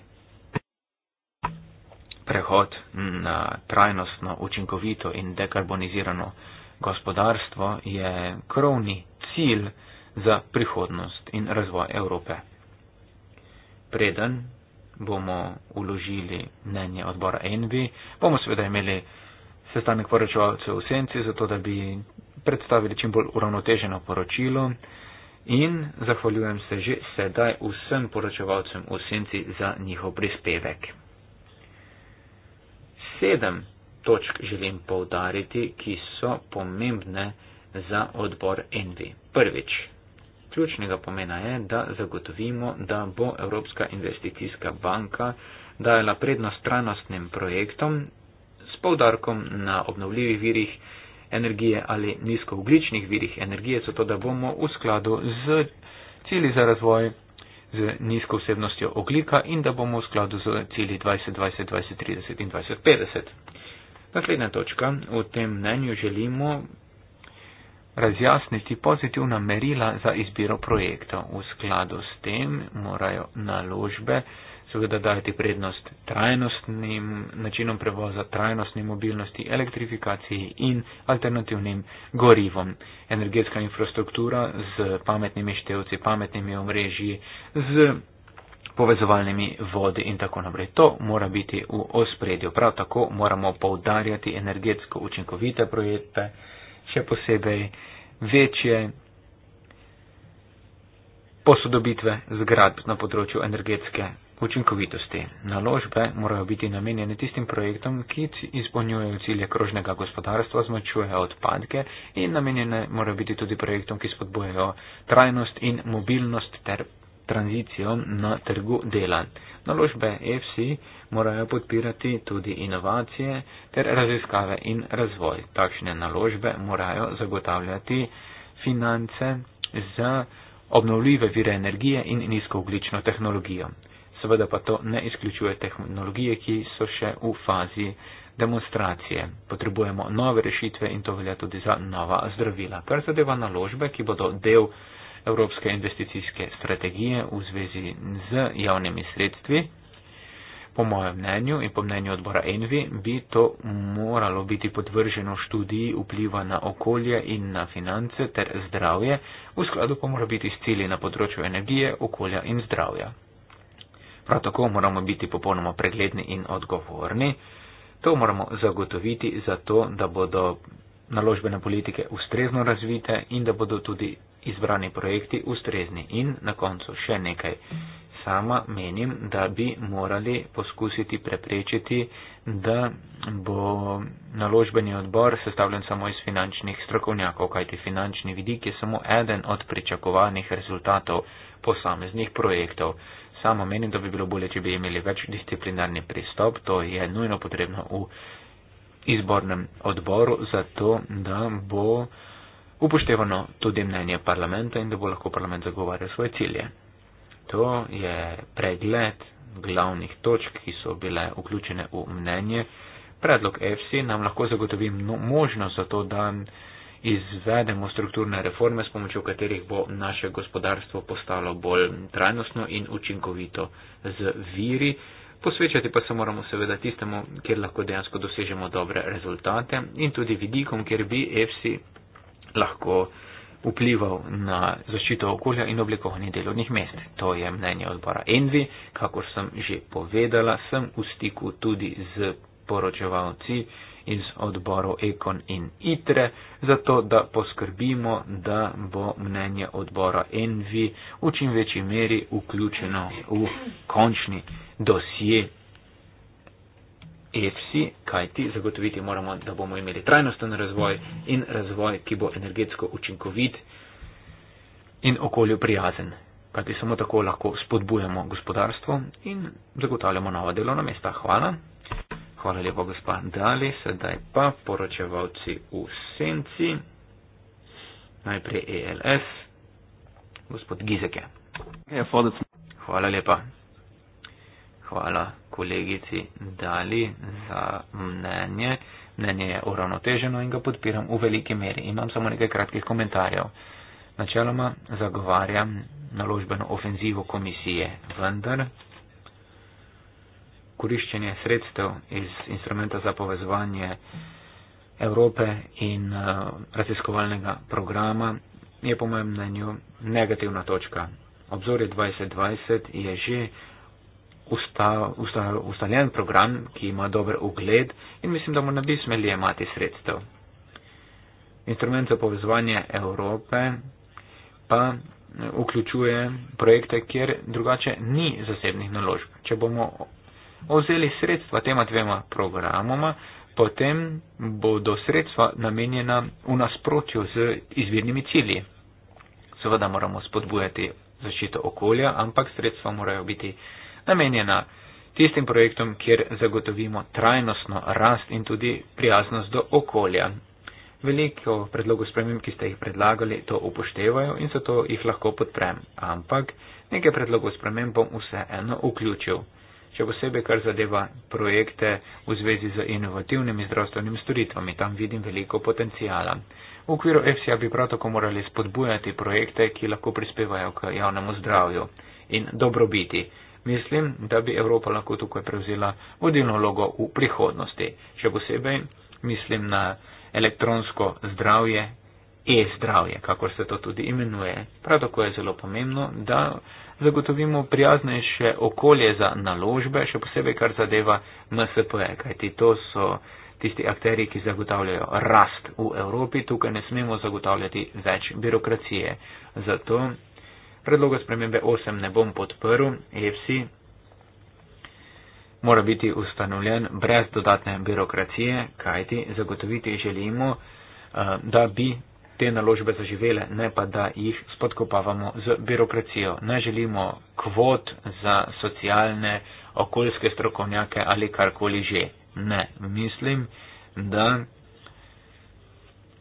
Prehod na trajnostno, učinkovito in dekarbonizirano gospodarstvo je krovni cilj za prihodnost in razvoj Evrope preden bomo uložili mnenje odbora Envi, bomo seveda imeli sestanek poročevalcev v senci, zato da bi predstavili čim bolj uravnoteženo poročilo. In zahvaljujem se že sedaj vsem poročevalcem v senci za njihov prispevek. Sedem točk želim poudariti, ki so pomembne za odbor Envi. Prvič, ključnega pomena je, da zagotovimo, da bo Evropska investicijska banka dajala prednost trajnostnim projektom s povdarkom na obnovljivih virih energije ali nizkoogličnih virih energije, zato da bomo v skladu z cilji za razvoj z nizko vsebnostjo oglika in da bomo v skladu z cilji 2020, 2030 in 2050. Naslednja točka. V tem mnenju želimo razjasniti pozitivna merila za izbiro projekta. V skladu s tem morajo naložbe seveda dajati prednost trajnostnim načinom prevoza, trajnostni mobilnosti, elektrifikaciji in alternativnim gorivom. Energetska infrastruktura z pametnimi števci, pametnimi omrežji, z povezovalnimi vodi in tako naprej. To mora biti v ospredju. Prav tako moramo poudarjati energetsko učinkovite projekte še posebej večje posodobitve zgradb na področju energetske učinkovitosti. Naložbe morajo biti namenjene tistim projektom, ki izpolnjujejo cilje krožnega gospodarstva, zmačujejo odpadke in namenjene morajo biti tudi projektom, ki spodbojajo trajnost in mobilnost ter tranzicijo na trgu dela. Naložbe EFSI morajo podpirati tudi inovacije ter raziskave in razvoj. Takšne naložbe morajo zagotavljati finance za obnovljive vire energije in nizkooglično tehnologijo. Seveda pa to ne izključuje tehnologije, ki so še v fazi demonstracije. Potrebujemo nove rešitve in to velja tudi za nova zdravila. Kar zadeva naložbe, ki bodo del Evropske investicijske strategije v zvezi z javnimi sredstvi. Po mojem mnenju in po mnenju odbora Envi bi to moralo biti podvrženo študiji vpliva na okolje in na finance ter zdravje, v skladu pa mora biti s cilji na področju energije, okolja in zdravja. Prav tako moramo biti popolnoma pregledni in odgovorni. To moramo zagotoviti zato, da bodo naložbene politike ustrezno razvite in da bodo tudi izbrani projekti ustrezni. In na koncu še nekaj. Sama menim, da bi morali poskusiti preprečiti, da bo naložbeni odbor sestavljen samo iz finančnih strokovnjakov, kajti finančni vidik je samo eden od pričakovanih rezultatov posameznih projektov. Sama menim, da bi bilo bolje, če bi imeli več disciplinarni pristop, to je nujno potrebno v izbornem odboru, zato da bo upoštevano tudi mnenje parlamenta in da bo lahko parlament zagovarjal svoje cilje. To je pregled glavnih točk, ki so bile vključene v mnenje. Predlog EFSI nam lahko zagotovi možnost za to, da izvedemo strukturne reforme, s pomočjo katerih bo naše gospodarstvo postalo bolj trajnostno in učinkovito z viri. Posvečati pa se moramo seveda tistemu, kjer lahko dejansko dosežemo dobre rezultate in tudi vidikom, kjer bi EFSI lahko vplival na zaščito okolja in oblikovanje delovnih mest. To je mnenje odbora Envi. Kakor sem že povedala, sem v stiku tudi z poročevalci iz odborov Ekon in ITRE, zato da poskrbimo, da bo mnenje odbora Envi v čim večji meri vključeno v končni dosje EFSI, kajti zagotoviti moramo, da bomo imeli trajnosten razvoj in razvoj, ki bo energetsko učinkovit in okolju prijazen. Kajti samo tako lahko spodbujamo gospodarstvo in zagotavljamo nova delovna mesta. Hvala. Hvala lepa, gospa Dali. Sedaj pa poročevalci v senci. Najprej ELS, gospod Gizeke. Hvala lepa hvala kolegici Dali za mnenje. Mnenje je uravnoteženo in ga podpiram v veliki meri. Imam samo nekaj kratkih komentarjev. Načeloma zagovarjam naložbeno ofenzivo komisije, vendar koriščenje sredstev iz instrumenta za povezovanje Evrope in uh, raziskovalnega programa je po mojem mnenju negativna točka. Obzorje 2020 je že usta, usta, ustaljen program, ki ima dober ugled in mislim, da mu ne bi smeli imati sredstev. Instrument za povezovanje Evrope pa eh, vključuje projekte, kjer drugače ni zasebnih naložb. Če bomo ozeli sredstva tema dvema programoma, potem bodo sredstva namenjena v nasprotju z izvirnimi cilji. Seveda moramo spodbujati zaščito okolja, ampak sredstva morajo biti namenjena tistim projektom, kjer zagotovimo trajnostno rast in tudi prijaznost do okolja. Veliko predlogov sprememb, ki ste jih predlagali, to upoštevajo in zato jih lahko podprem, ampak nekaj predlogov sprememb bom vseeno vključil. Še posebej, kar zadeva projekte v zvezi z inovativnimi zdravstvenimi storitvami, tam vidim veliko potencijala. V okviru EFSI-ja bi prav tako morali spodbujati projekte, ki lahko prispevajo k javnemu zdravju in dobrobiti mislim, da bi Evropa lahko tukaj prevzela vodilno vlogo v prihodnosti. Še posebej mislim na elektronsko zdravje, e-zdravje, kakor se to tudi imenuje. Prav tako je zelo pomembno, da zagotovimo prijaznejše okolje za naložbe, še posebej kar zadeva MSPE, kajti to so tisti akteri, ki zagotavljajo rast v Evropi. Tukaj ne smemo zagotavljati več birokracije. Zato predloga spremembe 8 ne bom podprl, EFSI mora biti ustanovljen brez dodatne birokracije, kajti zagotoviti želimo, eh, da bi te naložbe zaživele, ne pa da jih spodkopavamo z birokracijo. Ne želimo kvot za socialne, okoljske strokovnjake ali karkoli že. Ne, mislim, da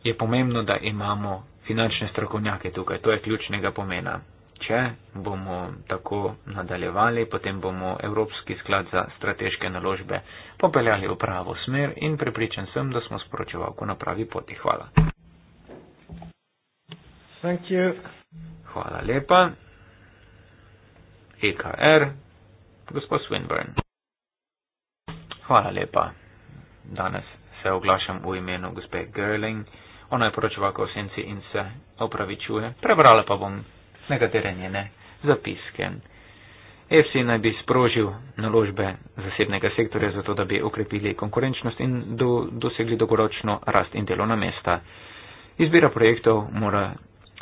je pomembno, da imamo finančne strokovnjake tukaj. To je ključnega pomena če bomo tako nadaljevali, potem bomo Evropski sklad za strateške naložbe popeljali v pravo smer in prepričan sem, da smo sporočevalko na pravi poti. Hvala. Hvala lepa. EKR, gospod Swinburne. Hvala lepa. Danes se oglašam v imenu gospe Gerling. Ona je poročevalka v senci in se opravičuje. Prebrala pa bom nekatere njene zapiske. EFSI naj bi sprožil naložbe zasebnega sektorja zato, da bi okrepili konkurenčnost in do, dosegli dolgoročno rast in delovna mesta. Izbira projektov mora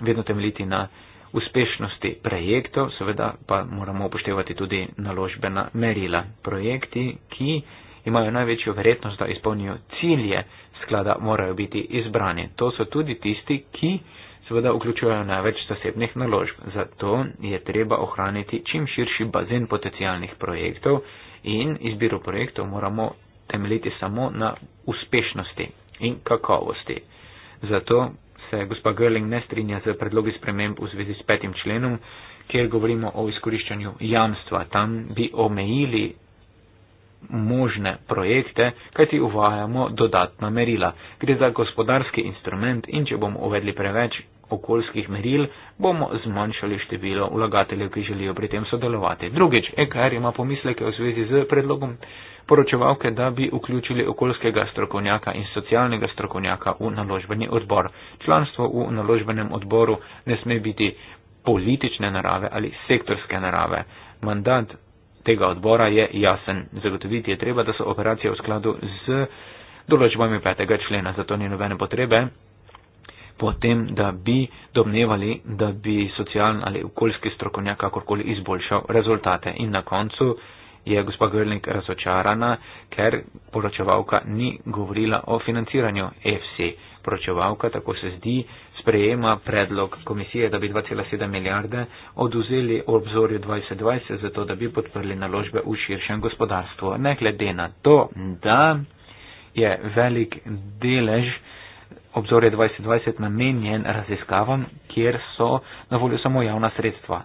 vedno temeljiti na uspešnosti projektov, seveda pa moramo upoštevati tudi naložbena merila. Projekti, ki imajo največjo verjetnost, da izpolnijo cilje sklada, morajo biti izbrani. To so tudi tisti, ki seveda vključujejo največ zasebnih naložb. Zato je treba ohraniti čim širši bazen potencijalnih projektov in izbiro projektov moramo temeljiti samo na uspešnosti in kakovosti. Zato se gospa Görling ne strinja z predlogi sprememb v zvezi s petim členom, kjer govorimo o izkoriščanju jamstva. Tam bi omejili možne projekte, kajti uvajamo dodatna merila. Gre za gospodarski instrument in če bomo uvedli preveč, okoljskih meril, bomo zmanjšali število vlagateljev, ki želijo pri tem sodelovati. Drugič, EKR ima pomisleke v zvezi z predlogom poročevalke, da bi vključili okoljskega strokovnjaka in socialnega strokovnjaka v naložbeni odbor. Članstvo v naložbenem odboru ne sme biti politične narave ali sektorske narave. Mandat tega odbora je jasen. Zagotoviti je treba, da so operacije v skladu z določbami 5. člena, zato ni nobene potrebe, potem, da bi domnevali, da bi socialni ali okoljski strokovnjak kakorkoli izboljšal rezultate. In na koncu je gospa Görling razočarana, ker poročevalka ni govorila o financiranju FC. Poročevalka, tako se zdi, sprejema predlog komisije, da bi 2,7 milijarde oduzeli v obzorju 2020, zato da bi podprli naložbe v širšem gospodarstvu. Ne glede na to, da je velik delež obzorje 2020 namenjen raziskavam, kjer so na voljo samo javna sredstva.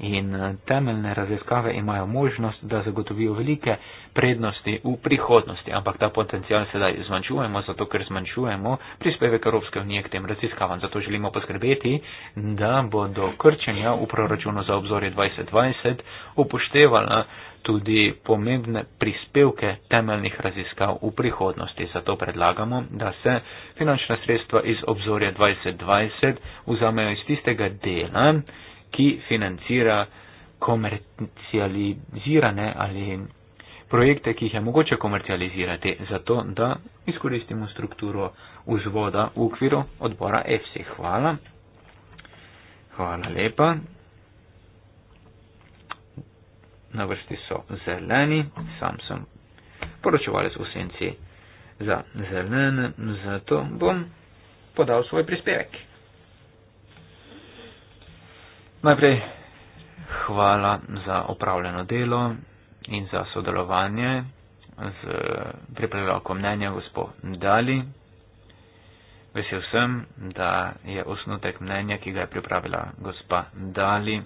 In eh, temeljne raziskave imajo možnost, da zagotovijo velike prednosti v prihodnosti, ampak ta potencial sedaj zmanjšujemo, zato ker zmanjšujemo prispevek Evropske unije k tem raziskavam. Zato želimo poskrbeti, da bo do krčenja v proračunu za obzorje 2020 upoštevala tudi pomembne prispevke temeljnih raziskav v prihodnosti. Zato predlagamo, da se finančna sredstva iz obzorja 2020 vzamejo iz tistega dela, ki financira komercializirane ali projekte, ki jih je mogoče komercializirati, zato da izkoristimo strukturo vzvoda v okviru odbora EFSI. Hvala. Hvala lepa na vrsti so zeleni, sam sem poročevalec v senci za zelene, zato bom podal svoj prispevek. Najprej hvala za opravljeno delo in za sodelovanje z pripravljalko mnenja gospod Dali. Vesel sem, da je osnutek mnenja, ki ga je pripravila gospa Dali,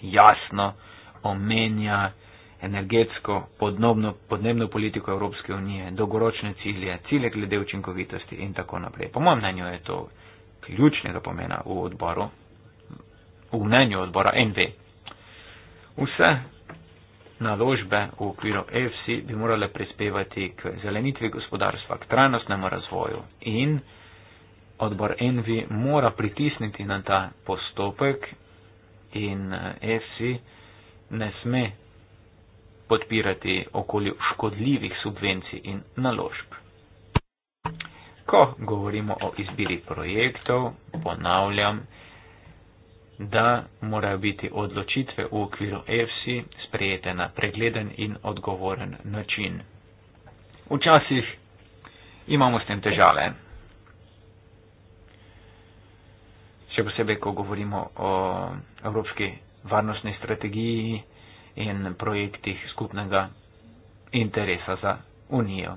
jasno omenja energetsko podnobno, podnebno politiko Evropske unije, dolgoročne cilje, cilje glede učinkovitosti in tako naprej. Po mojem mnenju je to ključnega pomena v odboru, v mnenju odbora NV. Vse naložbe v okviru EFSI bi morale prispevati k zelenitvi gospodarstva, k trajnostnemu razvoju in odbor NV mora pritisniti na ta postopek in EFSI. Eh, ne sme podpirati okolju škodljivih subvencij in naložb. Ko govorimo o izbiri projektov, ponavljam, da morajo biti odločitve v okviru EFSI sprejete na pregleden in odgovoren način. Včasih imamo s tem težave. Še posebej, ko govorimo o Evropski varnostni strategiji in projektih skupnega interesa za Unijo.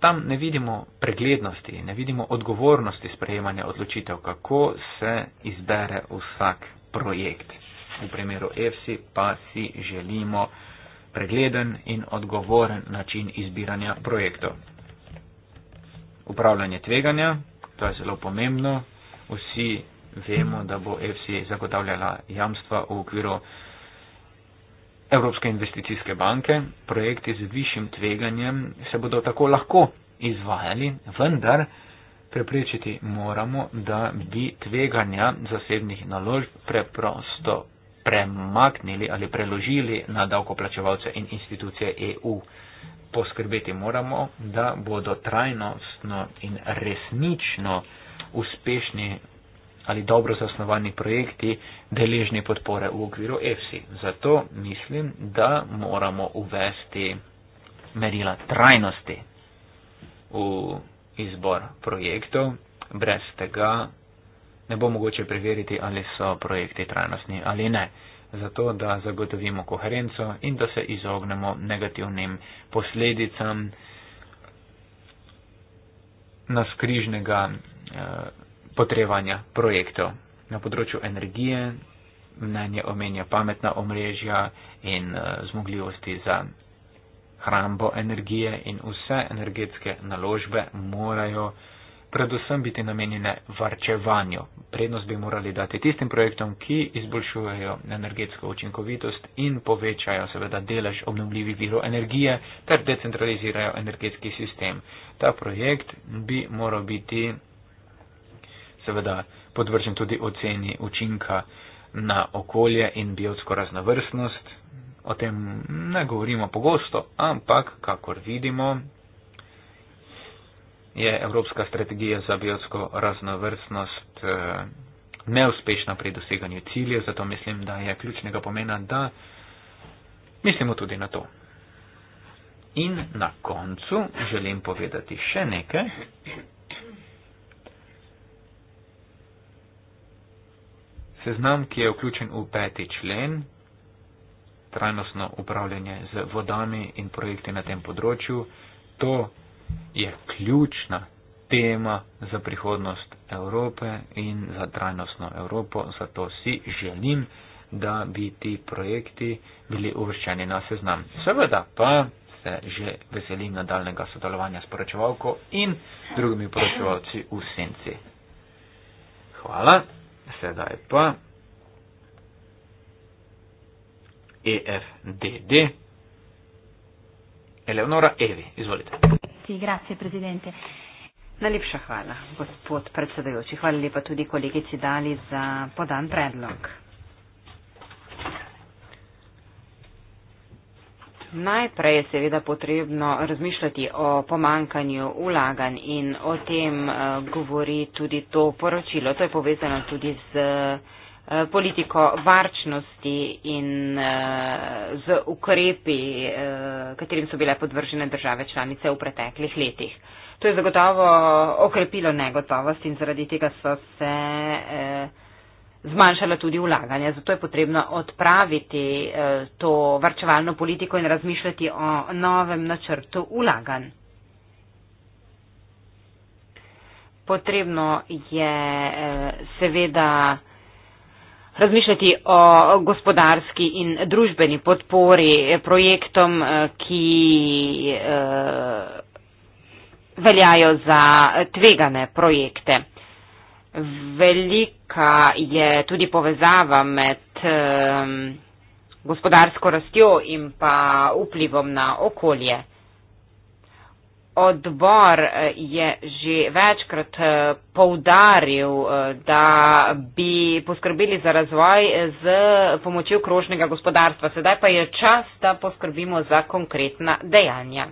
Tam ne vidimo preglednosti, ne vidimo odgovornosti sprejemanja odločitev, kako se izbere vsak projekt. V primeru EFSI pa si želimo pregleden in odgovoren način izbiranja projektov. Upravljanje tveganja, to je zelo pomembno. Vsi vemo, da bo EFSI zagotavljala jamstva v okviru Evropske investicijske banke. Projekti z višjim tveganjem se bodo tako lahko izvajali, vendar preprečiti moramo, da bi tveganja zasebnih naložb preprosto premaknili ali preložili na davkoplačevalce in institucije EU. Poskrbeti moramo, da bodo trajnostno in resnično uspešni ali dobro zasnovani projekti deležni podpore v okviru EFSI. Zato mislim, da moramo uvesti merila trajnosti v izbor projektov. Brez tega ne bo mogoče preveriti, ali so projekti trajnostni ali ne. Zato, da zagotovimo koherenco in da se izognemo negativnim posledicam naskrižnega eh, potrebovanja projektov. Na področju energije mnenje omenja pametna omrežja in eh, zmogljivosti za hrambo energije in vse energetske naložbe morajo predvsem biti namenjene varčevanju. Prednost bi morali dati tistim projektom, ki izboljšujejo energetsko učinkovitost in povečajo seveda delež obnovljivih virov energije ter decentralizirajo energetski sistem. Ta projekt bi moral biti seveda podvržen tudi oceni učinka na okolje in biotsko raznovrstnost. O tem ne govorimo pogosto, ampak kakor vidimo, je Evropska strategija za biotsko raznovrstnost eh, neuspešna pri doseganju cilja, zato mislim, da je ključnega pomena, da mislimo tudi na to. In na koncu želim povedati še nekaj, Seznam, ki je vključen v peti člen, trajnostno upravljanje z vodami in projekti na tem področju, to je ključna tema za prihodnost Evrope in za trajnostno Evropo. Zato si želim, da bi ti projekti bili uvrščeni na seznam. Seveda pa se že veselim nadaljnega sodelovanja s poročevalko in drugimi poročevalci v senci. Hvala sedaj pa EFDD. Eleonora Evi, izvolite. Grazie, presidente. Najlepša hvala, gospod predsedujoči. Hvala lepa tudi kolegici Dali za podan predlog. Najprej je seveda potrebno razmišljati o pomankanju ulaganj in o tem eh, govori tudi to poročilo. To je povezano tudi z eh, politiko varčnosti in eh, z ukrepi, katerim so bile podvržene države članice v preteklih letih. To je zagotovo okrepilo negotovost in zaradi tega so se zmanjšala tudi ulaganja. Zato je potrebno odpraviti eh, to varčevalno politiko in razmišljati o novem načrtu ulaganj. Potrebno je eh, seveda razmišljati o gospodarski in družbeni podpori projektom, eh, ki veljajo za tvegane projekte velika je tudi povezava med um, gospodarsko rastjo in pa vplivom na okolje. Odbor eh, je že večkrat eh, poudaril, eh, da bi poskrbeli za razvoj z pomočjo krožnega gospodarstva. Sedaj pa je čas, da poskrbimo za konkretna dejanja.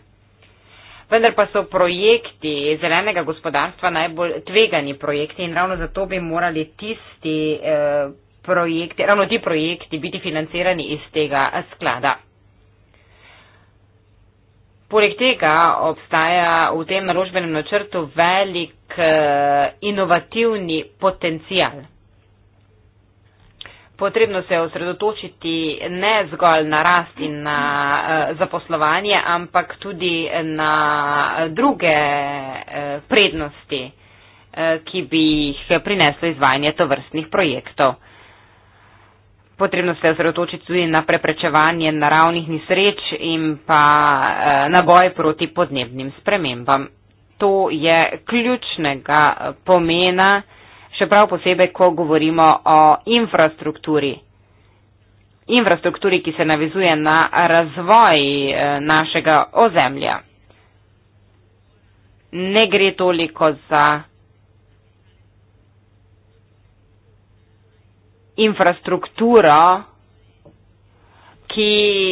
Vendar pa so projekti zelenega gospodarstva najbolj tvegani projekti in ravno zato bi morali tisti eh, projekti, ravno ti projekti biti financirani iz tega sklada. Poleg tega obstaja v tem naložbenem načrtu velik eh, inovativni potencial potrebno se osredotočiti ne zgolj na rast in na eh, zaposlovanje, ampak tudi na druge eh, prednosti, eh, ki bi jih prineslo izvajanje tovrstnih projektov. Potrebno se osredotočiti tudi na preprečevanje naravnih nisreč in pa na boj proti podnebnim spremembam. To je ključnega pomena še prav posebej, ko govorimo o infrastrukturi. Infrastrukturi, ki se navizuje na razvoj eh, našega ozemlja. Ne gre toliko za infrastrukturo, ki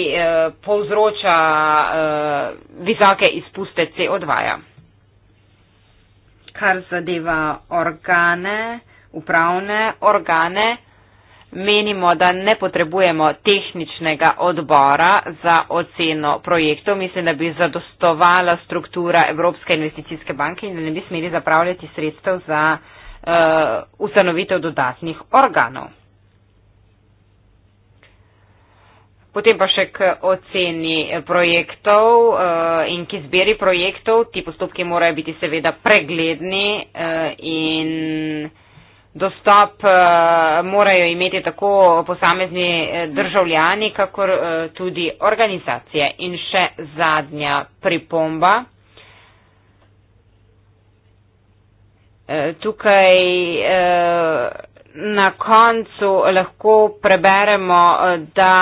eh, povzroča eh, visoke izpuste CO2. -ja kar zadeva organe, upravne organe, menimo, da ne potrebujemo tehničnega odbora za oceno projektov. Mislim, da bi zadostovala struktura Evropske investicijske banke in da ne bi smeli zapravljati sredstev za uh, ustanovitev dodatnih organov. Potem pa še k oceni eh, projektov uh, in k izbiri projektov. Ti postopki morajo biti seveda pregledni uh, in dostop uh, morajo imeti tako posamezni državljani, kakor uh, tudi organizacije. In še zadnja pripomba. Uh, tukaj. Uh, na koncu lahko preberemo, eh, da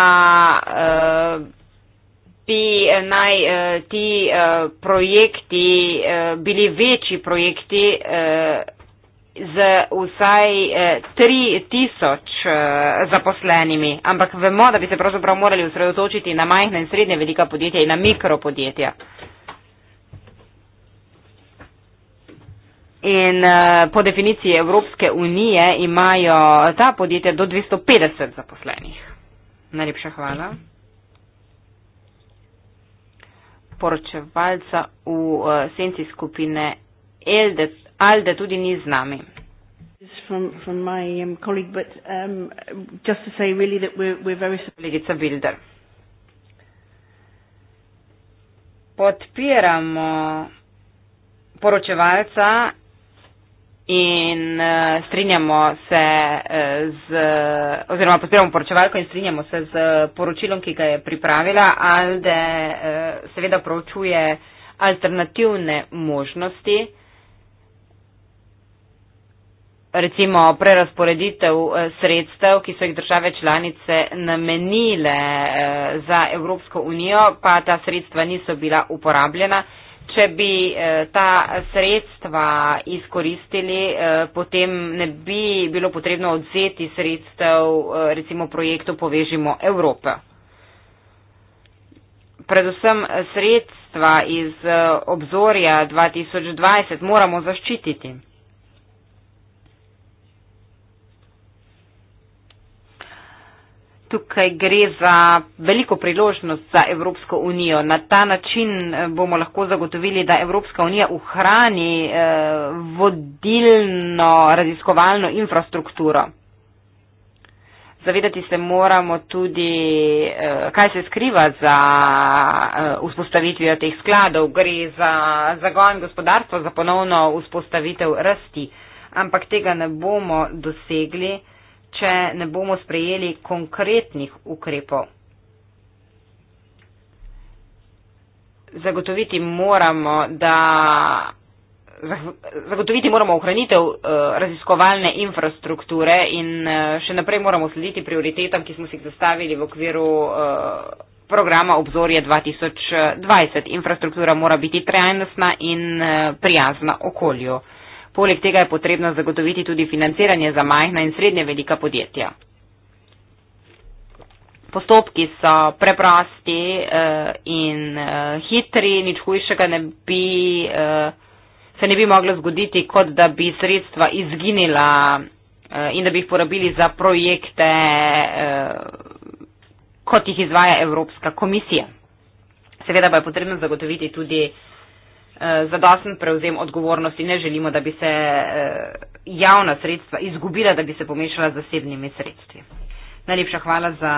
eh, bi eh, naj ti projekti bili večji projekti z vsaj 3000 zaposlenimi, ampak vemo, da bi se pravzaprav morali osredotočiti na majhna in srednja velika podjetja in na mikropodjetja. In uh, po definiciji Evropske unije imajo ta podjetja do 250 zaposlenih. Najlepša hvala. Poročevalca v uh, senci skupine Elde, Alde tudi ni z nami. From, from my, um, colleague, but, um, really we're, we're very... Podpiramo poročevalca in uh, strinjamo se uh, z, uh, oziroma podpiramo poročevalko in strinjamo se z poročilom, ki ga je pripravila, ali da uh, eh, seveda proučuje alternativne možnosti, recimo prerasporeditev uh, sredstev, ki so jih države članice namenile uh, za Evropsko unijo, pa ta sredstva niso bila uporabljena. Uh, Če bi eh, ta sredstva izkoristili, eh, potem ne bi bilo potrebno odzeti sredstev eh, recimo projektu Povežimo Evropo. Predvsem sredstva iz obzorja 2020 moramo zaščititi. tukaj gre za veliko priložnost za Evropsko unijo. Na ta način eh, bomo lahko zagotovili, da Evropska unija uhrani eh, vodilno raziskovalno infrastrukturo. Zavedati se moramo tudi, eh, kaj se skriva za vzpostavitvijo teh skladov. Gre za zagon gospodarstva, za ponovno vzpostavitev rasti, ampak tega ne bomo dosegli če ne bomo sprejeli konkretnih ukrepov. Zagotoviti moramo, da, zagotoviti moramo ohranitev eh, raziskovalne infrastrukture in eh, še naprej moramo slediti prioritetam, ki smo si jih zastavili v okviru eh, programa Obzorje 2020. Infrastruktura mora biti trajnostna in prijazna okolju. Poleg tega je potrebno zagotoviti tudi financiranje za majhna in srednje velika podjetja. Postopki so preprosti eh, in eh, hitri, nič hujšega ne bi, eh, se ne bi moglo zgoditi, kot da bi sredstva izginila eh, in da bi jih porabili za projekte, eh, kot jih izvaja Evropska komisija. Seveda pa je potrebno zagotoviti tudi eh, Eh, zadosten prevzem odgovornosti, ne želimo, da bi se eh, javna sredstva izgubila, da bi se pomešala z zasebnimi sredstvi. Najlepša hvala za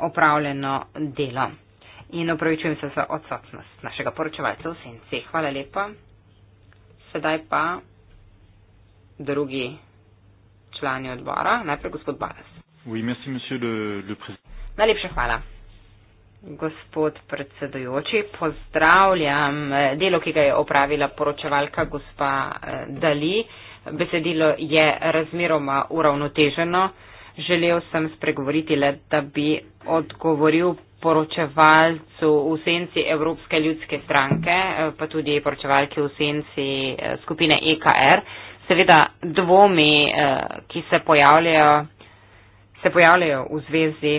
opravljeno delo in opravičujem se za odsotnost našega poročevalca v senci. Hvala lepa. Sedaj pa drugi člani odbora, najprej gospod Baras. Oui, merci, le, le Najlepša hvala. Gospod predsedujoči, pozdravljam eh, delo, ki ga je opravila poročevalka gospa eh, Dali. Besedilo je razmeroma uravnoteženo. Želel sem spregovoriti le, da bi odgovoril poročevalcu v senci Evropske ljudske stranke, eh, pa tudi poročevalki v senci skupine EKR. Seveda dvomi, ki se pojavljajo, se pojavljajo v zvezi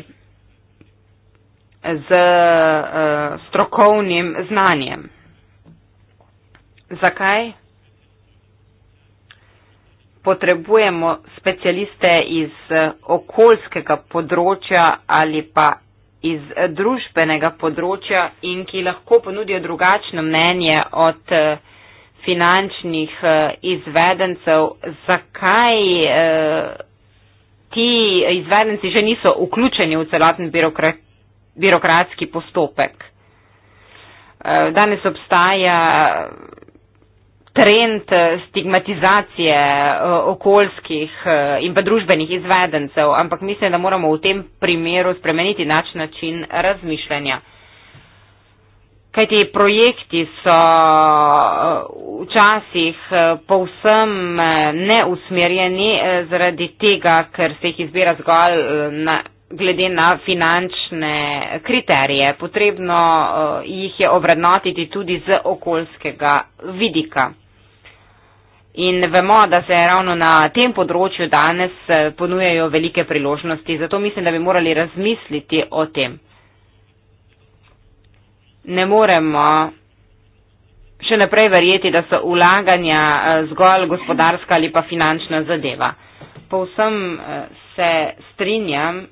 z uh, strokovnim znanjem. Zakaj? Potrebujemo specialiste iz eh, okoljskega področja ali pa iz eh, družbenega področja in ki lahko ponudijo drugačno mnenje od finančnih izvedencev, zakaj ti izvedenci že niso vključeni v celoten birokrat, birokratski postopek. E, danes obstaja trend stigmatizacije e, okoljskih e, in pa družbenih izvedencev, ampak mislim, da moramo v tem primeru spremeniti nač način razmišljanja. Kaj ti projekti so včasih povsem neusmerjeni zaradi tega, ker se jih izbira zgolj na glede na finančne kriterije. Potrebno eh, jih je obrednotiti tudi z okoljskega vidika. In vemo, da se ravno na tem področju danes eh, ponujajo velike priložnosti, zato mislim, da bi morali razmisliti o tem. Ne moremo še naprej verjeti, da so ulaganja eh, zgolj gospodarska ali pa finančna zadeva. Povsem se strinjam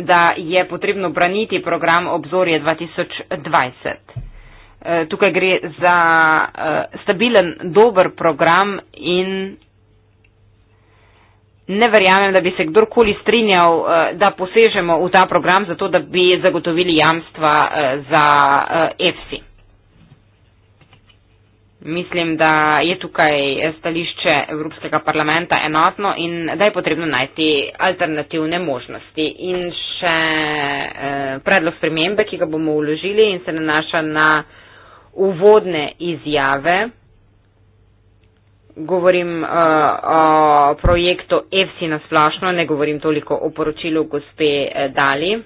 da je potrebno braniti program obzorje 2020. E, tukaj gre za e, stabilen, dober program in ne verjamem, da bi se kdorkoli strinjal, e, da posežemo v ta program, zato da bi zagotovili jamstva za EFSI. Mislim, da je tukaj stališče Evropskega parlamenta enotno in da je potrebno najti alternativne možnosti. In še eh, predlog spremembe, ki ga bomo uložili in se nanaša na uvodne izjave. Govorim eh, o projektu EFSI na splošno, ne govorim toliko o poročilu gospe eh, Dali.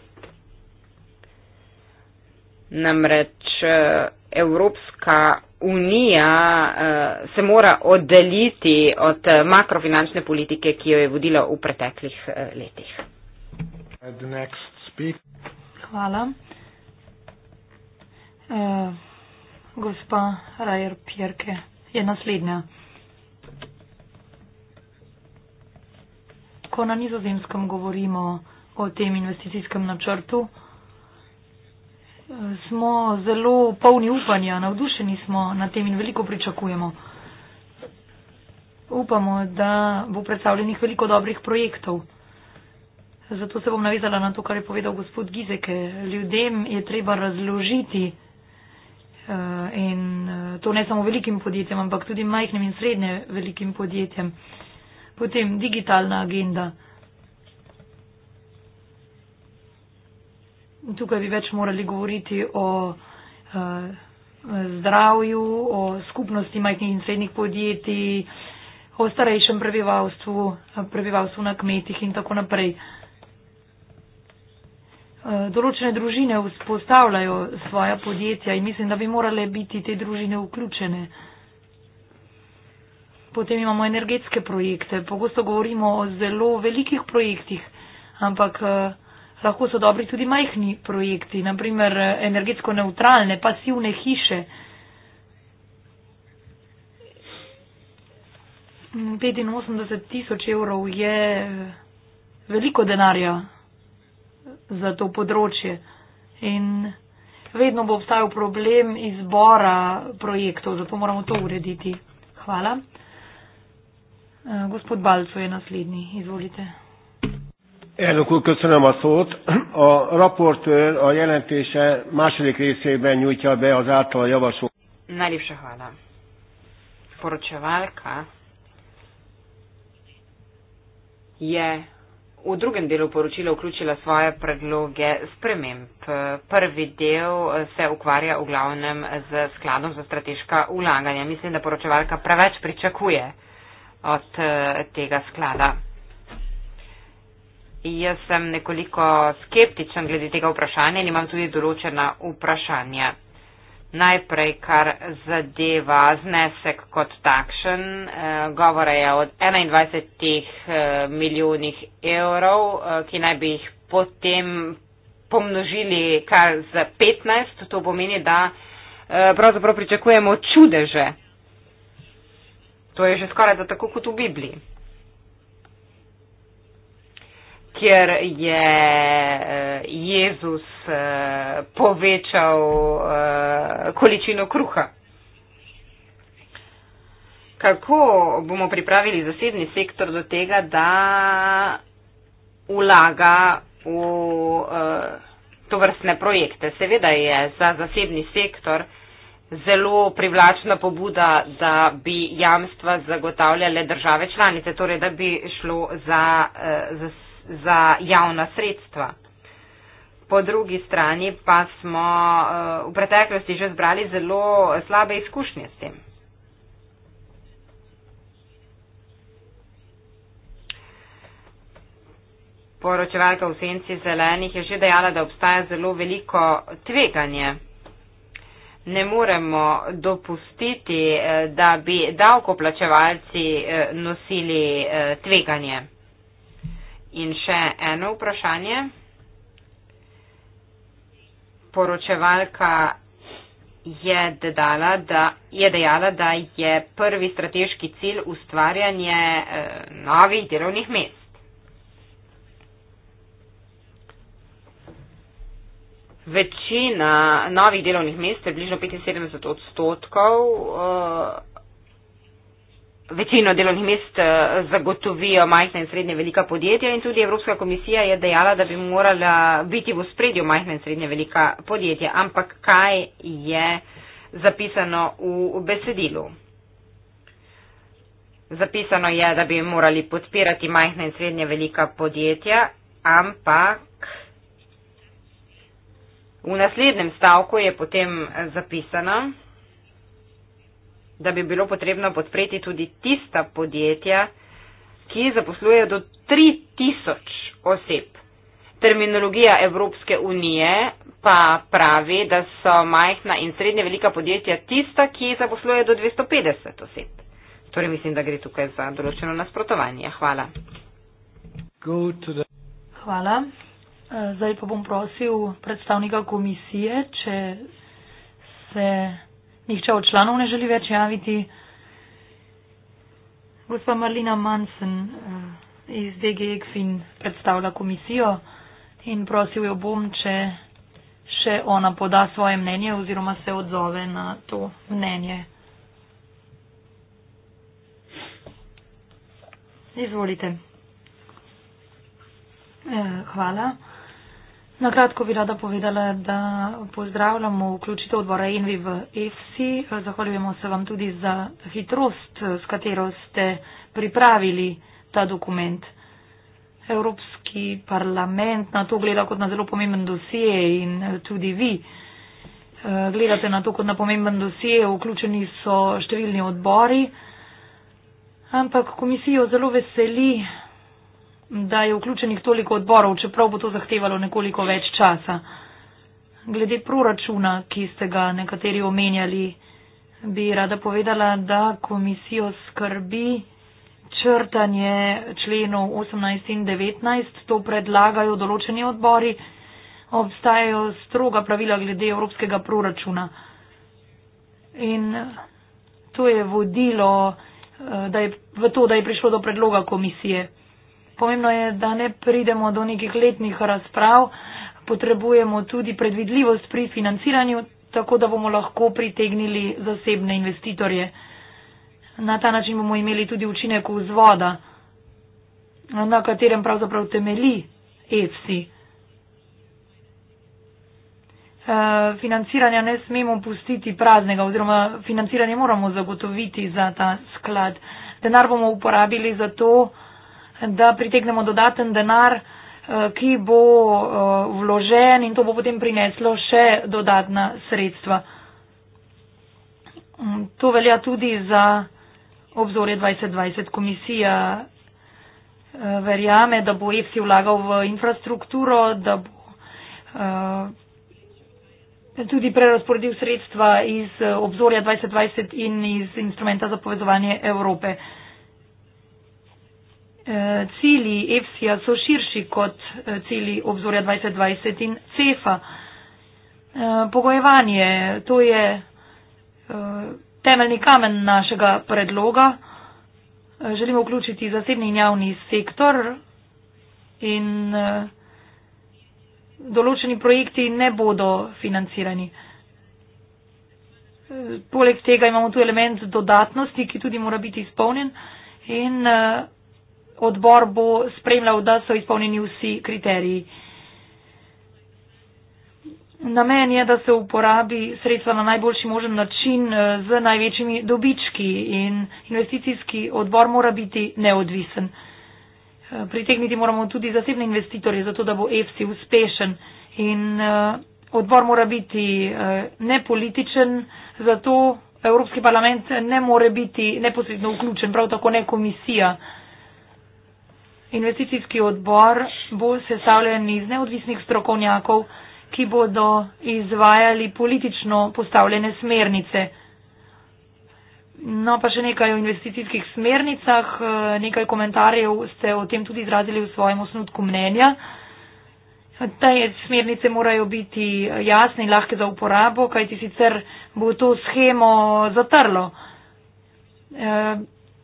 Namreč. Eh, Evropska unija uh, se mora oddaliti od makrofinančne politike, ki jo je vodila v preteklih uh, letih. Hvala. Uh, gospa Rajer Pierke je naslednja. Ko na nizozemskem govorimo o tem investicijskem načrtu, smo zelo polni upanja, navdušeni smo nad tem in veliko pričakujemo. Upamo, da bo predstavljenih veliko dobrih projektov. Zato se bom navezala na to, kar je povedal gospod Gizeke. Ljudem je treba razložiti eh, in eh, to ne samo velikim podjetjem, ampak tudi majhnim in srednje velikim podjetjem. Potem digitalna agenda. tukaj bi več morali govoriti o eh, zdravju, o skupnosti majhnih in srednjih podjetij, o starejšem prebivalstvu, prebivalstvu na kmetih in tako naprej. Eh, določene družine vzpostavljajo svoja podjetja in mislim, da bi morale biti te družine vključene. Potem imamo energetske projekte. Pogosto govorimo o zelo velikih projektih, ampak eh, lahko so dobri tudi majhni projekti, naprimer eh, energetsko neutralne, pasivne hiše. petinosemdeset tisoč evrov je eh, veliko denarja eh, za to področje in vedno bo obstajal problem izbora projektov, zato moramo to urediti. Hvala. Gospod Balco je naslednji, izvolite. Elnök úr, köszönöm a szót. A raportőr a jelentése második részében nyújtja be az által javasolt. Nem is hallom. Poročevalka je v drugem delu poročila vključila svoje predloge sprememb. Prvi del se ukvarja v glavnem z skladom za strateška ulaganja. Mislim, da poročevalka preveč pričakuje od eh, tega sklada. Jaz sem nekoliko skeptičen glede tega vprašanja in imam tudi določena vprašanja. Najprej, kar zadeva znesek kot takšen, eh, govora je o 21 eh, milijonih evrov, eh, ki naj bi jih potem pomnožili kar z 15, to pomeni, da pravzaprav pričakujemo čudeže. To je že skoraj da tako kot v Bibliji kjer je eh, Jezus eh, povečal eh, količino kruha. Kako bomo pripravili zasebni sektor do tega, da vlaga v to vrstne projekte? Seveda je za zasebni sektor zelo privlačna pobuda, da bi jamstva zagotavljale države članice, torej da bi šlo za zasebni sektor za javna sredstva. Po drugi strani pa smo eh, v preteklosti že zbrali zelo slabe izkušnje s tem. Poročevalka v senci zelenih je že dejala, da obstaja zelo veliko tveganje. Ne moremo dopustiti, eh, da bi davkoplačevalci eh, nosili tveganje. In še eno vprašanje. Poročevalka je dejala, da je, dejala, da je prvi strateški cilj ustvarjanje eh, novih delovnih mest. Večina novih delovnih mest, približno 75 odstotkov, eh, večino delovnih mest eh, zagotovijo majhna in srednje velika podjetja in tudi Evropska komisija je dejala, da bi morala biti v spredju majhna in srednje velika podjetja. Ampak kaj je zapisano v besedilu? Zapisano je, da bi morali podpirati majhna in srednje velika podjetja, ampak v naslednjem stavku je potem zapisano, da bi bilo potrebno podpreti tudi tista podjetja, ki zaposlujejo do 3000 oseb. Terminologija Evropske unije pa pravi, da so majhna in srednje velika podjetja tista, ki zaposlujejo do 250 oseb. Torej mislim, da gre tukaj za določeno nasprotovanje. Hvala. Hvala. Eh, zdaj pa bom prosil predstavnika komisije, če se Nihče od članov ne želi več javiti. Gospa Marlina Mansen eh, iz DG ECFIN predstavlja komisijo in prosil jo bom, če še ona poda svoje mnenje oziroma se odzove na to mnenje. Izvolite. Eh, hvala. Na kratko bi rada povedala, da pozdravljamo vključitev odbora Envi v EFSI. Zahvaljujemo se vam tudi za hitrost, s katero ste pripravili ta dokument. Evropski parlament na to gleda kot na zelo pomemben dosije in tudi vi eh, gledate na to kot na pomemben dosije. Vključeni so številni odbori, ampak komisijo zelo veseli da je vključenih toliko odborov, čeprav bo to zahtevalo nekoliko več časa. Glede proračuna, ki ste ga nekateri omenjali, bi rada povedala, da komisijo skrbi črtanje členov 18 in 19, to predlagajo določeni odbori, obstajajo stroga pravila glede evropskega proračuna. In to je vodilo eh, da je, v to, da je prišlo do predloga komisije. Pomembno je, da ne pridemo do nekih letnih razprav, potrebujemo tudi predvidljivost pri financiranju, tako da bomo lahko pritegnili zasebne investitorje. Na ta način bomo imeli tudi učinek vzvoda, na katerem pravzaprav temeli EFSI. Eh, financiranja ne smemo pustiti praznega oziroma financiranje moramo zagotoviti za ta sklad. Denar bomo uporabili za to, da da pritegnemo dodaten denar, eh, ki bo eh, vložen in to bo potem prineslo še dodatna sredstva. Mm, to velja tudi za obzorje 2020. Komisija eh, verjame, da bo EFSI vlagal v infrastrukturo, da bo tudi prerasporedil sredstva iz obzorja 2020 in iz instrumenta za povezovanje Evrope. Eh, cilji EFSI-ja so širši kot eh, cilji obzorja 2020 in CEFA. Eh, pogojevanje, to je temeljni kamen našega predloga. Želimo vključiti zasebni in javni sektor in določeni projekti ne bodo financirani. Poleg tega imamo tu element dodatnosti, ki tudi mora biti izpolnjen in uh, odbor bo spremljal, da so izpolnjeni vsi kriteriji. Namen je, da se uporabi sredstva na najboljši možen način eh, z največjimi dobički in investicijski odbor mora biti neodvisen. Eh, pritegniti moramo tudi zasebne investitorje, zato da bo EFSI uspešen in eh, odbor mora biti nepolitičen, zato Evropski parlament ne more biti neposredno vključen, prav tako ne komisija. Investicijski odbor bo sestavljen iz neodvisnih strokovnjakov, ki bodo izvajali politično postavljene smernice. No, pa še nekaj o investicijskih smernicah. Nekaj komentarjev ste o tem tudi izrazili v svojem osnutku mnenja. Te smernice morajo biti jasne in lahke za uporabo, kajti sicer bo to schemo zatrlo. Eh,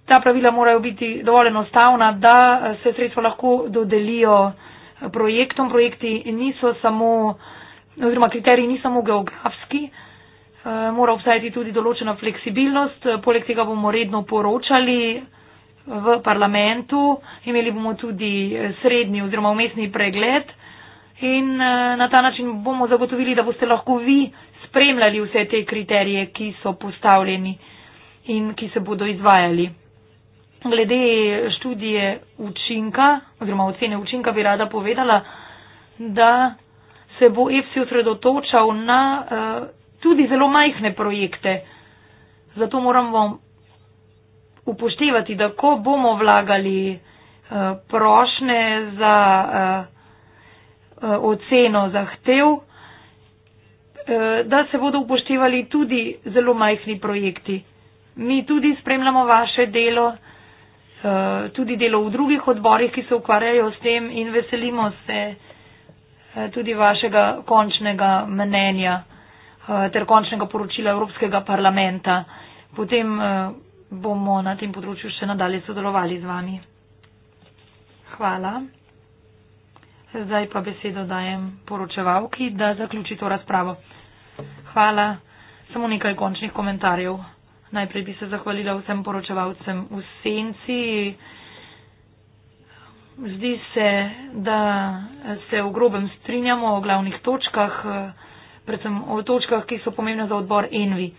ta pravila morajo biti dovolj enostavna, da se sredstva lahko dodelijo projektom. Projekti niso samo, oziroma kriteriji niso samo geografski, eh, mora obstajati tudi določena fleksibilnost. Poleg tega bomo redno poročali v parlamentu, imeli bomo tudi srednji oziroma umestni pregled in eh, na ta način bomo zagotovili, da boste lahko vi spremljali vse te kriterije, ki so postavljeni in ki se bodo izvajali. Glede študije učinka oziroma ocene učinka bi rada povedala, da se bo EFSI osredotočal na uh, tudi zelo majhne projekte. Zato moramo upoštevati, da ko bomo vlagali uh, eh, prošne za uh, uh, oceno zahtev, uh, da se bodo upoštevali tudi zelo majhni projekti. Mi tudi spremljamo vaše delo. Eh, tudi delo v drugih odborih, ki se ukvarjajo s tem in veselimo se eh, tudi vašega končnega mnenja eh, ter končnega poročila Evropskega parlamenta. Potem bomo na tem področju še nadalje sodelovali z vami. Hvala. Zdaj pa besedo dajem poročevalki, da zaključi to razpravo. Hvala. Samo nekaj končnih komentarjev. Najprej bi se zahvalila vsem poročevalcem v senci. Zdi se, da se v grobem strinjamo o glavnih točkah, predvsem o točkah, ki so pomembne za odbor Envi.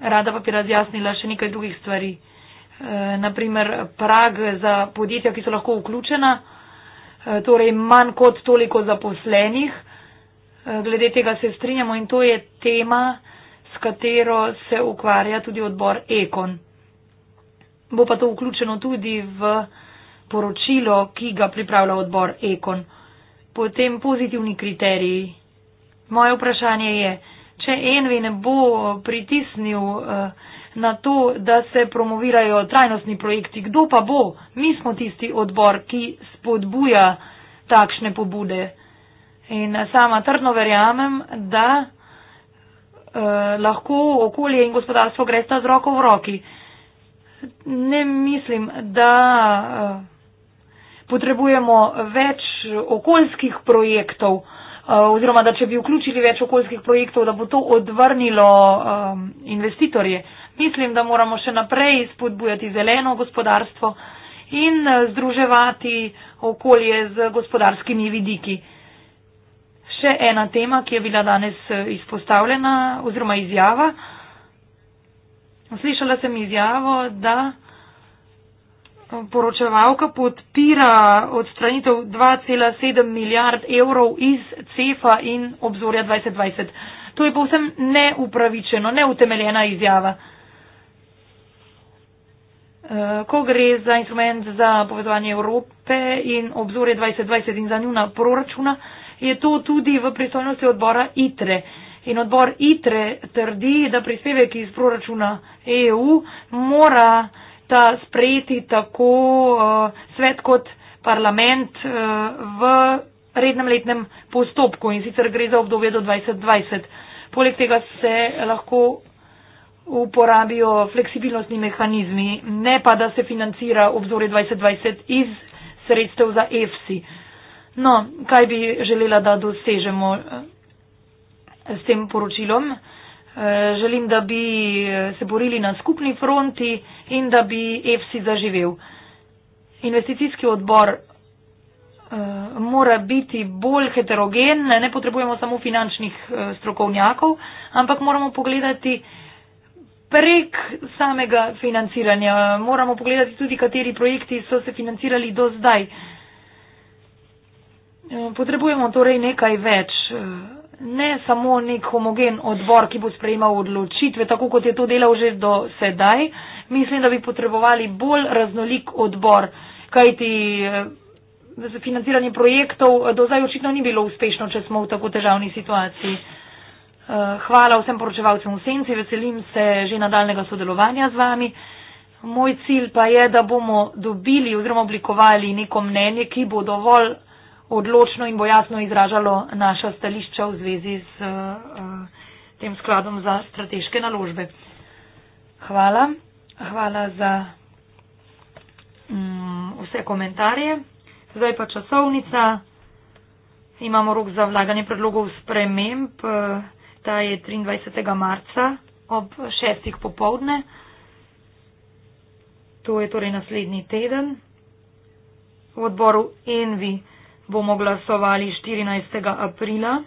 Rada pa bi razjasnila še nekaj drugih stvari. E, Naprimer, prag za podjetja, ki so lahko vključena, e, torej manj kot toliko zaposlenih. E, glede tega se strinjamo in to je tema, s katero se ukvarja tudi odbor Ekon. Bo pa to vključeno tudi v poročilo, ki ga pripravlja odbor Ekon. Potem pozitivni kriteriji. Moje vprašanje je, če Envi ne bo pritisnil eh, na to, da se promovirajo trajnostni projekti, kdo pa bo? Mi smo tisti odbor, ki spodbuja takšne pobude. In sama trdno verjamem, da eh, lahko okolje in gospodarstvo gre sta z roko v roki. Ne mislim, da eh, potrebujemo več okoljskih projektov eh, oziroma, da če bi vključili več okoljskih projektov, da bo to odvrnilo eh, investitorje. Mislim, da moramo še naprej spodbujati zeleno gospodarstvo in eh, združevati okolje z gospodarskimi vidiki še ena tema, ki je bila danes eh, izpostavljena oziroma izjava. Slišala sem izjavo, da eh, poročevalka podpira odstranitev 2,7 milijard evrov iz CEFA in obzorja 2020. To je povsem neupravičeno, neutemeljena izjava. Eh, ko gre za instrument za povezovanje Evrope in obzorje 2020 in za njuna proračuna, je to tudi v pristojnosti odbora ITRE. In odbor ITRE trdi, da prispevek iz proračuna EU mora ta sprejeti tako uh, svet kot parlament uh, v rednem letnem postopku in sicer gre za obdobje do 2020. Poleg tega se lahko uporabijo fleksibilnostni mehanizmi, ne pa da se financira obzore 2020 iz sredstev za EFSI. No, kaj bi želela, da dosežemo eh, s tem poročilom? Eh, želim, da bi eh, se borili na skupni fronti in da bi EFSI zaživel. Investicijski odbor mora biti bolj heterogen, ne potrebujemo samo finančnih strokovnjakov, ampak moramo pogledati prek samega financiranja. Moramo pogledati tudi, kateri projekti so se financirali do zdaj. Eh, potrebujemo torej nekaj več, eh, ne samo nek homogen odbor, ki bo sprejemal odločitve, tako kot je to delal že do sedaj. Mislim, da bi potrebovali bolj raznolik odbor, kajti eh, financiranje projektov do zdaj očitno ni bilo uspešno, če smo v tako težavni situaciji. Hvala vsem poročevalcem v senci, veselim se že nadaljnega sodelovanja z vami. Moj cilj pa je, da bomo dobili oziroma oblikovali neko mnenje, ki bo dovolj odločno in bojasno izražalo naša stališča v zvezi s eh, tem skladom za strateške naložbe. Hvala. Hvala za mm, vse komentarje. Zdaj pa časovnica. Imamo rok za vlaganje predlogov sprememb. Eh, ta je 23. marca ob 6. popovdne. To je torej naslednji teden. V odboru Envi bomo glasovali 14. aprila.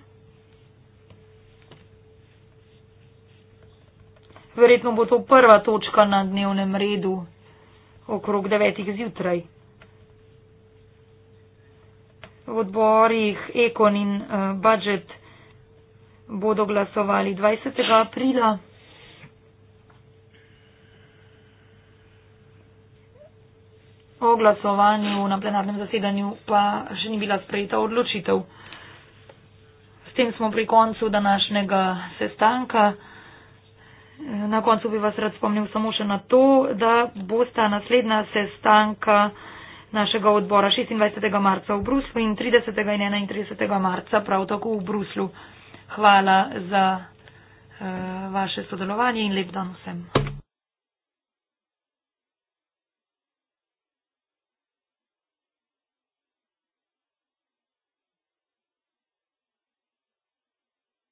Verjetno bo to prva točka na dnevnem redu okrog 9. zjutraj. V odborih Ekon in eh, Budget bodo glasovali 20. aprila. po glasovanju na plenarnem zasedanju pa še ni bila sprejeta odločitev. S tem smo pri koncu današnjega sestanka. Na koncu bi vas rad spomnil samo še na to, da bosta naslednja sestanka našega odbora 26. marca v Bruslu in 30. in 31. marca prav tako v Bruslu. Hvala za uh, vaše sodelovanje in lep dan vsem.